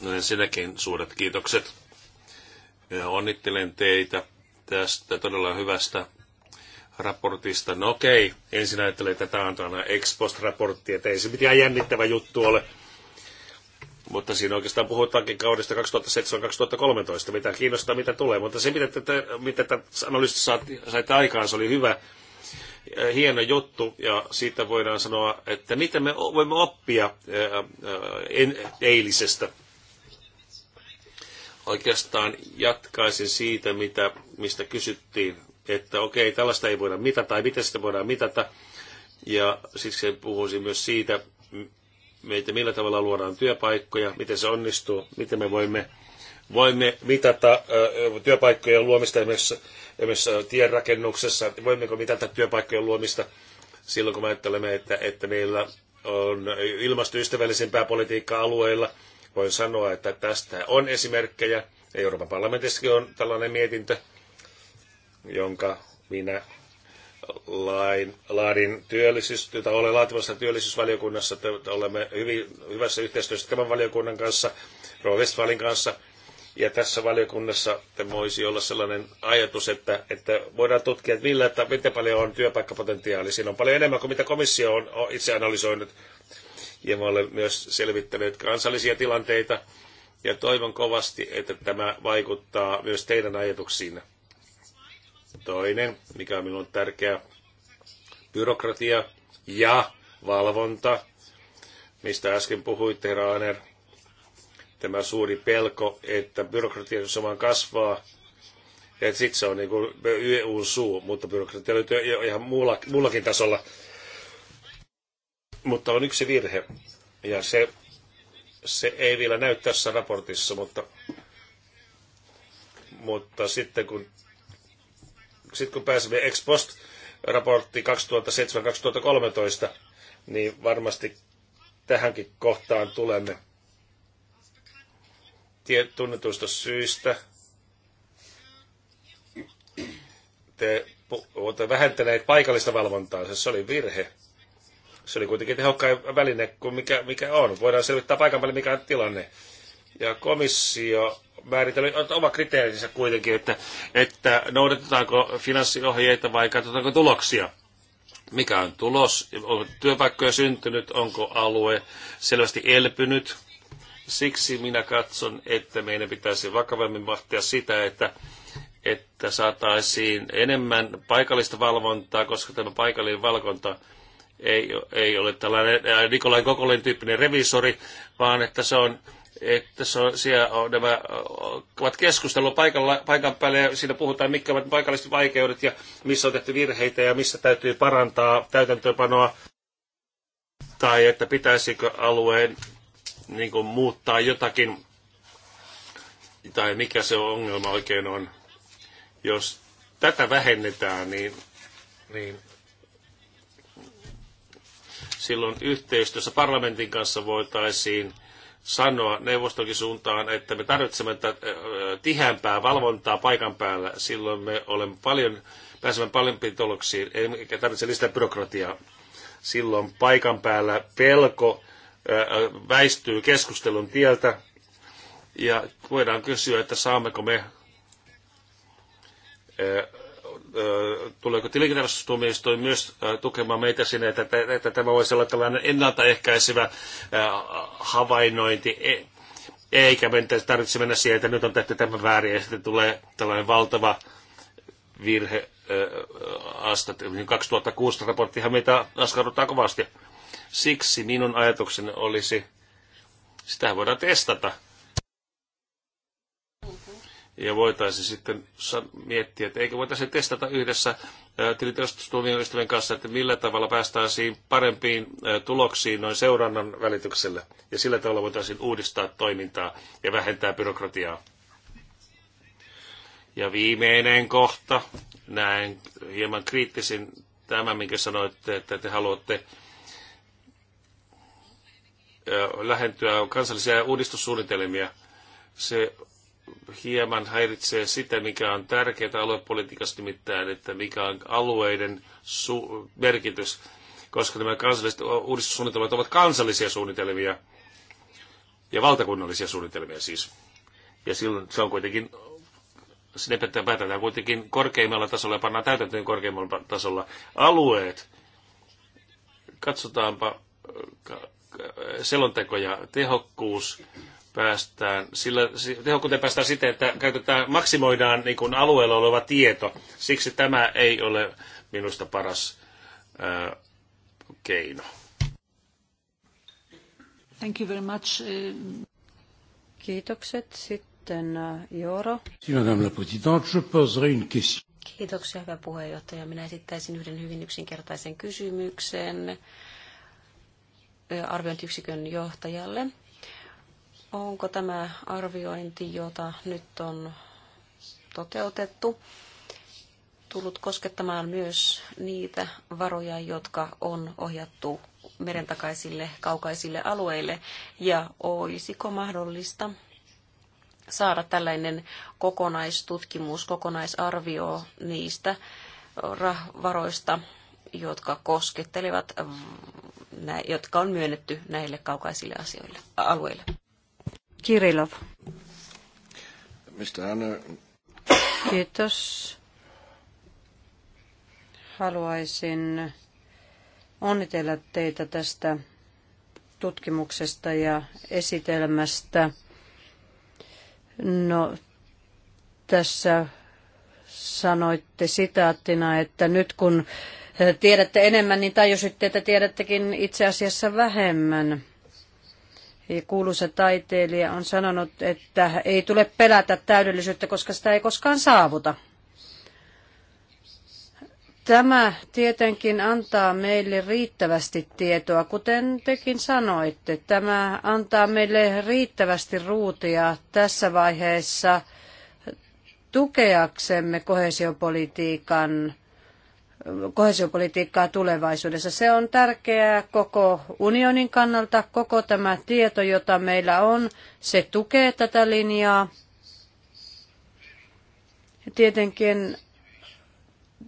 No ensinnäkin suuret kiitokset. Ja onnittelen teitä tästä todella hyvästä raportista. No okei, ensin ajattelin, että tämä on tällainen ex post-raportti, että ei se mitään jännittävä juttu ole. Mutta siinä oikeastaan puhutaankin kaudesta 2007-2013, mitä kiinnostaa, mitä tulee. Mutta se, mitä, tätä, mitä tätä saitte aikaan, se oli hyvä, äh, hieno juttu, ja siitä voidaan sanoa, että mitä me voimme oppia äh, äh, eilisestä oikeastaan jatkaisin siitä, mitä, mistä kysyttiin että okei, tällaista ei voida mitata, tai miten sitä voidaan mitata. Ja siksi puhuisin myös siitä, meitä, millä tavalla luodaan työpaikkoja, miten se onnistuu, miten me voimme, voimme mitata työpaikkojen luomista esimerkiksi, esimerkiksi tienrakennuksessa, voimmeko mitata työpaikkojen luomista silloin, kun me ajattelemme, että, että meillä on ilmastoystävällisempää politiikkaa alueilla. Voin sanoa, että tästä on esimerkkejä. Euroopan parlamentissakin on tällainen mietintö, jonka minä lain, laadin työllisyys, jota olen laatimassa työllisyysvaliokunnassa, että olemme hyvin, hyvässä yhteistyössä tämän valiokunnan kanssa, Roo Westfalin kanssa, ja tässä valiokunnassa voisi olla sellainen ajatus, että, että voidaan tutkia, että millä, että miten paljon on työpaikkapotentiaali. Siinä on paljon enemmän kuin mitä komissio on itse analysoinut. Ja me olemme myös selvittäneet kansallisia tilanteita. Ja toivon kovasti, että tämä vaikuttaa myös teidän ajatuksiinne. Toinen, mikä on minulle tärkeä, byrokratia ja valvonta, mistä äsken puhuitte, herra Aner. Tämä suuri pelko, että byrokratia jos vaan kasvaa, ja sitten se on niin kuin EUn suu, mutta byrokratia löytyy ihan muulla, muullakin tasolla. Mutta on yksi virhe, ja se, se ei vielä näy tässä raportissa, mutta, mutta sitten kun sitten kun pääsemme ex post raportti 2007-2013, niin varmasti tähänkin kohtaan tulemme tunnetuista syistä. Te olette vähentäneet paikallista valvontaa, se oli virhe. Se oli kuitenkin tehokkain väline kuin mikä, mikä on. Voidaan selvittää paikan päälle, mikä on tilanne. Ja komissio määritellä niin oma kriteerinsä kuitenkin, että, että noudatetaanko finanssiohjeita vai katsotaanko tuloksia. Mikä on tulos? Onko työpaikkoja syntynyt? Onko alue selvästi elpynyt? Siksi minä katson, että meidän pitäisi vakavemmin vahtia sitä, että, että saataisiin enemmän paikallista valvontaa, koska tämä paikallinen valvonta ei, ei ole tällainen Nikolai Kokolin tyyppinen revisori, vaan että se on että on, siellä on, nämä ovat keskustelua paikalla, paikan päällä ja siinä puhutaan, mitkä ovat paikalliset vaikeudet ja missä on tehty virheitä ja missä täytyy parantaa täytäntöönpanoa tai että pitäisikö alueen niin kuin, muuttaa jotakin tai mikä se ongelma oikein on. Jos tätä vähennetään, niin, niin silloin yhteistyössä parlamentin kanssa voitaisiin sanoa neuvostokin suuntaan, että me tarvitsemme äh, tiheämpää valvontaa paikan päällä. Silloin me olemme paljon, pääsemme paljon pitoloksiin, eikä tarvitse lisää byrokratiaa. Silloin paikan päällä pelko äh, väistyy keskustelun tieltä ja voidaan kysyä, että saammeko me äh, tuleeko tilintarkastustuomioistuin myös tukemaan meitä sinne, että, että tämä voisi olla tällainen ennaltaehkäisevä havainnointi, e, eikä tarvitse mennä siihen, että nyt on tehty tämä väärin ja sitten tulee tällainen valtava virhe astat. Niin 2006 raporttihan meitä askarruttaa kovasti. Siksi minun ajatukseni olisi, sitä voidaan testata ja voitaisiin sitten miettiä, että eikö voitaisiin testata yhdessä tilitastustuomioistuimen kanssa, että millä tavalla päästäisiin parempiin tuloksiin noin seurannan välityksellä. Ja sillä tavalla voitaisiin uudistaa toimintaa ja vähentää byrokratiaa. Ja viimeinen kohta, näen hieman kriittisin tämä, minkä sanoitte, että te haluatte lähentyä kansallisia uudistussuunnitelmia. Se hieman häiritsee sitä, mikä on tärkeää aluepolitiikassa, nimittäin, että mikä on alueiden merkitys, koska nämä kansalliset uudistussuunnitelmat ovat kansallisia suunnitelmia ja valtakunnallisia suunnitelmia siis. Ja silloin se on kuitenkin, sinne päätetään kuitenkin korkeimmalla tasolla ja pannaan täytäntöön korkeimmalla tasolla. Alueet, katsotaanpa selontekoja, tehokkuus, päästään, sillä, tehokkuuteen päästään siten, että käytetään, maksimoidaan niin kuin alueella oleva tieto. Siksi tämä ei ole minusta paras äh, keino. Thank you very much. Eh. Kiitokset. Sitten eh, Joro. Kiitoksia, hyvä puheenjohtaja. Minä esittäisin yhden hyvin yksinkertaisen kysymyksen eh, arviointiyksikön johtajalle. Onko tämä arviointi, jota nyt on toteutettu, tullut koskettamaan myös niitä varoja, jotka on ohjattu merentakaisille kaukaisille alueille, ja olisiko mahdollista saada tällainen kokonaistutkimus, kokonaisarvio niistä varoista, jotka koskettelevat, jotka on myönnetty näille kaukaisille asioille, alueille. Kirilov. Mistä hän... Kiitos. Haluaisin onnitella teitä tästä tutkimuksesta ja esitelmästä. No, tässä sanoitte sitaattina, että nyt kun tiedätte enemmän, niin tajusitte, että tiedättekin itse asiassa vähemmän kuuluisa taiteilija on sanonut, että ei tule pelätä täydellisyyttä, koska sitä ei koskaan saavuta. Tämä tietenkin antaa meille riittävästi tietoa, kuten tekin sanoitte. Tämä antaa meille riittävästi ruutia tässä vaiheessa tukeaksemme kohesiopolitiikan kohesiopolitiikkaa tulevaisuudessa. Se on tärkeää koko unionin kannalta, koko tämä tieto, jota meillä on, se tukee tätä linjaa. Tietenkin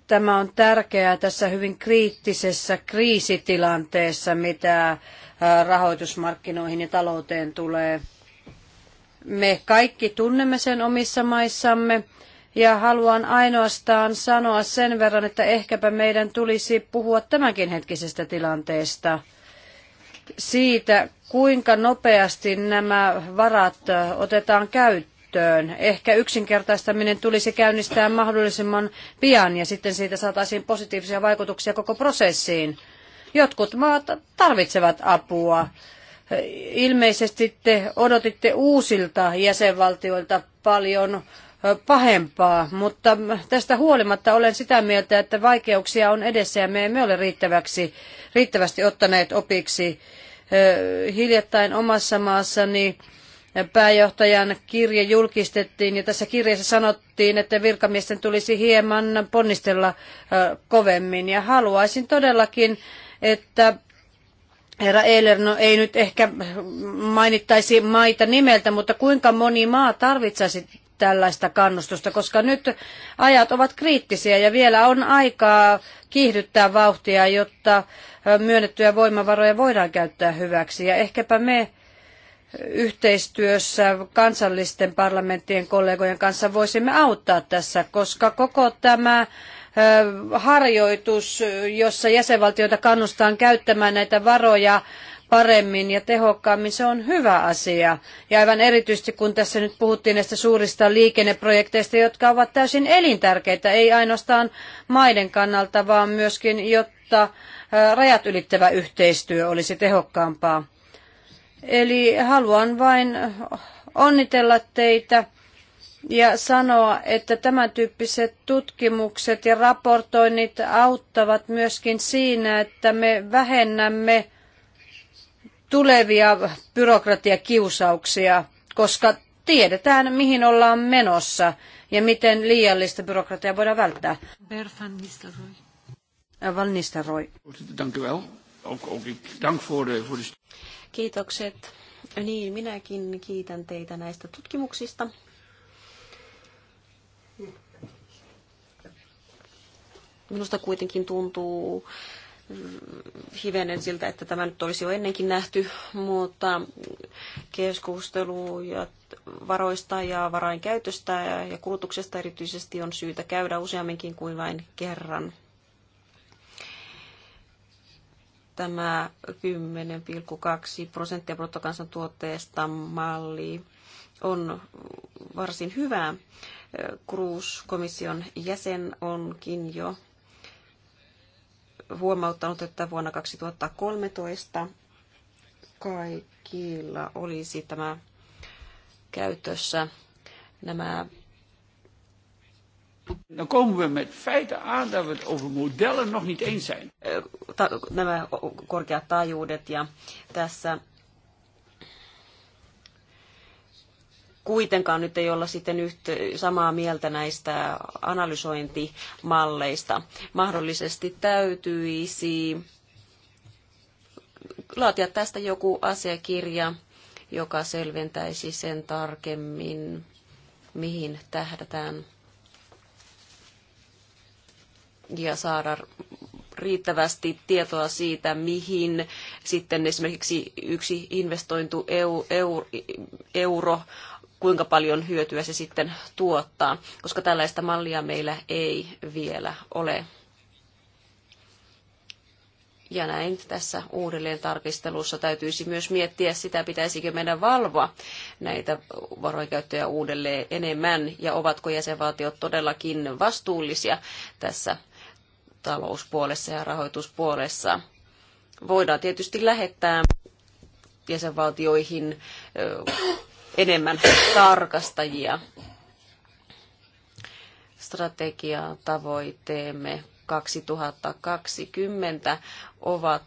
tämä on tärkeää tässä hyvin kriittisessä kriisitilanteessa, mitä rahoitusmarkkinoihin ja talouteen tulee. Me kaikki tunnemme sen omissa maissamme ja haluan ainoastaan sanoa sen verran, että ehkäpä meidän tulisi puhua tämänkin hetkisestä tilanteesta siitä, kuinka nopeasti nämä varat otetaan käyttöön. Ehkä yksinkertaistaminen tulisi käynnistää mahdollisimman pian ja sitten siitä saataisiin positiivisia vaikutuksia koko prosessiin. Jotkut maat tarvitsevat apua. Ilmeisesti te odotitte uusilta jäsenvaltioilta paljon pahempaa, mutta tästä huolimatta olen sitä mieltä, että vaikeuksia on edessä ja me emme ole riittäväksi, riittävästi ottaneet opiksi. Hiljattain omassa maassani pääjohtajan kirje julkistettiin ja tässä kirjeessä sanottiin, että virkamiesten tulisi hieman ponnistella kovemmin ja haluaisin todellakin, että Herra Eiler, no ei nyt ehkä mainittaisi maita nimeltä, mutta kuinka moni maa tarvitsisi tällaista kannustusta, koska nyt ajat ovat kriittisiä ja vielä on aikaa kiihdyttää vauhtia, jotta myönnettyjä voimavaroja voidaan käyttää hyväksi. Ja ehkäpä me yhteistyössä kansallisten parlamenttien kollegojen kanssa voisimme auttaa tässä, koska koko tämä harjoitus, jossa jäsenvaltioita kannustaan käyttämään näitä varoja, paremmin ja tehokkaammin, se on hyvä asia. Ja aivan erityisesti kun tässä nyt puhuttiin näistä suurista liikenneprojekteista, jotka ovat täysin elintärkeitä, ei ainoastaan maiden kannalta, vaan myöskin, jotta rajat ylittävä yhteistyö olisi tehokkaampaa. Eli haluan vain onnitella teitä ja sanoa, että tämän tyyppiset tutkimukset ja raportoinnit auttavat myöskin siinä, että me vähennämme tulevia byrokratiakiusauksia, koska tiedetään, mihin ollaan menossa ja miten liiallista byrokratiaa voidaan välttää. Äh, Kiitokset. Niin, minäkin kiitän teitä näistä tutkimuksista. Minusta kuitenkin tuntuu, hivenen siltä, että tämä nyt olisi jo ennenkin nähty, mutta keskustelu ja varoista ja varainkäytöstä ja kulutuksesta erityisesti on syytä käydä useamminkin kuin vain kerran. Tämä 10,2 prosenttia bruttokansantuotteesta malli on varsin hyvä. kruus komission jäsen, onkin jo huomauttanut, että vuonna 2013 kaikilla olisi tämä käytössä nämä Dan komen we met feiten aan dat we het over modellen nog niet eens zijn. Nämä korkeat taajuudet ja tässä kuitenkaan nyt ei olla sitten yhtä, samaa mieltä näistä analysointimalleista. Mahdollisesti täytyisi laatia tästä joku asiakirja, joka selventäisi sen tarkemmin, mihin tähdätään ja saada riittävästi tietoa siitä, mihin sitten esimerkiksi yksi investointu euro kuinka paljon hyötyä se sitten tuottaa, koska tällaista mallia meillä ei vielä ole. Ja näin tässä uudelleen tarkistelussa täytyisi myös miettiä sitä, pitäisikö meidän valvoa näitä varoikäyttöjä uudelleen enemmän ja ovatko jäsenvaltiot todellakin vastuullisia tässä talouspuolessa ja rahoituspuolessa. Voidaan tietysti lähettää jäsenvaltioihin enemmän tarkastajia. Strategia tavoitteemme 2020 ovat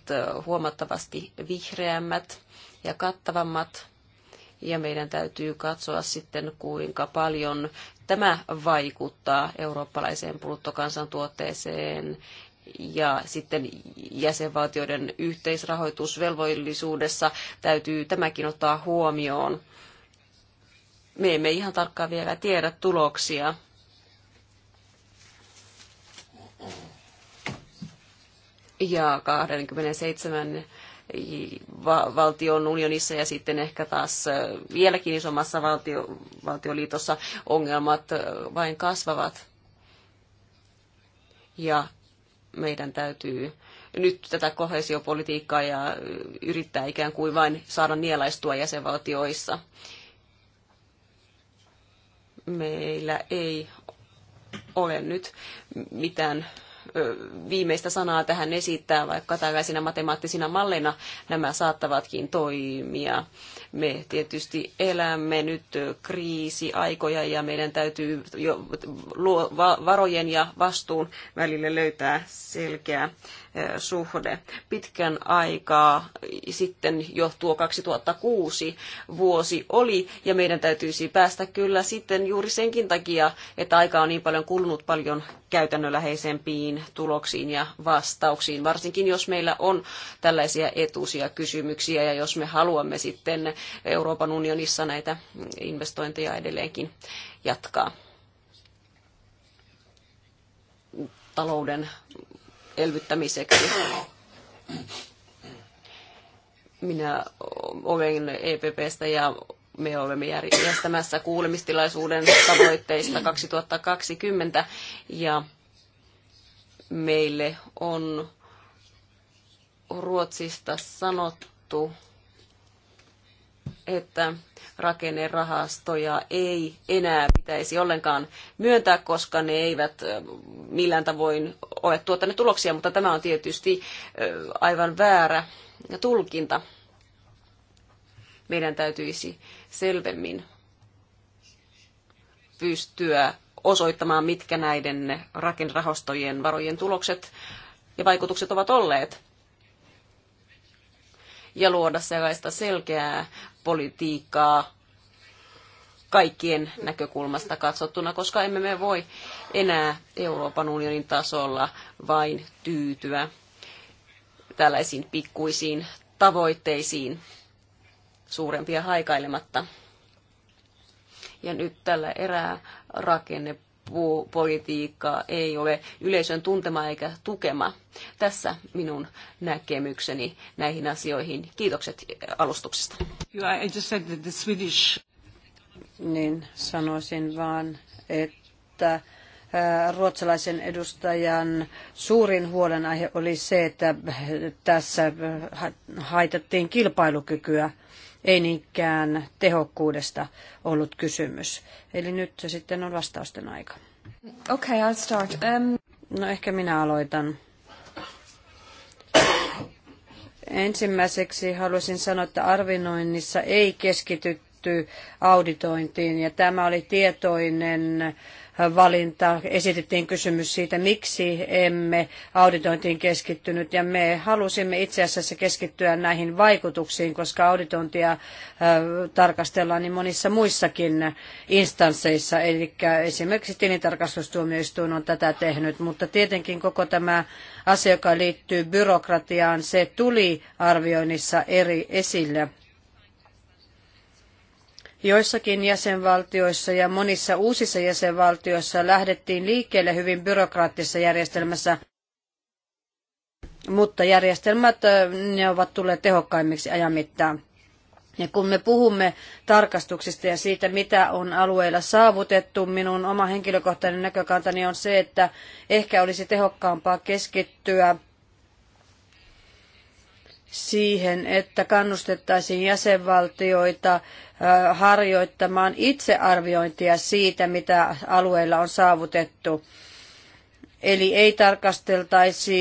huomattavasti vihreämmät ja kattavammat. Ja meidän täytyy katsoa sitten, kuinka paljon tämä vaikuttaa eurooppalaiseen bruttokansantuotteeseen ja sitten jäsenvaltioiden yhteisrahoitusvelvollisuudessa täytyy tämäkin ottaa huomioon me emme ihan tarkkaan vielä tiedä tuloksia. Ja 27 valtion unionissa ja sitten ehkä taas vieläkin isommassa valtio, valtioliitossa ongelmat vain kasvavat. Ja meidän täytyy nyt tätä kohesiopolitiikkaa ja yrittää ikään kuin vain saada nielaistua jäsenvaltioissa meillä ei ole nyt mitään viimeistä sanaa tähän esittää, vaikka tällaisina matemaattisina malleina nämä saattavatkin toimia. Me tietysti elämme nyt kriisiaikoja ja meidän täytyy jo varojen ja vastuun välille löytää selkeä suhde. Pitkän aikaa sitten jo tuo 2006 vuosi oli, ja meidän täytyisi päästä kyllä sitten juuri senkin takia, että aika on niin paljon kulunut paljon käytännönläheisempiin tuloksiin ja vastauksiin, varsinkin jos meillä on tällaisia etuisia kysymyksiä, ja jos me haluamme sitten Euroopan unionissa näitä investointeja edelleenkin jatkaa. Talouden elvyttämiseksi. Minä olen EPPstä ja me olemme järjestämässä kuulemistilaisuuden tavoitteista 2020 ja meille on Ruotsista sanottu, että rakennerahastoja ei enää pitäisi ollenkaan myöntää, koska ne eivät millään tavoin ole tuottaneet tuloksia, mutta tämä on tietysti aivan väärä tulkinta. Meidän täytyisi selvemmin pystyä osoittamaan, mitkä näiden rakennerahastojen varojen tulokset ja vaikutukset ovat olleet ja luoda sellaista selkeää politiikkaa kaikkien näkökulmasta katsottuna, koska emme me voi enää Euroopan unionin tasolla vain tyytyä tällaisiin pikkuisiin tavoitteisiin suurempia haikailematta. Ja nyt tällä erää rakenne politiikka ei ole yleisön tuntema eikä tukema. Tässä minun näkemykseni näihin asioihin. Kiitokset alustuksesta. I just said the Swedish... Niin sanoisin vaan, että äh, ruotsalaisen edustajan suurin huolenaihe oli se, että tässä äh, haitattiin kilpailukykyä ei niinkään tehokkuudesta ollut kysymys. Eli nyt se sitten on vastausten aika. Okay, I'll start. Um... No ehkä minä aloitan. Ensimmäiseksi haluaisin sanoa, että arvinoinnissa ei keskitytty auditointiin ja tämä oli tietoinen valinta. Esitettiin kysymys siitä, miksi emme auditointiin keskittynyt ja me halusimme itse asiassa keskittyä näihin vaikutuksiin, koska auditointia äh, tarkastellaan niin monissa muissakin instansseissa, eli esimerkiksi tilintarkastustuomioistuin on tätä tehnyt, mutta tietenkin koko tämä asia, joka liittyy byrokratiaan, se tuli arvioinnissa eri esille Joissakin jäsenvaltioissa ja monissa uusissa jäsenvaltioissa lähdettiin liikkeelle hyvin byrokraattisessa järjestelmässä, mutta järjestelmät ne ovat tulleet tehokkaimmiksi ajan mittaan. Ja kun me puhumme tarkastuksista ja siitä, mitä on alueilla saavutettu, minun oma henkilökohtainen näkökantani on se, että ehkä olisi tehokkaampaa keskittyä siihen, että kannustettaisiin jäsenvaltioita harjoittamaan itsearviointia siitä, mitä alueella on saavutettu. Eli ei tarkasteltaisi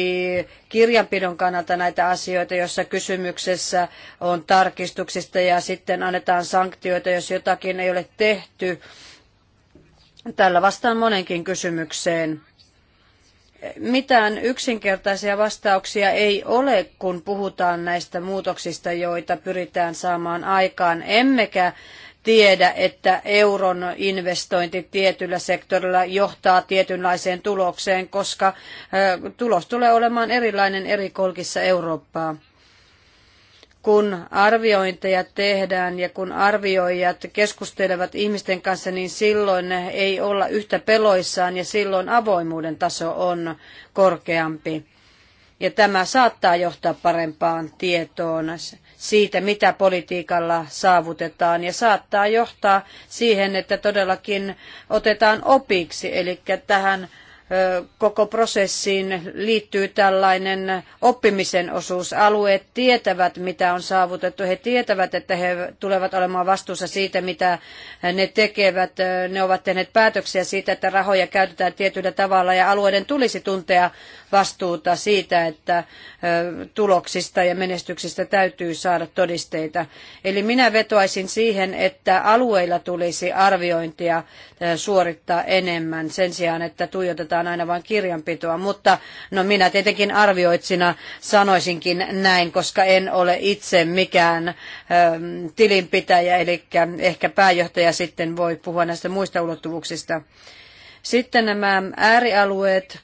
kirjanpidon kannalta näitä asioita, jossa kysymyksessä on tarkistuksista ja sitten annetaan sanktioita, jos jotakin ei ole tehty. Tällä vastaan monenkin kysymykseen. Mitään yksinkertaisia vastauksia ei ole, kun puhutaan näistä muutoksista, joita pyritään saamaan aikaan. Emmekä tiedä, että euron investointi tietyllä sektorilla johtaa tietynlaiseen tulokseen, koska tulos tulee olemaan erilainen eri kolkissa Eurooppaa kun arviointeja tehdään ja kun arvioijat keskustelevat ihmisten kanssa, niin silloin ei olla yhtä peloissaan ja silloin avoimuuden taso on korkeampi. Ja tämä saattaa johtaa parempaan tietoon siitä, mitä politiikalla saavutetaan ja saattaa johtaa siihen, että todellakin otetaan opiksi, eli tähän koko prosessiin liittyy tällainen oppimisen osuus. Alueet tietävät, mitä on saavutettu. He tietävät, että he tulevat olemaan vastuussa siitä, mitä ne tekevät. Ne ovat tehneet päätöksiä siitä, että rahoja käytetään tietyllä tavalla ja alueiden tulisi tuntea vastuuta siitä, että tuloksista ja menestyksistä täytyy saada todisteita. Eli minä vetoaisin siihen, että alueilla tulisi arviointia suorittaa enemmän sen sijaan, että tuijotetaan katsotaan aina vain kirjanpitoa, mutta no minä tietenkin arvioitsina sanoisinkin näin, koska en ole itse mikään ö, tilinpitäjä, eli ehkä pääjohtaja sitten voi puhua näistä muista ulottuvuuksista. Sitten nämä äärialueet,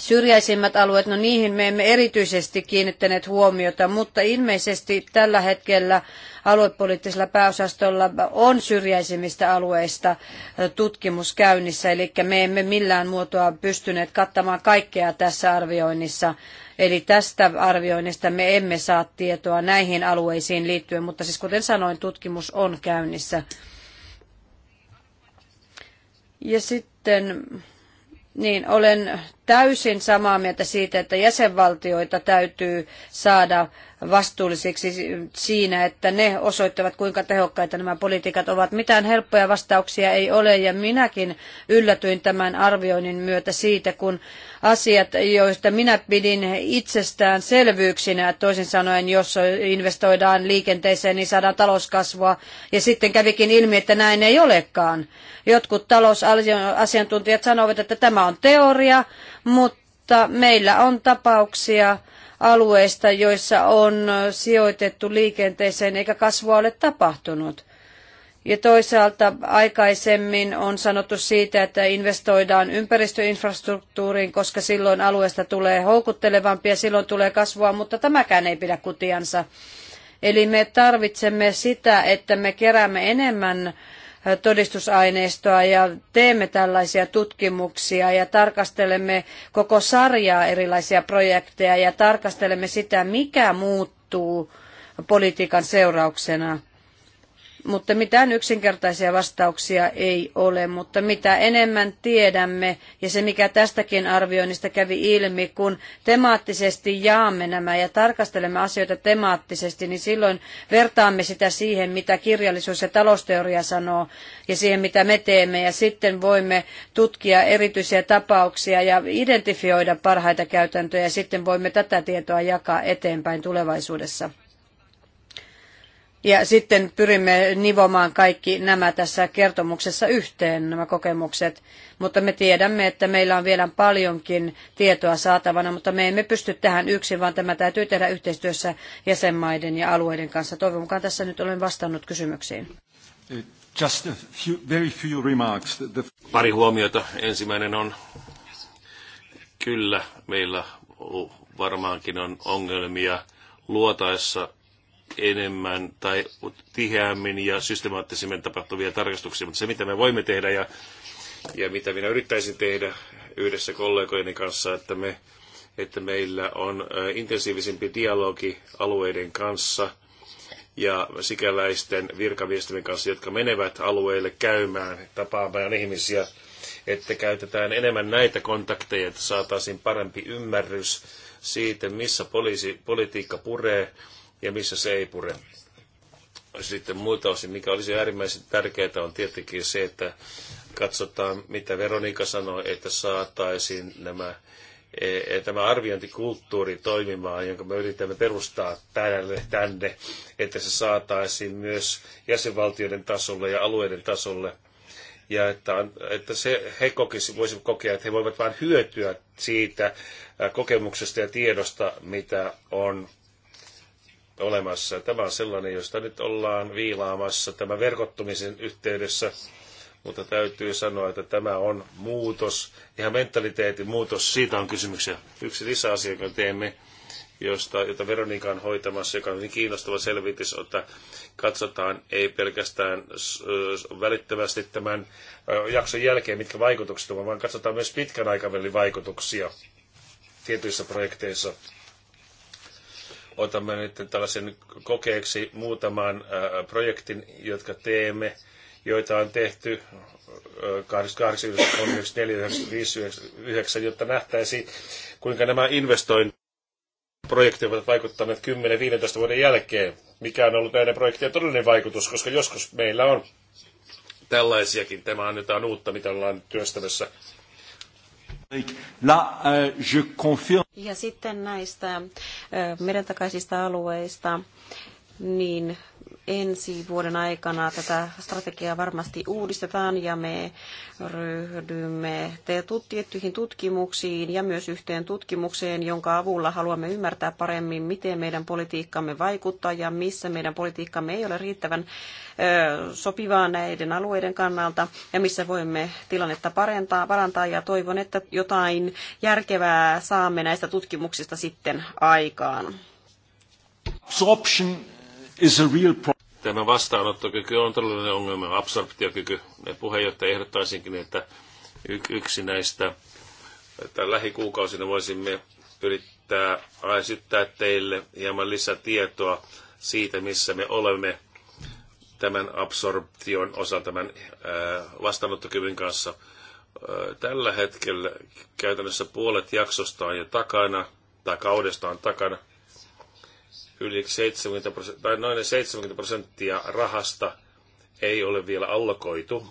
syrjäisimmät alueet, no niihin me emme erityisesti kiinnittäneet huomiota, mutta ilmeisesti tällä hetkellä aluepoliittisella pääosastolla on syrjäisimmistä alueista tutkimus käynnissä, eli me emme millään muotoa pystyneet kattamaan kaikkea tässä arvioinnissa. Eli tästä arvioinnista me emme saa tietoa näihin alueisiin liittyen, mutta siis kuten sanoin, tutkimus on käynnissä. Ja sitten niin, olen täysin samaa mieltä siitä, että jäsenvaltioita täytyy saada vastuullisiksi siinä, että ne osoittavat, kuinka tehokkaita nämä politiikat ovat. Mitään helppoja vastauksia ei ole, ja minäkin yllätyin tämän arvioinnin myötä siitä, kun asiat, joista minä pidin itsestään selvyyksinä, toisin sanoen, jos investoidaan liikenteeseen, niin saadaan talouskasvua, ja sitten kävikin ilmi, että näin ei olekaan. Jotkut talousasiantuntijat sanovat, että tämä on teoria, mutta meillä on tapauksia, alueista, joissa on sijoitettu liikenteeseen eikä kasvua ole tapahtunut. Ja toisaalta aikaisemmin on sanottu siitä, että investoidaan ympäristöinfrastruktuuriin, koska silloin alueesta tulee houkuttelevampi ja silloin tulee kasvua, mutta tämäkään ei pidä kutiansa. Eli me tarvitsemme sitä, että me keräämme enemmän todistusaineistoa ja teemme tällaisia tutkimuksia ja tarkastelemme koko sarjaa erilaisia projekteja ja tarkastelemme sitä, mikä muuttuu politiikan seurauksena. Mutta mitään yksinkertaisia vastauksia ei ole, mutta mitä enemmän tiedämme, ja se mikä tästäkin arvioinnista kävi ilmi, kun temaattisesti jaamme nämä ja tarkastelemme asioita temaattisesti, niin silloin vertaamme sitä siihen, mitä kirjallisuus ja talousteoria sanoo, ja siihen, mitä me teemme, ja sitten voimme tutkia erityisiä tapauksia ja identifioida parhaita käytäntöjä, ja sitten voimme tätä tietoa jakaa eteenpäin tulevaisuudessa. Ja sitten pyrimme nivomaan kaikki nämä tässä kertomuksessa yhteen, nämä kokemukset. Mutta me tiedämme, että meillä on vielä paljonkin tietoa saatavana, mutta me emme pysty tähän yksin, vaan tämä täytyy tehdä yhteistyössä jäsenmaiden ja alueiden kanssa. Toivon mukaan tässä nyt olen vastannut kysymyksiin. Just a few, very few remarks. The... Pari huomiota. Ensimmäinen on, kyllä meillä varmaankin on ongelmia luotaessa enemmän tai tiheämmin ja systemaattisemmin tapahtuvia tarkastuksia, mutta se mitä me voimme tehdä ja, ja mitä minä yrittäisin tehdä yhdessä kollegojeni kanssa, että, me, että meillä on intensiivisempi dialogi alueiden kanssa ja sikäläisten virkaviestimen kanssa, jotka menevät alueelle käymään, tapaamaan ihmisiä, että käytetään enemmän näitä kontakteja, että saataisiin parempi ymmärrys siitä, missä poliisi, politiikka puree, ja missä se ei pure. Sitten muilta osin, mikä olisi äärimmäisen tärkeää, on tietenkin se, että katsotaan, mitä Veronika sanoi, että saataisiin nämä, e, tämä arviointikulttuuri toimimaan, jonka me yritämme perustaa tänne, tänne, että se saataisiin myös jäsenvaltioiden tasolle ja alueiden tasolle ja että, että se, he kokisi, voisivat kokea, että he voivat vain hyötyä siitä kokemuksesta ja tiedosta, mitä on olemassa. Tämä on sellainen, josta nyt ollaan viilaamassa tämä verkottumisen yhteydessä, mutta täytyy sanoa, että tämä on muutos, ihan mentaliteetin muutos, siitä on kysymyksiä. Yksi lisäasia, jonka teemme, josta, jota Veronika on hoitamassa, joka on hyvin kiinnostava selvitys, että katsotaan ei pelkästään välittömästi tämän jakson jälkeen, mitkä vaikutukset ovat, vaan katsotaan myös pitkän aikavälin vaikutuksia tietyissä projekteissa otamme nyt tällaisen kokeeksi muutaman äh, projektin, jotka teemme, joita on tehty 88, 94, 95, jotta nähtäisiin, kuinka nämä investointiprojektit ovat vaikuttaneet 10-15 vuoden jälkeen. Mikä on ollut näiden projektien todellinen vaikutus, koska joskus meillä on tällaisiakin. Tämä on jotain uutta, mitä ollaan työstämässä. La, euh, je confirme. Ja sitten näistä meidän takaisista alueista, niin ensi vuoden aikana tätä strategiaa varmasti uudistetaan ja me ryhdymme tiettyihin tutkimuksiin ja myös yhteen tutkimukseen, jonka avulla haluamme ymmärtää paremmin, miten meidän politiikkamme vaikuttaa ja missä meidän politiikkamme ei ole riittävän sopivaa näiden alueiden kannalta ja missä voimme tilannetta parantaa, parantaa ja toivon, että jotain järkevää saamme näistä tutkimuksista sitten aikaan. Absorption is a real problem. Tämä vastaanottokyky on todellinen ongelma, absorptiokyky. Puheenjohtaja ehdottaisinkin, että yksi näistä että lähikuukausina voisimme yrittää esittää teille hieman lisätietoa siitä, missä me olemme tämän absorption osa tämän vastaanottokyvyn kanssa. Tällä hetkellä käytännössä puolet jaksosta on jo takana, tai kaudesta on takana yli 70 prosenttia, tai noin 70 prosenttia rahasta ei ole vielä allokoitu.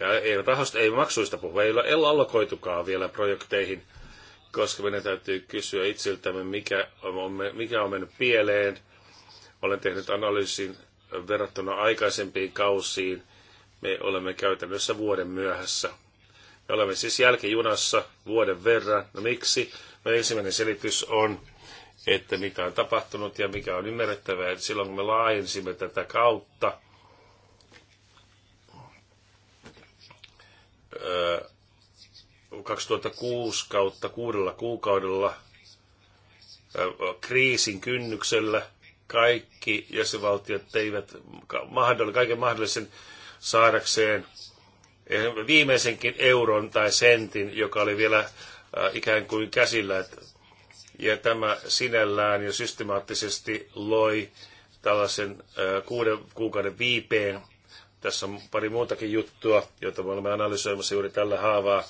Ja ei, rahasta, ei maksuista puhu, ei ole allokoitukaan vielä projekteihin, koska meidän täytyy kysyä itseltämme, mikä on, mikä on mennyt pieleen. Olen tehnyt analyysin verrattuna aikaisempiin kausiin. Me olemme käytännössä vuoden myöhässä. Me olemme siis jälkijunassa vuoden verran. No miksi? No ensimmäinen selitys on että mitä on tapahtunut ja mikä on ymmärrettävää, että silloin kun me laajensimme tätä kautta, öö, 2006 kautta kuudella kuukaudella kriisin kynnyksellä kaikki jäsenvaltiot teivät kaiken mahdollisen saadakseen viimeisenkin euron tai sentin, joka oli vielä ikään kuin käsillä. Että ja tämä sinällään jo systemaattisesti loi tällaisen kuuden kuukauden viipeen. Tässä on pari muutakin juttua, joita me olemme analysoimassa juuri tällä haavaa,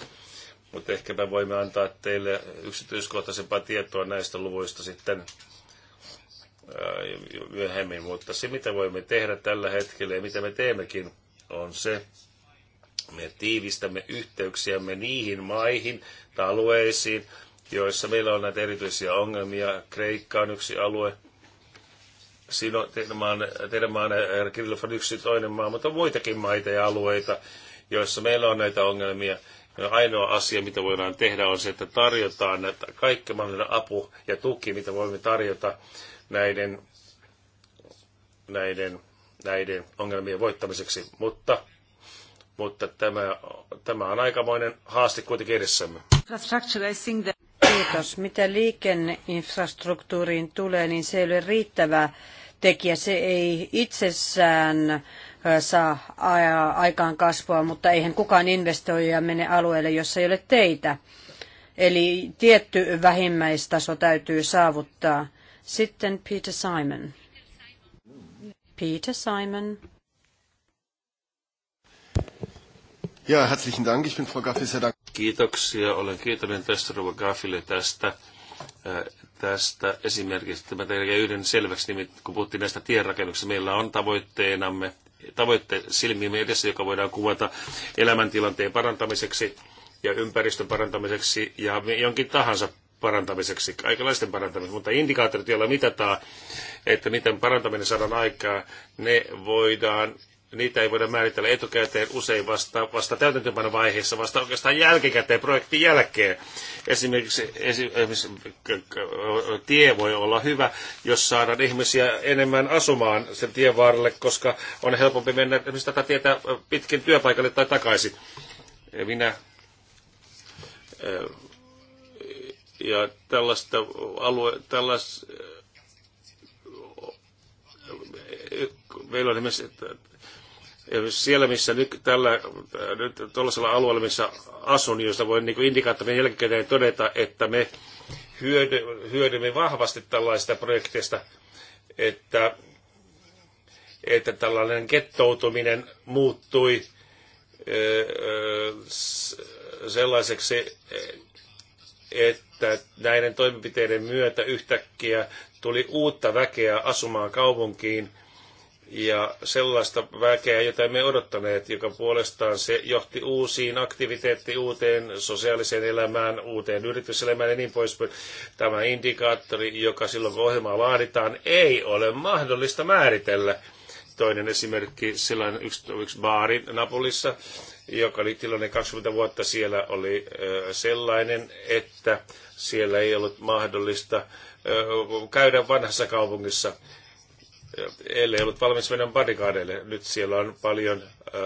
mutta ehkä me voimme antaa teille yksityiskohtaisempaa tietoa näistä luvuista sitten myöhemmin. Mutta se, mitä voimme tehdä tällä hetkellä ja mitä me teemmekin, on se, me tiivistämme yhteyksiämme niihin maihin tai alueisiin, joissa meillä on näitä erityisiä ongelmia. Kreikka on yksi alue, siinä on teidän maan, teidän maan Kirillov on yksi toinen maa, mutta on muitakin maita ja alueita, joissa meillä on näitä ongelmia. Ja ainoa asia, mitä voidaan tehdä, on se, että tarjotaan näitä kaikki mahdollinen apu ja tuki, mitä voimme tarjota näiden, näiden, näiden ongelmien voittamiseksi. Mutta, mutta tämä, tämä on aikamoinen haaste kuitenkin edessämme. Kiitos. Mitä liikenneinfrastruktuuriin tulee, niin se ei ole riittävä tekijä. Se ei itsessään saa aikaan kasvua, mutta eihän kukaan investoija mene alueelle, jossa ei ole teitä. Eli tietty vähimmäistaso täytyy saavuttaa. Sitten Peter Simon. Peter Simon. Ja, herzlichen Dank. Ich bin Frau Gaffi sehr dankbar. Kiitoksia. Olen kiitollinen tästä Rova Gaffille tästä, äh, tästä esimerkistä. Mä tein yhden selväksi, nimittäin, kun puhuttiin näistä tienrakennuksista. Meillä on tavoitteenamme, tavoitte silmiimme edessä, joka voidaan kuvata elämäntilanteen parantamiseksi ja ympäristön parantamiseksi ja jonkin tahansa parantamiseksi, kaikenlaisten parantamiseksi, mutta indikaattorit, joilla mitataan, että miten parantaminen saadaan aikaa, ne voidaan niitä ei voida määritellä etukäteen usein vasta, vasta täytäntöönpanovaiheessa, vasta oikeastaan jälkikäteen, projektin jälkeen. Esimerkiksi, esimerkiksi tie voi olla hyvä, jos saadaan ihmisiä enemmän asumaan sen tien varrelle, koska on helpompi mennä esimerkiksi tätä tietä pitkin työpaikalle tai takaisin. Minä ja tällaista alue, tällaista meillä on esimerkiksi siellä, missä nyt tällä, nyt tuollaisella alueella, missä asun, josta voin niin indikaattorin jälkikäteen todeta, että me hyödy, hyödymme vahvasti tällaista projekteista, että, että tällainen kettoutuminen muuttui sellaiseksi, että näiden toimenpiteiden myötä yhtäkkiä tuli uutta väkeä asumaan kaupunkiin – ja sellaista väkeä, jota emme odottaneet, joka puolestaan se johti uusiin aktiviteettiin, uuteen sosiaaliseen elämään, uuteen yrityselämään ja niin poispäin. Tämä indikaattori, joka silloin kun ohjelmaa laaditaan, ei ole mahdollista määritellä. Toinen esimerkki, sellainen yksi, yksi baari Napolissa, joka oli tilanne 20 vuotta siellä, oli sellainen, että siellä ei ollut mahdollista käydä vanhassa kaupungissa – ei ollut valmis mennä bodyguardeille. Nyt siellä on paljon, ää,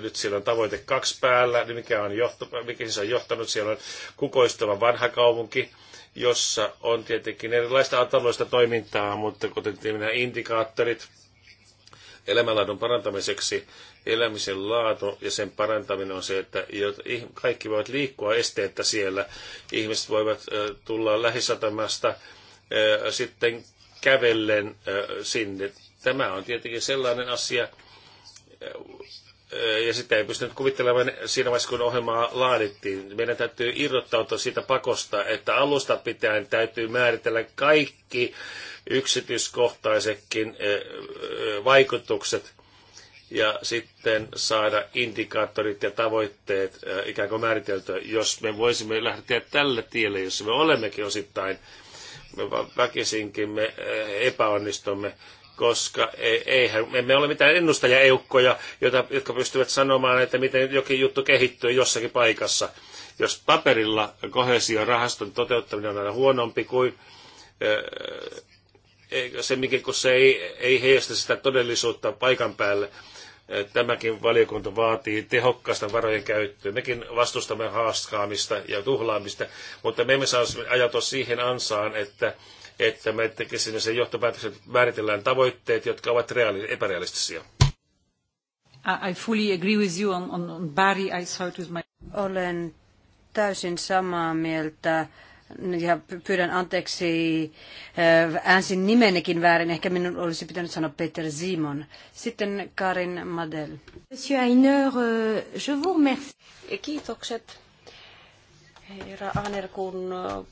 nyt siellä on tavoite kaksi päällä, niin mikä, on johto, mikä siis on johtanut, siellä on kukoistava vanha kaupunki, jossa on tietenkin erilaista taloudellista toimintaa, mutta kuten nämä indikaattorit elämänlaadun parantamiseksi, elämisen laatu ja sen parantaminen on se, että kaikki voivat liikkua esteettä siellä. Ihmiset voivat tulla lähisatamasta sitten kävellen sinne. Tämä on tietenkin sellainen asia, ja sitä ei pystynyt kuvittelemaan siinä vaiheessa, kun ohjelmaa laadittiin. Meidän täytyy irrottautua siitä pakosta, että alusta pitäen täytyy määritellä kaikki yksityiskohtaisetkin vaikutukset ja sitten saada indikaattorit ja tavoitteet ikään kuin määriteltyä, jos me voisimme lähteä tällä tielle, jossa me olemmekin osittain – me väkisinkin me eh, epäonnistumme, koska e, eihän, me emme ole mitään ennustajaeukkoja, jota, jotka pystyvät sanomaan, että miten jokin juttu kehittyy jossakin paikassa. Jos paperilla kohesiorahaston toteuttaminen on aina huonompi kuin eh, eh, se kun se ei, ei heijasta sitä todellisuutta paikan päälle, Eh, tämäkin valiokunta vaatii tehokkaasta varojen käyttöä. Mekin vastustamme haaskaamista ja tuhlaamista, mutta me emme saa ajatua siihen ansaan, että, että me tekisimme sen johtopäätöksen, että määritellään tavoitteet, jotka ovat reaali- epärealistisia. I fully agree with you on, on, on Barry. I with my... Olen täysin samaa mieltä ja pyydän anteeksi, äh, äänsin nimenekin väärin. Ehkä minun olisi pitänyt sanoa Peter Simon. Sitten Karin Madel. Monsieur Ainer, euh, je vous remercie. Kiitokset, herra Aner, kun äh,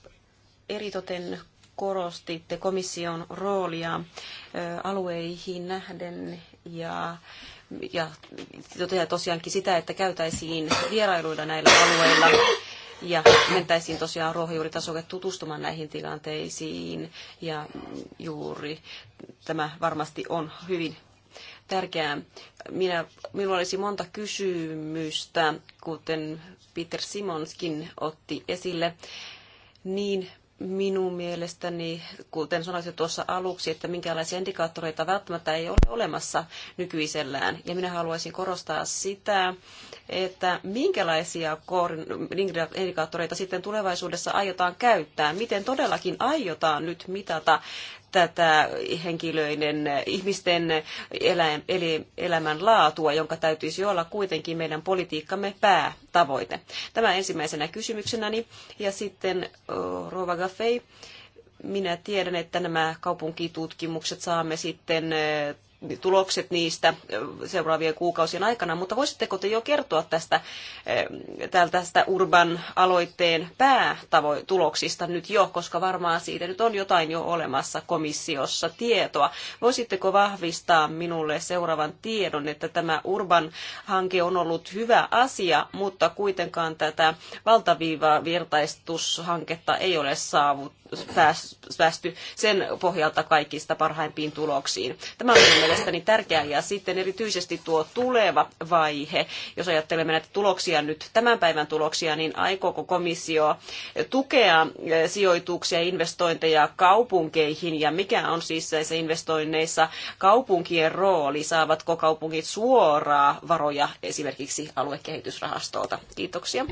eritoten korostitte komission roolia äh, alueihin nähden ja ja tosiaankin sitä, että käytäisiin vierailuilla näillä alueilla ja mentäisiin tosiaan ruohonjuuritasolle tutustumaan näihin tilanteisiin ja juuri tämä varmasti on hyvin tärkeää. Minä, minulla olisi monta kysymystä, kuten Peter Simonskin otti esille, niin minun mielestäni, kuten sanoisin tuossa aluksi, että minkälaisia indikaattoreita välttämättä ei ole olemassa nykyisellään. Ja minä haluaisin korostaa sitä, että minkälaisia indikaattoreita sitten tulevaisuudessa aiotaan käyttää, miten todellakin aiotaan nyt mitata tätä henkilöiden, ihmisten eläin, eli elämän laatua, jonka täytyisi olla kuitenkin meidän politiikkamme päätavoite. Tämä ensimmäisenä kysymyksenäni. Ja sitten Rova Gaffey, minä tiedän, että nämä kaupunkitutkimukset saamme sitten tulokset niistä seuraavien kuukausien aikana, mutta voisitteko te jo kertoa tästä, tästä Urban aloitteen päätuloksista nyt jo, koska varmaan siitä nyt on jotain jo olemassa komissiossa tietoa. Voisitteko vahvistaa minulle seuraavan tiedon, että tämä Urban hanke on ollut hyvä asia, mutta kuitenkaan tätä valtaviivaa virtaistushanketta ei ole saavut, päästy sen pohjalta kaikista parhaimpiin tuloksiin. Tämä on mielestäni tärkeä. Ja sitten erityisesti tuo tuleva vaihe, jos ajattelemme näitä tuloksia nyt, tämän päivän tuloksia, niin aikooko komissio tukea eh, sijoituksia ja investointeja kaupunkeihin ja mikä on siis näissä investoinneissa kaupunkien rooli? Saavatko kaupungit suoraa varoja esimerkiksi aluekehitysrahastolta? Kiitoksia.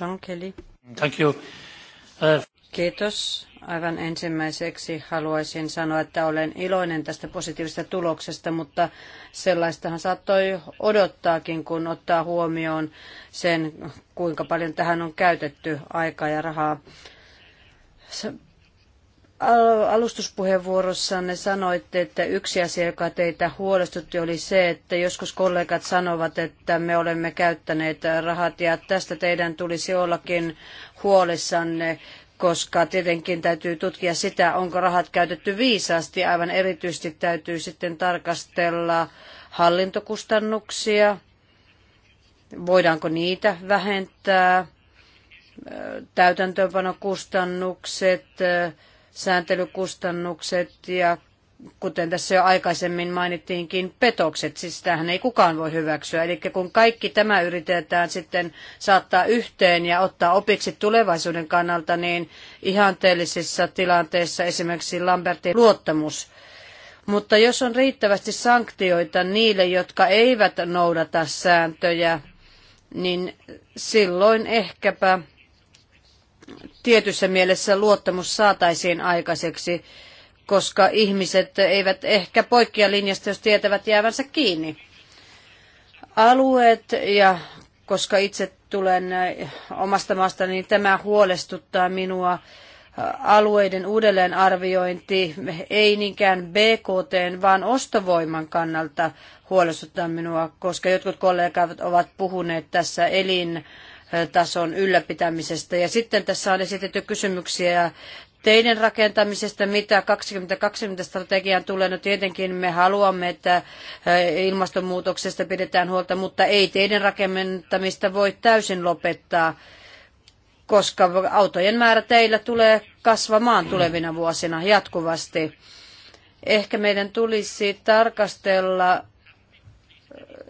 Jean Kelly. Thank you. Uh... Kiitos. Aivan ensimmäiseksi haluaisin sanoa, että olen iloinen tästä positiivisesta tuloksesta, mutta sellaistahan saattoi odottaakin, kun ottaa huomioon sen, kuinka paljon tähän on käytetty aikaa ja rahaa. Alustuspuheenvuorossanne sanoitte, että yksi asia, joka teitä huolestutti, oli se, että joskus kollegat sanovat, että me olemme käyttäneet rahat ja tästä teidän tulisi ollakin huolissanne koska tietenkin täytyy tutkia sitä, onko rahat käytetty viisaasti. Aivan erityisesti täytyy sitten tarkastella hallintokustannuksia, voidaanko niitä vähentää, täytäntöönpanokustannukset, sääntelykustannukset ja kuten tässä jo aikaisemmin mainittiinkin, petokset, siis tähän ei kukaan voi hyväksyä. Eli kun kaikki tämä yritetään sitten saattaa yhteen ja ottaa opiksi tulevaisuuden kannalta, niin ihanteellisissa tilanteissa esimerkiksi Lambertin luottamus mutta jos on riittävästi sanktioita niille, jotka eivät noudata sääntöjä, niin silloin ehkäpä tietyssä mielessä luottamus saataisiin aikaiseksi koska ihmiset eivät ehkä poikkea linjasta, jos tietävät jäävänsä kiinni. Alueet ja koska itse tulen äh, omasta maasta, niin tämä huolestuttaa minua äh, alueiden uudelleenarviointi ei niinkään BKT, vaan ostovoiman kannalta huolestuttaa minua, koska jotkut kollegat ovat puhuneet tässä elin tason ylläpitämisestä. Ja sitten tässä on esitetty kysymyksiä teiden rakentamisesta, mitä 2020 strategiaan tulee. No tietenkin me haluamme, että eh, ilmastonmuutoksesta pidetään huolta, mutta ei teiden rakentamista voi täysin lopettaa, koska autojen määrä teillä tulee kasvamaan tulevina vuosina jatkuvasti. Ehkä meidän tulisi tarkastella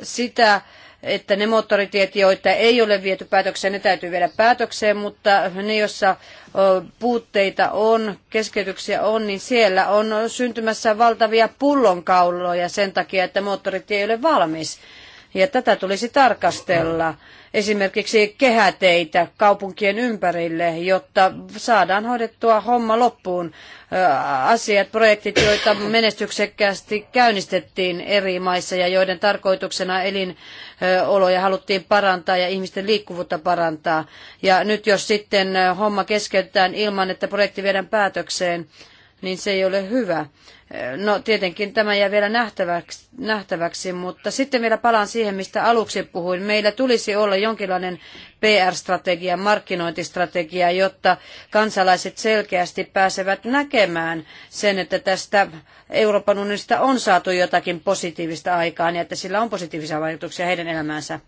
sitä, että ne moottoritiet, joita ei ole viety päätökseen, ne täytyy viedä päätökseen, mutta ne, joissa puutteita on, keskeytyksiä on, niin siellä on syntymässä valtavia pullonkauloja sen takia, että moottoritie ei ole valmis. Ja tätä tulisi tarkastella esimerkiksi kehäteitä kaupunkien ympärille, jotta saadaan hoidettua homma loppuun. Asiat, projektit, joita menestyksekkäästi käynnistettiin eri maissa ja joiden tarkoituksena elinoloja haluttiin parantaa ja ihmisten liikkuvuutta parantaa. Ja nyt jos sitten homma keskeytetään ilman, että projekti viedään päätökseen, niin se ei ole hyvä. No tietenkin tämä jää vielä nähtäväksi, nähtäväksi, mutta sitten vielä palaan siihen, mistä aluksi puhuin. Meillä tulisi olla jonkinlainen PR-strategia, markkinointistrategia, jotta kansalaiset selkeästi pääsevät näkemään sen, että tästä Euroopan unionista on saatu jotakin positiivista aikaan ja että sillä on positiivisia vaikutuksia heidän elämäänsä.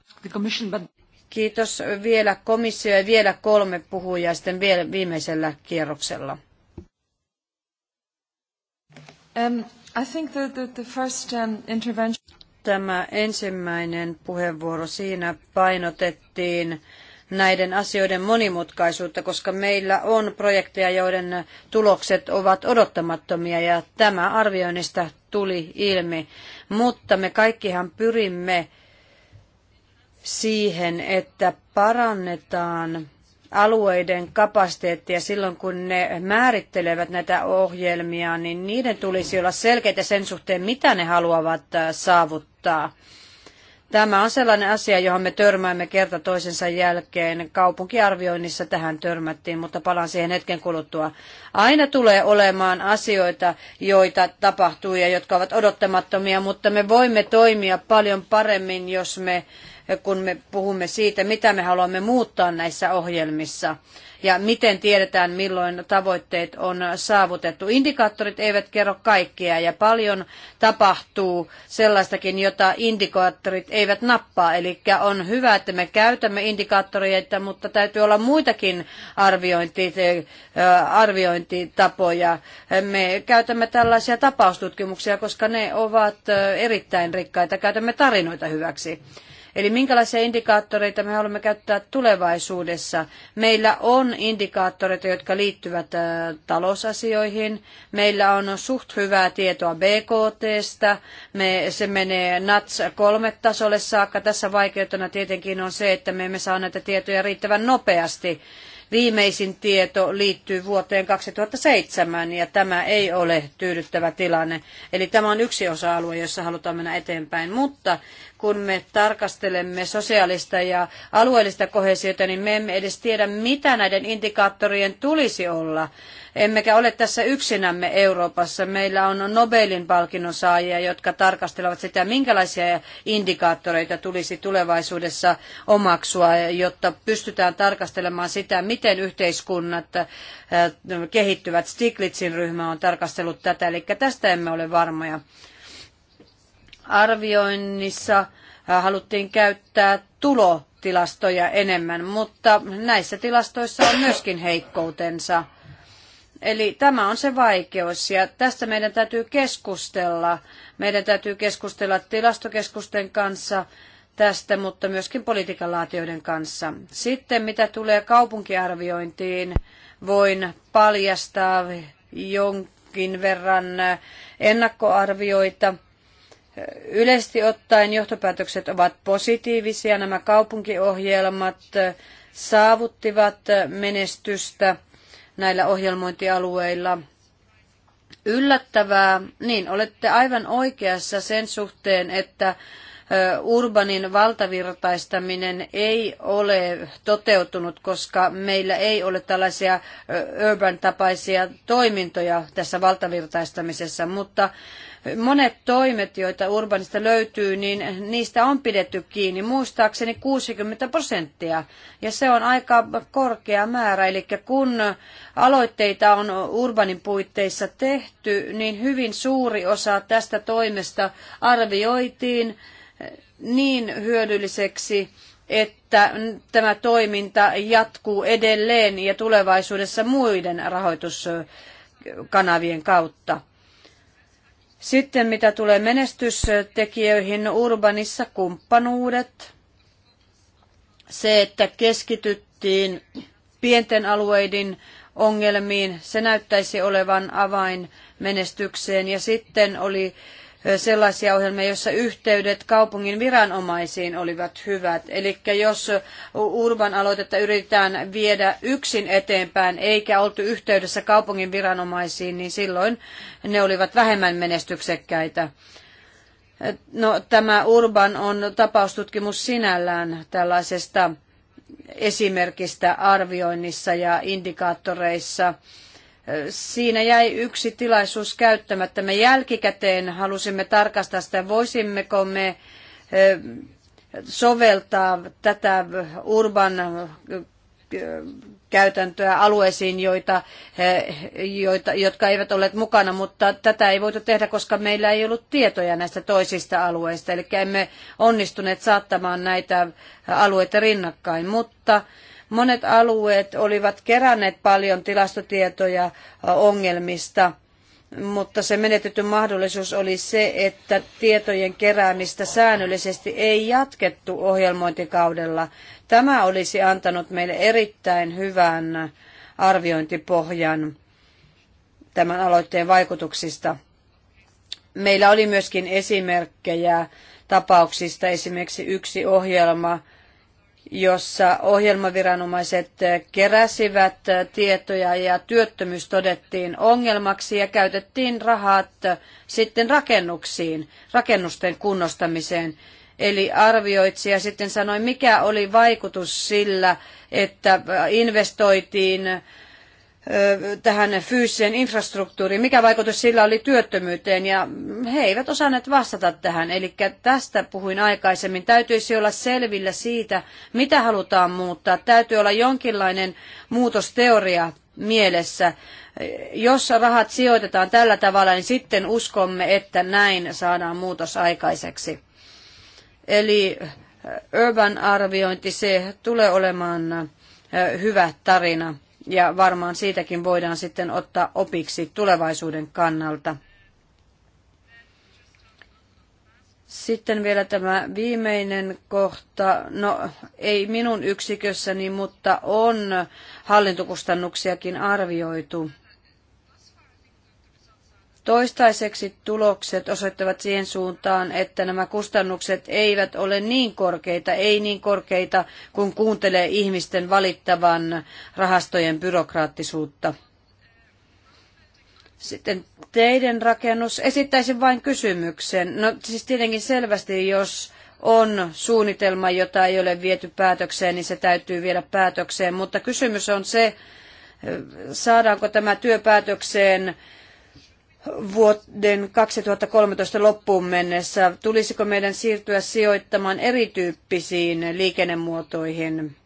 Kiitos vielä komissio ja vielä kolme puhujaa sitten vielä viimeisellä kierroksella. Um, um, tämä ensimmäinen puheenvuoro siinä painotettiin näiden asioiden monimutkaisuutta, koska meillä on projekteja, joiden tulokset ovat odottamattomia ja tämä arvioinnista tuli ilmi. Mutta me kaikkihan pyrimme siihen, että parannetaan alueiden kapasiteettia silloin, kun ne määrittelevät näitä ohjelmia, niin niiden tulisi olla selkeitä sen suhteen, mitä ne haluavat äh, saavuttaa. Tämä on sellainen asia, johon me törmäämme kerta toisensa jälkeen. Kaupunkiarvioinnissa tähän törmättiin, mutta palaan siihen hetken kuluttua. Aina tulee olemaan asioita, joita tapahtuu ja jotka ovat odottamattomia, mutta me voimme toimia paljon paremmin, jos me kun me puhumme siitä, mitä me haluamme muuttaa näissä ohjelmissa ja miten tiedetään, milloin tavoitteet on saavutettu. Indikaattorit eivät kerro kaikkea ja paljon tapahtuu sellaistakin, jota indikaattorit eivät nappaa. Eli on hyvä, että me käytämme indikaattoreita, mutta täytyy olla muitakin arviointitapoja. Me käytämme tällaisia tapaustutkimuksia, koska ne ovat erittäin rikkaita. Käytämme tarinoita hyväksi. Eli minkälaisia indikaattoreita me haluamme käyttää tulevaisuudessa? Meillä on indikaattoreita, jotka liittyvät talousasioihin. Meillä on suht hyvää tietoa BKTstä. Me, se menee NATS 3 tasolle saakka. Tässä vaikeutena tietenkin on se, että me emme saa näitä tietoja riittävän nopeasti. Viimeisin tieto liittyy vuoteen 2007 ja tämä ei ole tyydyttävä tilanne. Eli tämä on yksi osa-alue, jossa halutaan mennä eteenpäin, mutta kun me tarkastelemme sosiaalista ja alueellista kohesiota, niin me emme edes tiedä, mitä näiden indikaattorien tulisi olla. Emmekä ole tässä yksinämme Euroopassa. Meillä on Nobelin palkinnon saajia, jotka tarkastelevat sitä, minkälaisia indikaattoreita tulisi tulevaisuudessa omaksua, jotta pystytään tarkastelemaan sitä, miten yhteiskunnat äh, kehittyvät. Stiglitzin ryhmä on tarkastellut tätä, eli tästä emme ole varmoja arvioinnissa äh, haluttiin käyttää tulotilastoja enemmän, mutta näissä tilastoissa on myöskin heikkoutensa. Eli tämä on se vaikeus ja tästä meidän täytyy keskustella. Meidän täytyy keskustella tilastokeskusten kanssa tästä, mutta myöskin politiikanlaatioiden kanssa. Sitten mitä tulee kaupunkiarviointiin, voin paljastaa jonkin verran ennakkoarvioita Yleisesti ottaen johtopäätökset ovat positiivisia. Nämä kaupunkiohjelmat saavuttivat menestystä näillä ohjelmointialueilla. Yllättävää, niin olette aivan oikeassa sen suhteen, että urbanin valtavirtaistaminen ei ole toteutunut, koska meillä ei ole tällaisia urban-tapaisia toimintoja tässä valtavirtaistamisessa, mutta Monet toimet, joita urbanista löytyy, niin niistä on pidetty kiinni, muistaakseni 60 prosenttia. Ja se on aika korkea määrä, eli kun aloitteita on urbanin puitteissa tehty, niin hyvin suuri osa tästä toimesta arvioitiin niin hyödylliseksi, että tämä toiminta jatkuu edelleen ja tulevaisuudessa muiden rahoituskanavien kautta. Sitten mitä tulee menestystekijöihin, urbanissa kumppanuudet, se, että keskityttiin pienten alueiden ongelmiin, se näyttäisi olevan avain menestykseen. Ja sitten oli sellaisia ohjelmia, joissa yhteydet kaupungin viranomaisiin olivat hyvät. Eli jos urban aloitetta yritetään viedä yksin eteenpäin eikä oltu yhteydessä kaupungin viranomaisiin, niin silloin ne olivat vähemmän menestyksekkäitä. No, tämä Urban on tapaustutkimus sinällään tällaisesta esimerkistä arvioinnissa ja indikaattoreissa siinä jäi yksi tilaisuus käyttämättä. Me jälkikäteen halusimme tarkastaa sitä, voisimmeko me soveltaa tätä urban käytäntöä alueisiin, joita, joita, jotka eivät olleet mukana, mutta tätä ei voitu tehdä, koska meillä ei ollut tietoja näistä toisista alueista, eli emme onnistuneet saattamaan näitä alueita rinnakkain, mutta Monet alueet olivat keränneet paljon tilastotietoja ongelmista, mutta se menetetty mahdollisuus oli se, että tietojen keräämistä säännöllisesti ei jatkettu ohjelmointikaudella. Tämä olisi antanut meille erittäin hyvän arviointipohjan tämän aloitteen vaikutuksista. Meillä oli myöskin esimerkkejä tapauksista, esimerkiksi yksi ohjelma, jossa ohjelmaviranomaiset keräsivät tietoja ja työttömyys todettiin ongelmaksi ja käytettiin rahat sitten rakennuksiin, rakennusten kunnostamiseen. Eli ja sitten sanoi, mikä oli vaikutus sillä, että investoitiin tähän fyysiseen infrastruktuuriin, mikä vaikutus sillä oli työttömyyteen, ja he eivät osanneet vastata tähän. Eli tästä puhuin aikaisemmin. Täytyisi olla selvillä siitä, mitä halutaan muuttaa. Täytyy olla jonkinlainen muutosteoria mielessä. Jos rahat sijoitetaan tällä tavalla, niin sitten uskomme, että näin saadaan muutos aikaiseksi. Eli urban arviointi, se tulee olemaan hyvä tarina ja varmaan siitäkin voidaan sitten ottaa opiksi tulevaisuuden kannalta. Sitten vielä tämä viimeinen kohta. No ei minun yksikössäni, mutta on hallintokustannuksiakin arvioitu. Toistaiseksi tulokset osoittavat siihen suuntaan, että nämä kustannukset eivät ole niin korkeita, ei niin korkeita, kun kuuntelee ihmisten valittavan rahastojen byrokraattisuutta. Sitten teidän rakennus. Esittäisin vain kysymyksen. No siis tietenkin selvästi, jos on suunnitelma, jota ei ole viety päätökseen, niin se täytyy viedä päätökseen. Mutta kysymys on se, saadaanko tämä työpäätökseen vuoden 2013 loppuun mennessä. Tulisiko meidän siirtyä sijoittamaan erityyppisiin liikennemuotoihin,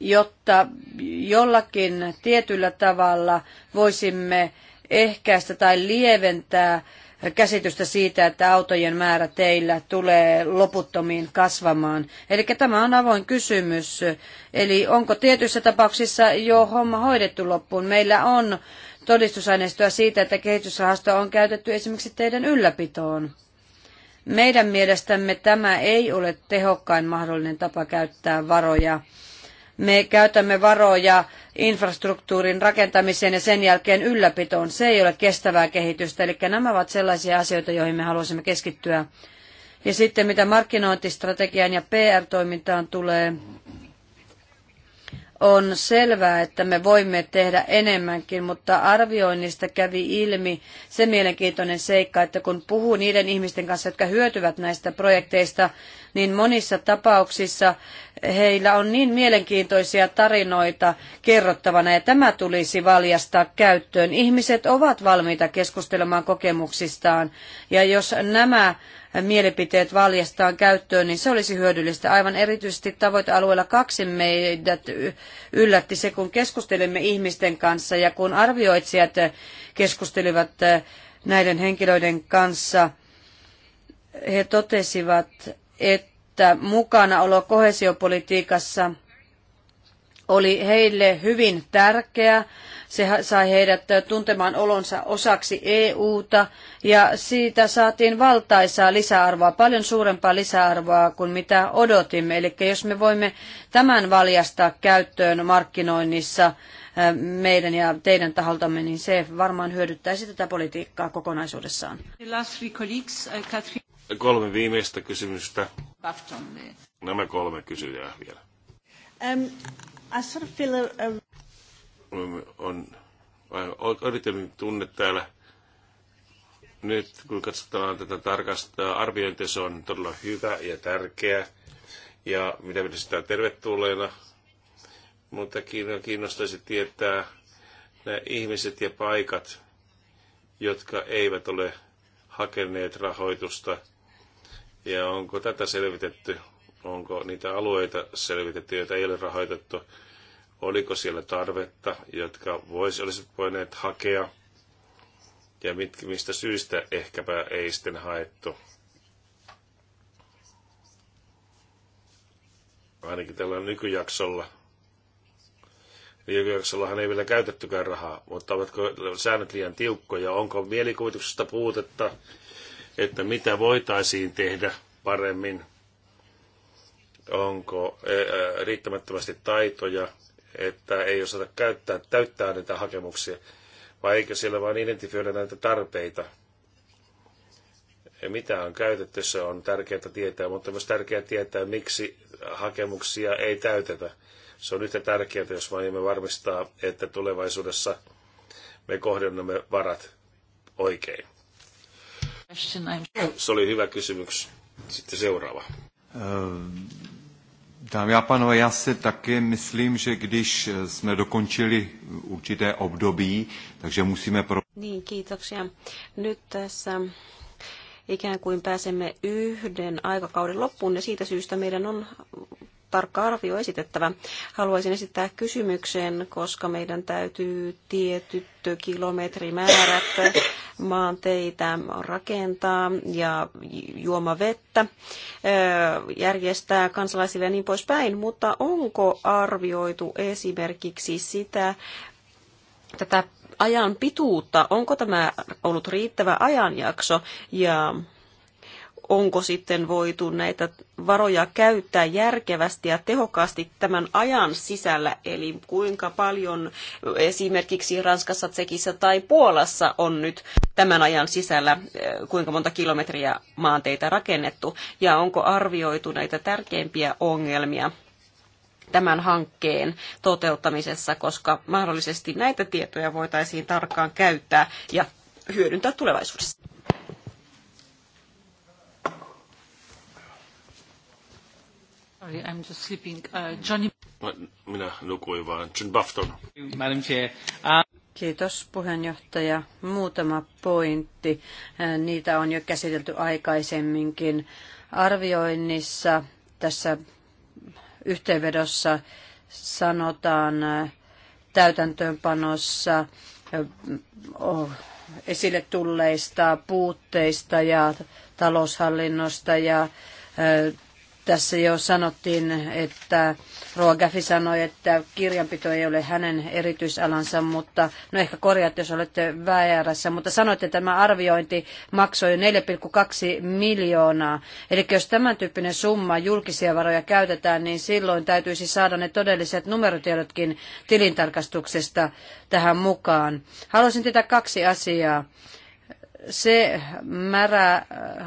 jotta jollakin tietyllä tavalla voisimme ehkäistä tai lieventää käsitystä siitä, että autojen määrä teillä tulee loputtomiin kasvamaan. Eli tämä on avoin kysymys. Eli onko tietyissä tapauksissa jo homma hoidettu loppuun? Meillä on todistusaineistoa siitä, että kehitysrahastoa on käytetty esimerkiksi teidän ylläpitoon. Meidän mielestämme tämä ei ole tehokkain mahdollinen tapa käyttää varoja. Me käytämme varoja infrastruktuurin rakentamiseen ja sen jälkeen ylläpitoon. Se ei ole kestävää kehitystä, eli nämä ovat sellaisia asioita, joihin me haluaisimme keskittyä. Ja sitten mitä markkinointistrategiaan ja PR-toimintaan tulee, on selvää, että me voimme tehdä enemmänkin, mutta arvioinnista kävi ilmi se mielenkiintoinen seikka, että kun puhuu niiden ihmisten kanssa, jotka hyötyvät näistä projekteista, niin monissa tapauksissa heillä on niin mielenkiintoisia tarinoita kerrottavana ja tämä tulisi valjastaa käyttöön. Ihmiset ovat valmiita keskustelemaan kokemuksistaan ja jos nämä mielipiteet valjastaa käyttöön, niin se olisi hyödyllistä. Aivan erityisesti tavoitealueella kaksi meidät yllätti se, kun keskustelimme ihmisten kanssa ja kun arvioitsijat keskustelivat näiden henkilöiden kanssa, he totesivat, että mukanaolo kohesiopolitiikassa – oli heille hyvin tärkeä. Se sai heidät tuntemaan olonsa osaksi EUta ja siitä saatiin valtaisaa lisäarvoa, paljon suurempaa lisäarvoa kuin mitä odotimme. Eli jos me voimme tämän valjastaa käyttöön markkinoinnissa eh, meidän ja teidän taholtamme, niin se varmaan hyödyttäisi tätä politiikkaa kokonaisuudessaan. Kolme viimeistä kysymystä. Nämä kolme kysyjää vielä. Um, I sort of feel a, a... On, on, on tunne täällä nyt kun katsotaan tätä tarkastaa, arviointi se on todella hyvä ja tärkeä ja minä pidän sitä tervetulleena. Mutta kiinnostaisi tietää nämä ihmiset ja paikat, jotka eivät ole hakeneet rahoitusta ja onko tätä selvitetty onko niitä alueita selvitetty, joita ei ole rahoitettu, oliko siellä tarvetta, jotka voisi, olisi voineet hakea, ja mit, mistä syystä ehkäpä ei sitten haettu. Ainakin tällä nykyjaksolla. Nykyjaksollahan ei vielä käytettykään rahaa, mutta ovatko säännöt liian tiukkoja, onko mielikuvituksesta puutetta, että mitä voitaisiin tehdä paremmin – onko e, e, riittämättömästi taitoja, että ei osata käyttää, täyttää näitä hakemuksia, vai eikö siellä vain identifioida näitä tarpeita. mitä on se on tärkeää tietää, mutta myös tärkeää tietää, miksi hakemuksia ei täytetä. Se on yhtä tärkeää, jos me varmistaa, että tulevaisuudessa me kohdennamme varat oikein. Se oli hyvä kysymys. Sitten seuraava. Eh, dámy a pánové, já si také myslím, že když eh, jsme dokončili určité období, takže musíme... Pro... Niin, kiitoksia. Nyt tässä ikään kuin pääsemme yhden aikakauden loppuun ja siitä syystä meidän on tarkka arvio esitettävä. Haluaisin esittää kysymyksen, koska meidän täytyy tietyt kilometrimäärät maanteitä rakentaa ja juomavettä järjestää kansalaisille ja niin poispäin, mutta onko arvioitu esimerkiksi sitä, tätä ajan pituutta, onko tämä ollut riittävä ajanjakso ja onko sitten voitu näitä varoja käyttää järkevästi ja tehokkaasti tämän ajan sisällä, eli kuinka paljon esimerkiksi Ranskassa, Tsekissä tai Puolassa on nyt tämän ajan sisällä, eh, kuinka monta kilometriä maanteitä rakennettu, ja onko arvioitu näitä tärkeimpiä ongelmia tämän hankkeen toteuttamisessa, koska mahdollisesti näitä tietoja voitaisiin tarkkaan käyttää ja hyödyntää tulevaisuudessa. Sorry, I'm just sleeping. Uh, Johnny... Minä nukuin vaan. John Bafton. Madam Chair. Uh... Kiitos puheenjohtaja. Muutama pointti. Äh, niitä on jo käsitelty aikaisemminkin arvioinnissa. Tässä yhteenvedossa sanotaan äh, täytäntöönpanossa äh, oh, esille tulleista puutteista ja taloushallinnosta ja tässä jo sanottiin, että Roa Gaffi sanoi, että kirjanpito ei ole hänen erityisalansa, mutta no ehkä korjaat, jos olette väärässä, mutta sanoitte, että tämä arviointi maksoi 4,2 miljoonaa. Eli jos tämän tyyppinen summa julkisia varoja käytetään, niin silloin täytyisi saada ne todelliset numerotiedotkin tilintarkastuksesta tähän mukaan. Haluaisin tätä kaksi asiaa se määrä,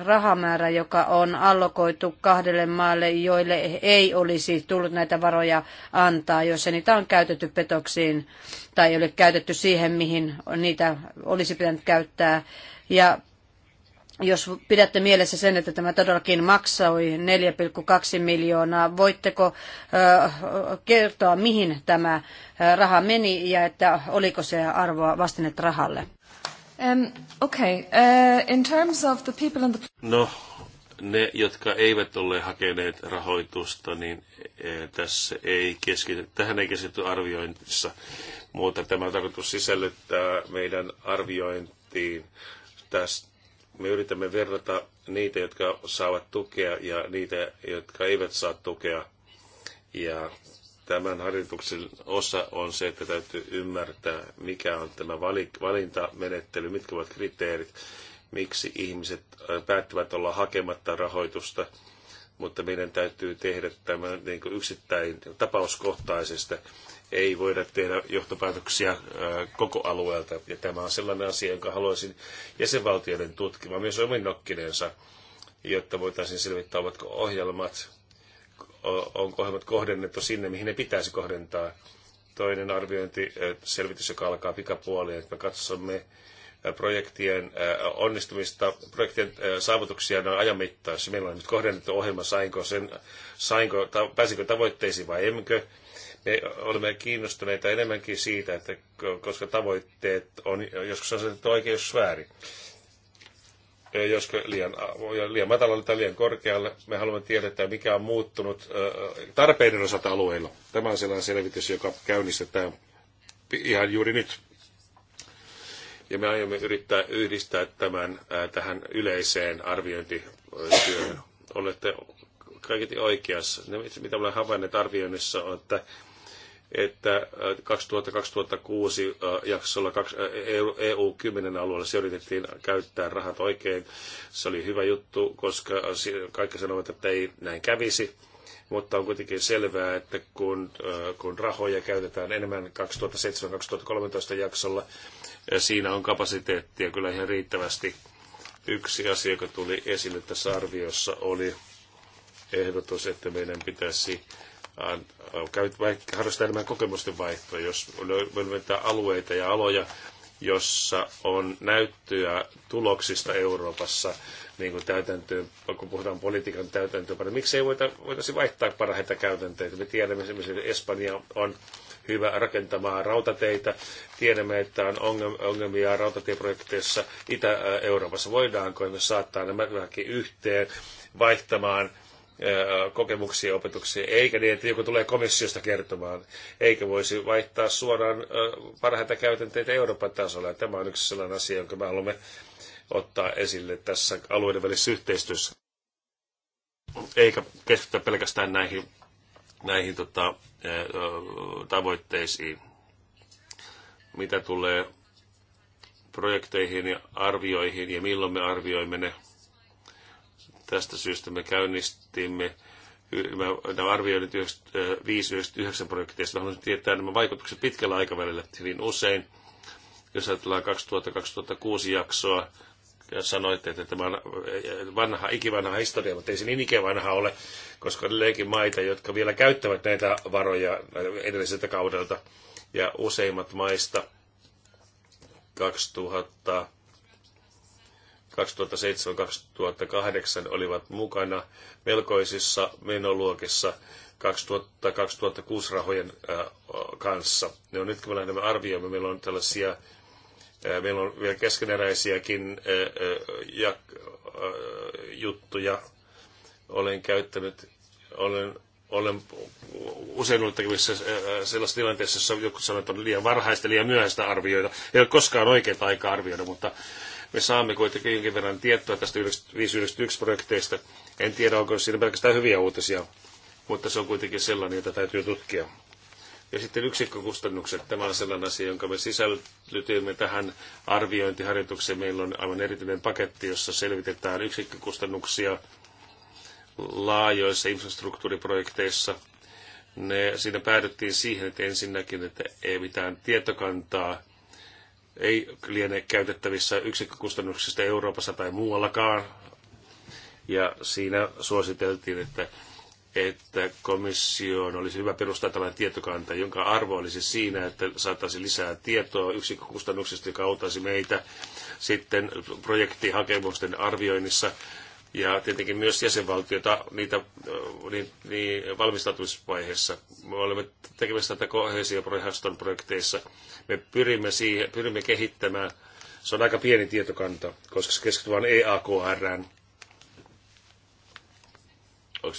rahamäärä, joka on allokoitu kahdelle maalle, joille ei olisi tullut näitä varoja antaa, jos niitä on käytetty petoksiin tai ei ole käytetty siihen, mihin niitä olisi pitänyt käyttää. Ja jos pidätte mielessä sen, että tämä todellakin maksoi 4,2 miljoonaa, voitteko kertoa, mihin tämä raha meni ja että oliko se arvoa vastinnet rahalle? Um, okay. uh, in terms of the people the... No, ne, jotka eivät ole hakeneet rahoitusta, niin e, tässä ei keskity, tähän ei keskity arviointissa, mutta tämä tarkoitus sisällyttää meidän arviointiin. Tässä me yritämme verrata niitä, jotka saavat tukea ja niitä, jotka eivät saa tukea. Ja tämän harjoituksen osa on se, että täytyy ymmärtää, mikä on tämä valintamenettely, mitkä ovat kriteerit, miksi ihmiset päättävät olla hakematta rahoitusta, mutta meidän täytyy tehdä tämä niin kuin yksittäin tapauskohtaisesta. Ei voida tehdä johtopäätöksiä koko alueelta, ja tämä on sellainen asia, jonka haluaisin jäsenvaltioiden tutkimaan myös omin nokkinensa, jotta voitaisiin selvittää, ovatko ohjelmat onko ohjelmat kohdennettu sinne, mihin ne pitäisi kohdentaa. Toinen arviointi, selvitys, joka alkaa pikapuoli, että me katsomme projektien onnistumista, projektien saavutuksia noin ajan mittaan. Se meillä on nyt kohdennettu ohjelma, sainko sen, sainko, pääsikö tavoitteisiin vai emmekö. Me olemme kiinnostuneita enemmänkin siitä, että koska tavoitteet on joskus asetettu oikein, jos väärin jos liian, liian matalalle tai liian korkealle. Me haluamme tietää, mikä on muuttunut tarpeiden osalta alueilla. Tämä on sellainen selvitys, joka käynnistetään ihan juuri nyt. Ja me aiomme yrittää yhdistää tämän tähän yleiseen arviointityöhön. Olette kaiketi oikeassa. Ne, mitä olen havainnut arvioinnissa, on, että että 2000-2006 äh, äh, jaksolla äh, EU-10 e alueella se yritettiin käyttää rahat oikein. Se oli hyvä juttu, koska kaikki sanovat, että ei näin kävisi. Mutta on kuitenkin selvää, että kun, kun rahoja käytetään enemmän 2007-2013 jaksolla, siinä on kapasiteettia kyllä ihan riittävästi. Yksi asia, joka tuli esille tässä arviossa, oli ehdotus, että meidän pitäisi Äh, harrastaa enemmän kokemusten vaihtoa, jos löydetään alueita ja aloja, jossa on näyttöä tuloksista Euroopassa, niin kuin täytäntöön, kun puhutaan politiikan täytäntöön, Miksi ei voita, voitaisi vaihtaa parhaita käytänteitä? Me tiedämme esimerkiksi, että Espanja on hyvä rakentamaan rautateitä. Tiedämme, että on ongelmia rautatieprojekteissa Itä-Euroopassa. Voidaanko me saattaa nämä yhteen vaihtamaan kokemuksia ja opetuksia, eikä niin, että joku tulee komissiosta kertomaan, eikä voisi vaihtaa suoraan parhaita käytänteitä Euroopan tasolla. Ja tämä on yksi sellainen asia, jonka me haluamme ottaa esille tässä alueiden välisessä yhteistyössä. Eikä keskittyä pelkästään näihin, näihin tota, tavoitteisiin. Mitä tulee projekteihin ja arvioihin ja milloin me arvioimme ne, Tästä syystä me käynnistimme nämä arvioinnit 5-9 projekteista. Haluaisin tietää nämä vaikutukset pitkällä aikavälillä hyvin usein. Jos ajatellaan 2000-2006 jaksoa, ja sanoitte, että tämä on vanha, ikivanha historia, mutta ei se niin ikivanha ole, koska on edelleenkin maita, jotka vielä käyttävät näitä varoja edelliseltä kaudelta. Ja useimmat maista 2000 2007-2008 olivat mukana melkoisissa menoluokissa 2000-2006 rahojen äh, kanssa. No nyt kun me lähdemme arvioimaan, meillä on tällaisia, äh, meillä on vielä keskeneräisiäkin äh, juttuja. Olen käyttänyt, olen olen usein ollut tekemissä sellaisessa tilanteessa, jossa jotkut sanovat, että on liian varhaista, liian myöhäistä arvioida. Ei ole koskaan oikeaa aikaa arvioida, mutta me saamme kuitenkin jonkin verran tietoa tästä 591-projekteista. En tiedä, onko siinä pelkästään hyviä uutisia, mutta se on kuitenkin sellainen, jota täytyy tutkia. Ja sitten yksikkökustannukset, tämä on sellainen asia, jonka me sisällytimme tähän arviointiharjoitukseen. Meillä on aivan erityinen paketti, jossa selvitetään yksikkökustannuksia laajoissa infrastruktuuriprojekteissa. Ne, siinä päädyttiin siihen, että ensinnäkin, että ei mitään tietokantaa ei liene käytettävissä yksikkökustannuksista Euroopassa tai muuallakaan. Ja siinä suositeltiin, että, että komissioon olisi hyvä perustaa tällainen tietokanta, jonka arvo olisi siinä, että saataisiin lisää tietoa yksikkökustannuksista, joka auttaisi meitä sitten projektihakemusten arvioinnissa – ja tietenkin myös jäsenvaltiota niitä, niin, niin valmistautumisvaiheessa. Me olemme tekemässä tätä kohesiorahaston projekteissa. Me pyrimme, siihen, pyrimme kehittämään, se on aika pieni tietokanta, koska se keskittyy vain EAKRään. Onko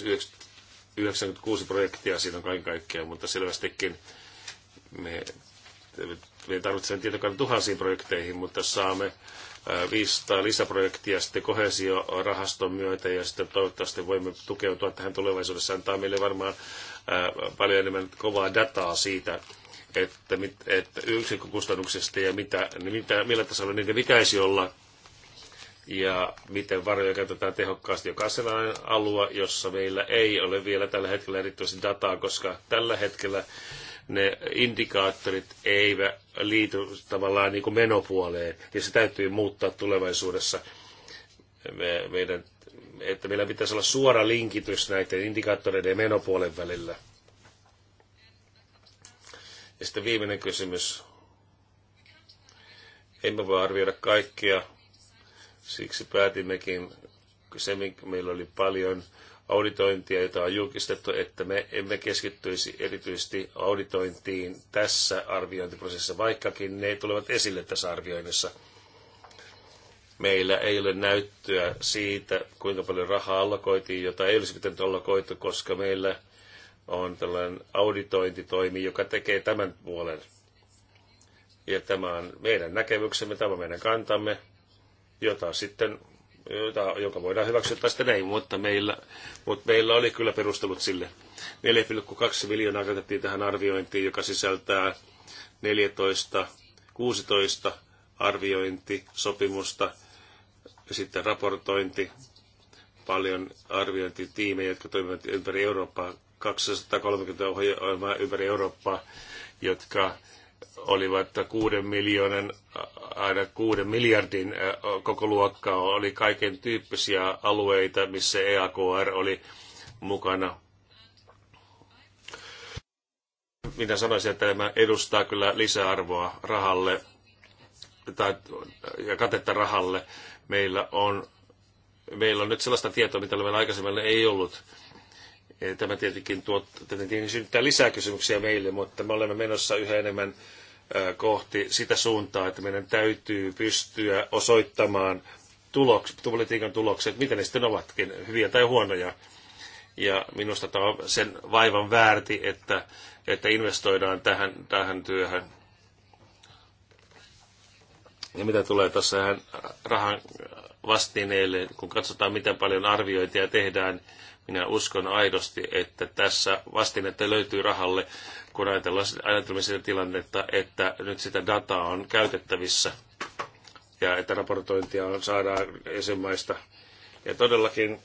96 projektia siinä on kaiken kaikkiaan, mutta selvästikin me, me tarvitsemme tietokannan tuhansiin projekteihin, mutta saamme 500 lisäprojektia sitten kohesiorahaston myötä ja sitten toivottavasti voimme tukeutua tähän tulevaisuudessa. Antaa meille varmaan paljon enemmän kovaa dataa siitä, että, että yksikkökustannuksesta ja mitä, niin mitä, millä tasolla niitä pitäisi olla ja miten varoja käytetään tehokkaasti. Joka sellainen alue, jossa meillä ei ole vielä tällä hetkellä erityisesti dataa, koska tällä hetkellä ne indikaattorit eivät liity tavallaan niin kuin menopuoleen, ja se täytyy muuttaa tulevaisuudessa. Me, meidän, että meillä pitäisi olla suora linkitys näiden indikaattoreiden ja menopuolen välillä. Ja sitten viimeinen kysymys. Emme voi arvioida kaikkia, siksi päätimmekin, se meillä oli paljon auditointia, jota on julkistettu, että me emme keskittyisi erityisesti auditointiin tässä arviointiprosessissa, vaikkakin ne tulevat esille tässä arvioinnissa. Meillä ei ole näyttöä siitä, kuinka paljon rahaa allokoitiin, jota ei olisi pitänyt allokoitu, koska meillä on tällainen auditointitoimi, joka tekee tämän puolen. Ja tämä on meidän näkemyksemme, tämä on meidän kantamme, jota sitten jota, joka voidaan hyväksyä tai sitten ei, mutta meillä, mutta meillä oli kyllä perustelut sille. 4,2 miljoonaa käytettiin tähän arviointiin, joka sisältää 14, 16 arviointisopimusta, sitten raportointi, paljon arviointitiimejä, jotka toimivat ympäri Eurooppaa, 230 ohjelmaa ympäri Eurooppaa, jotka olivat kuuden miljoonan, aina kuuden miljardin koko luokkaa, oli kaiken tyyppisiä alueita, missä EAKR oli mukana. Minä sanoisin, että tämä edustaa kyllä lisäarvoa rahalle tai, ja katetta rahalle. Meillä on, meillä on nyt sellaista tietoa, mitä meillä aikaisemmin ei ollut Eh, tämä tietenkin, tuot, tietenkin synnyttää lisää kysymyksiä meille, mutta me olemme menossa yhä enemmän kohti sitä suuntaa, että meidän täytyy pystyä osoittamaan tuloks, politiikan tulokset, mitä ne sitten ovatkin, hyviä tai huonoja. Ja minusta tämä on sen vaivan väärti, että, että investoidaan tähän, tähän työhön. Ja mitä tulee tuossa rahan vastineille, kun katsotaan, miten paljon arviointia tehdään, minä uskon aidosti, että tässä että löytyy rahalle, kun ajatellaan, ajatellaan sitä tilannetta, että nyt sitä dataa on käytettävissä ja että raportointia on, saadaan jäsenmaista. Ja todellakin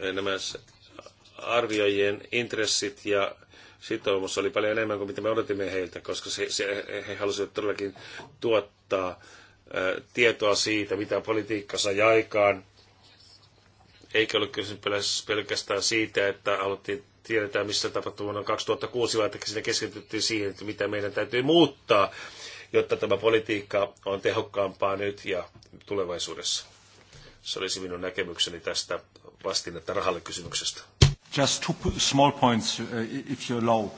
eh, nämä arvioijien intressit ja sitoumus oli paljon enemmän kuin mitä me odotimme heiltä, koska se, se, he halusivat todellakin tuottaa tietoa siitä, mitä politiikka sai aikaan. Eikä ole kysymys pelkästään siitä, että haluttiin tietää, missä tapahtui vuonna 2006, vaan että siinä keskityttiin siihen, että mitä meidän täytyy muuttaa, jotta tämä politiikka on tehokkaampaa nyt ja tulevaisuudessa. Se olisi minun näkemykseni tästä vastinetta rahalle kysymyksestä. Just two small points, uh, if you allow.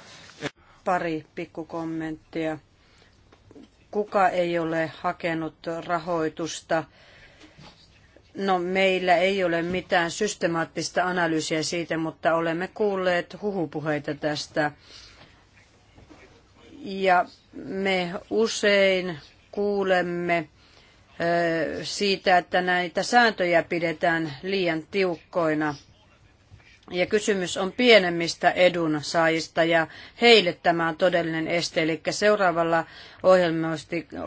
Pari pikkukommenttia kuka ei ole hakenut rahoitusta. No, meillä ei ole mitään systemaattista analyysiä siitä, mutta olemme kuulleet huhupuheita tästä. Ja me usein kuulemme siitä, että näitä sääntöjä pidetään liian tiukkoina – ja kysymys on pienemmistä edunsaajista ja heille tämä on todellinen este. Eli seuraavalla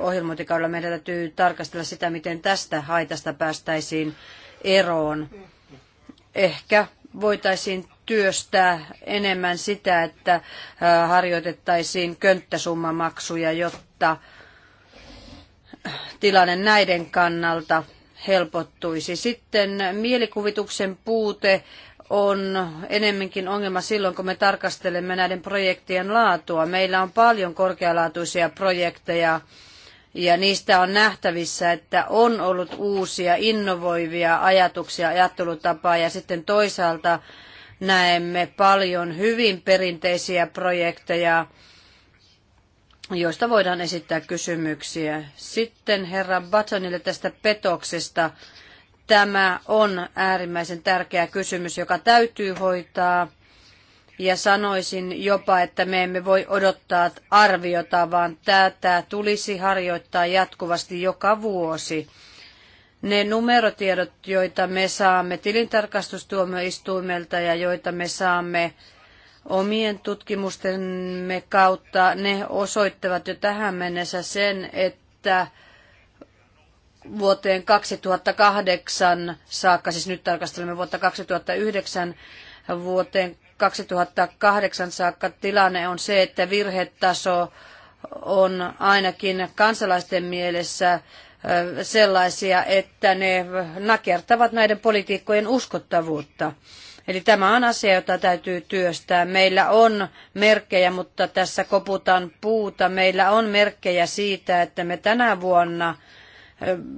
ohjelmointikaudella meidän täytyy tarkastella sitä, miten tästä haitasta päästäisiin eroon. Ehkä voitaisiin työstää enemmän sitä, että äh, harjoitettaisiin könttäsummamaksuja, jotta tilanne näiden kannalta helpottuisi. Sitten mielikuvituksen puute on enemmänkin ongelma silloin, kun me tarkastelemme näiden projektien laatua. Meillä on paljon korkealaatuisia projekteja ja niistä on nähtävissä, että on ollut uusia innovoivia ajatuksia, ajattelutapaa ja sitten toisaalta näemme paljon hyvin perinteisiä projekteja, joista voidaan esittää kysymyksiä. Sitten herra Battonille tästä petoksesta. Tämä on äärimmäisen tärkeä kysymys, joka täytyy hoitaa. Ja sanoisin jopa, että me emme voi odottaa arviota, vaan tätä tulisi harjoittaa jatkuvasti joka vuosi. Ne numerotiedot, joita me saamme tilintarkastustuomioistuimelta ja joita me saamme omien tutkimustemme kautta, ne osoittavat jo tähän mennessä sen, että vuoteen 2008 saakka, siis nyt tarkastelemme vuotta 2009 vuoteen 2008 saakka tilanne on se, että virhetaso on ainakin kansalaisten mielessä sellaisia, että ne nakertavat näiden politiikkojen uskottavuutta. Eli tämä on asia, jota täytyy työstää. Meillä on merkkejä, mutta tässä koputan puuta. Meillä on merkkejä siitä, että me tänä vuonna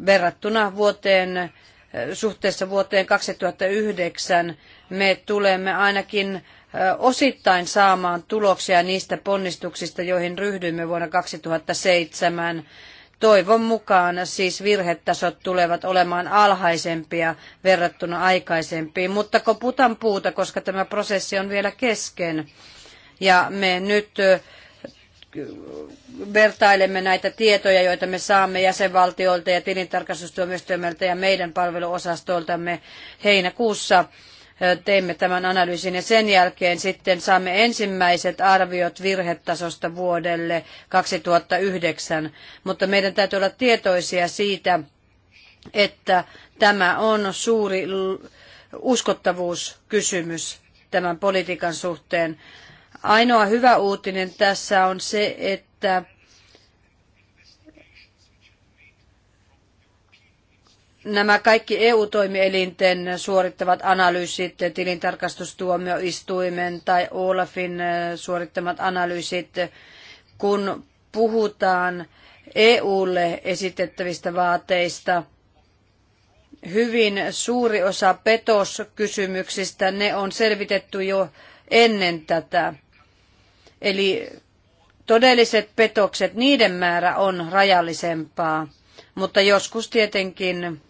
verrattuna vuoteen suhteessa vuoteen 2009 me tulemme ainakin osittain saamaan tuloksia niistä ponnistuksista, joihin ryhdyimme vuonna 2007. Toivon mukaan siis virhetasot tulevat olemaan alhaisempia verrattuna aikaisempiin, mutta koputan puuta, koska tämä prosessi on vielä kesken. Ja me nyt vertailemme näitä tietoja, joita me saamme jäsenvaltioilta ja tilintarkastustuomioistuimelta ja meidän palveluosastoiltamme heinäkuussa teimme tämän analyysin ja sen jälkeen sitten saamme ensimmäiset arviot virhetasosta vuodelle 2009, mutta meidän täytyy olla tietoisia siitä, että tämä on suuri uskottavuuskysymys tämän politiikan suhteen. Ainoa hyvä uutinen tässä on se, että nämä kaikki EU-toimielinten suorittavat analyysit, tilintarkastustuomioistuimen tai Olafin eh, suorittamat analyysit, kun puhutaan EUlle esitettävistä vaateista, hyvin suuri osa petoskysymyksistä, ne on selvitetty jo ennen tätä. Eli todelliset petokset, niiden määrä on rajallisempaa, mutta joskus tietenkin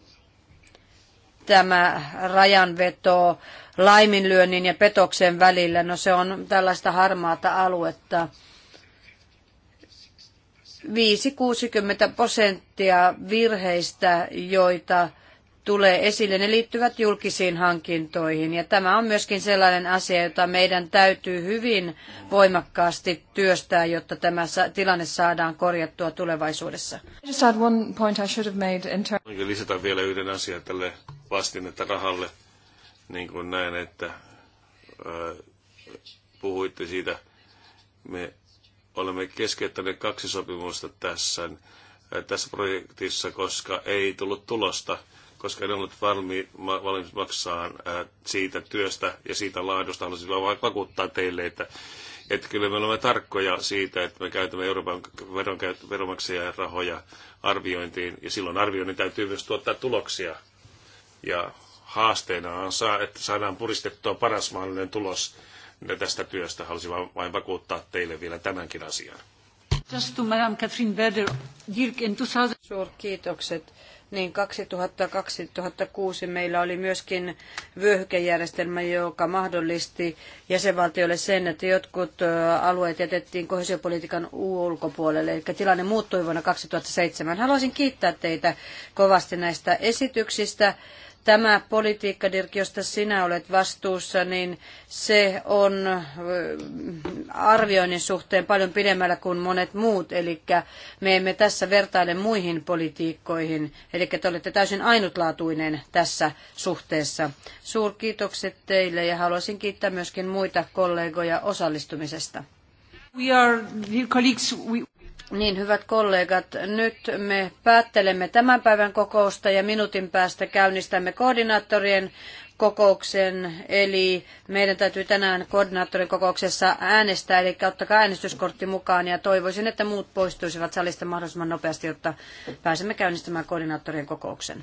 tämä rajanveto laiminlyönnin ja petoksen välillä, no se on tällaista harmaata aluetta. 5-60 prosenttia virheistä, joita tulee esille, ne liittyvät julkisiin hankintoihin. Ja tämä on myöskin sellainen asia, jota meidän täytyy hyvin voimakkaasti työstää, jotta tämä tilanne saadaan korjattua tulevaisuudessa. Lisätä vielä yhden asian tälle vastinetta rahalle, niin kuin näin, että äh, puhuitte siitä, me olemme keskeyttäneet kaksi sopimusta tässä, tässä projektissa, koska ei tullut tulosta koska en ollut valmis maksaa siitä työstä ja siitä laadusta. Haluaisin vain vakuuttaa teille, että, että kyllä me olemme tarkkoja siitä, että me käytämme Euroopan veronmaksajien rahoja arviointiin, ja silloin arvioinnin täytyy myös tuottaa tuloksia. Ja haasteena on, saa, että saadaan puristettua paras mahdollinen tulos tästä työstä. Halusin vain, vain vakuuttaa teille vielä tämänkin asian. Just to Madame Catherine Berder, Dirk in 2000... Suur kiitokset niin 2000-2006 meillä oli myöskin vyöhykejärjestelmä, joka mahdollisti jäsenvaltioille sen, että jotkut alueet jätettiin kohesiopolitiikan ulkopuolelle. Eli tilanne muuttui vuonna 2007. Haluaisin kiittää teitä kovasti näistä esityksistä tämä politiikka, Dirk, josta sinä olet vastuussa, niin se on äh, arvioinnin suhteen paljon pidemmällä kuin monet muut, eli me emme tässä vertaile muihin politiikkoihin, eli te olette täysin ainutlaatuinen tässä suhteessa. Suurkiitokset teille ja haluaisin kiittää myöskin muita kollegoja osallistumisesta. We are, dear colleagues, we... Niin, hyvät kollegat, nyt me päättelemme tämän päivän kokousta ja minuutin päästä käynnistämme koordinaattorien kokouksen, eli meidän täytyy tänään koordinaattorin kokouksessa äänestää, eli ottakaa äänestyskortti mukaan ja toivoisin, että muut poistuisivat salista mahdollisimman nopeasti, jotta pääsemme käynnistämään koordinaattorien kokouksen.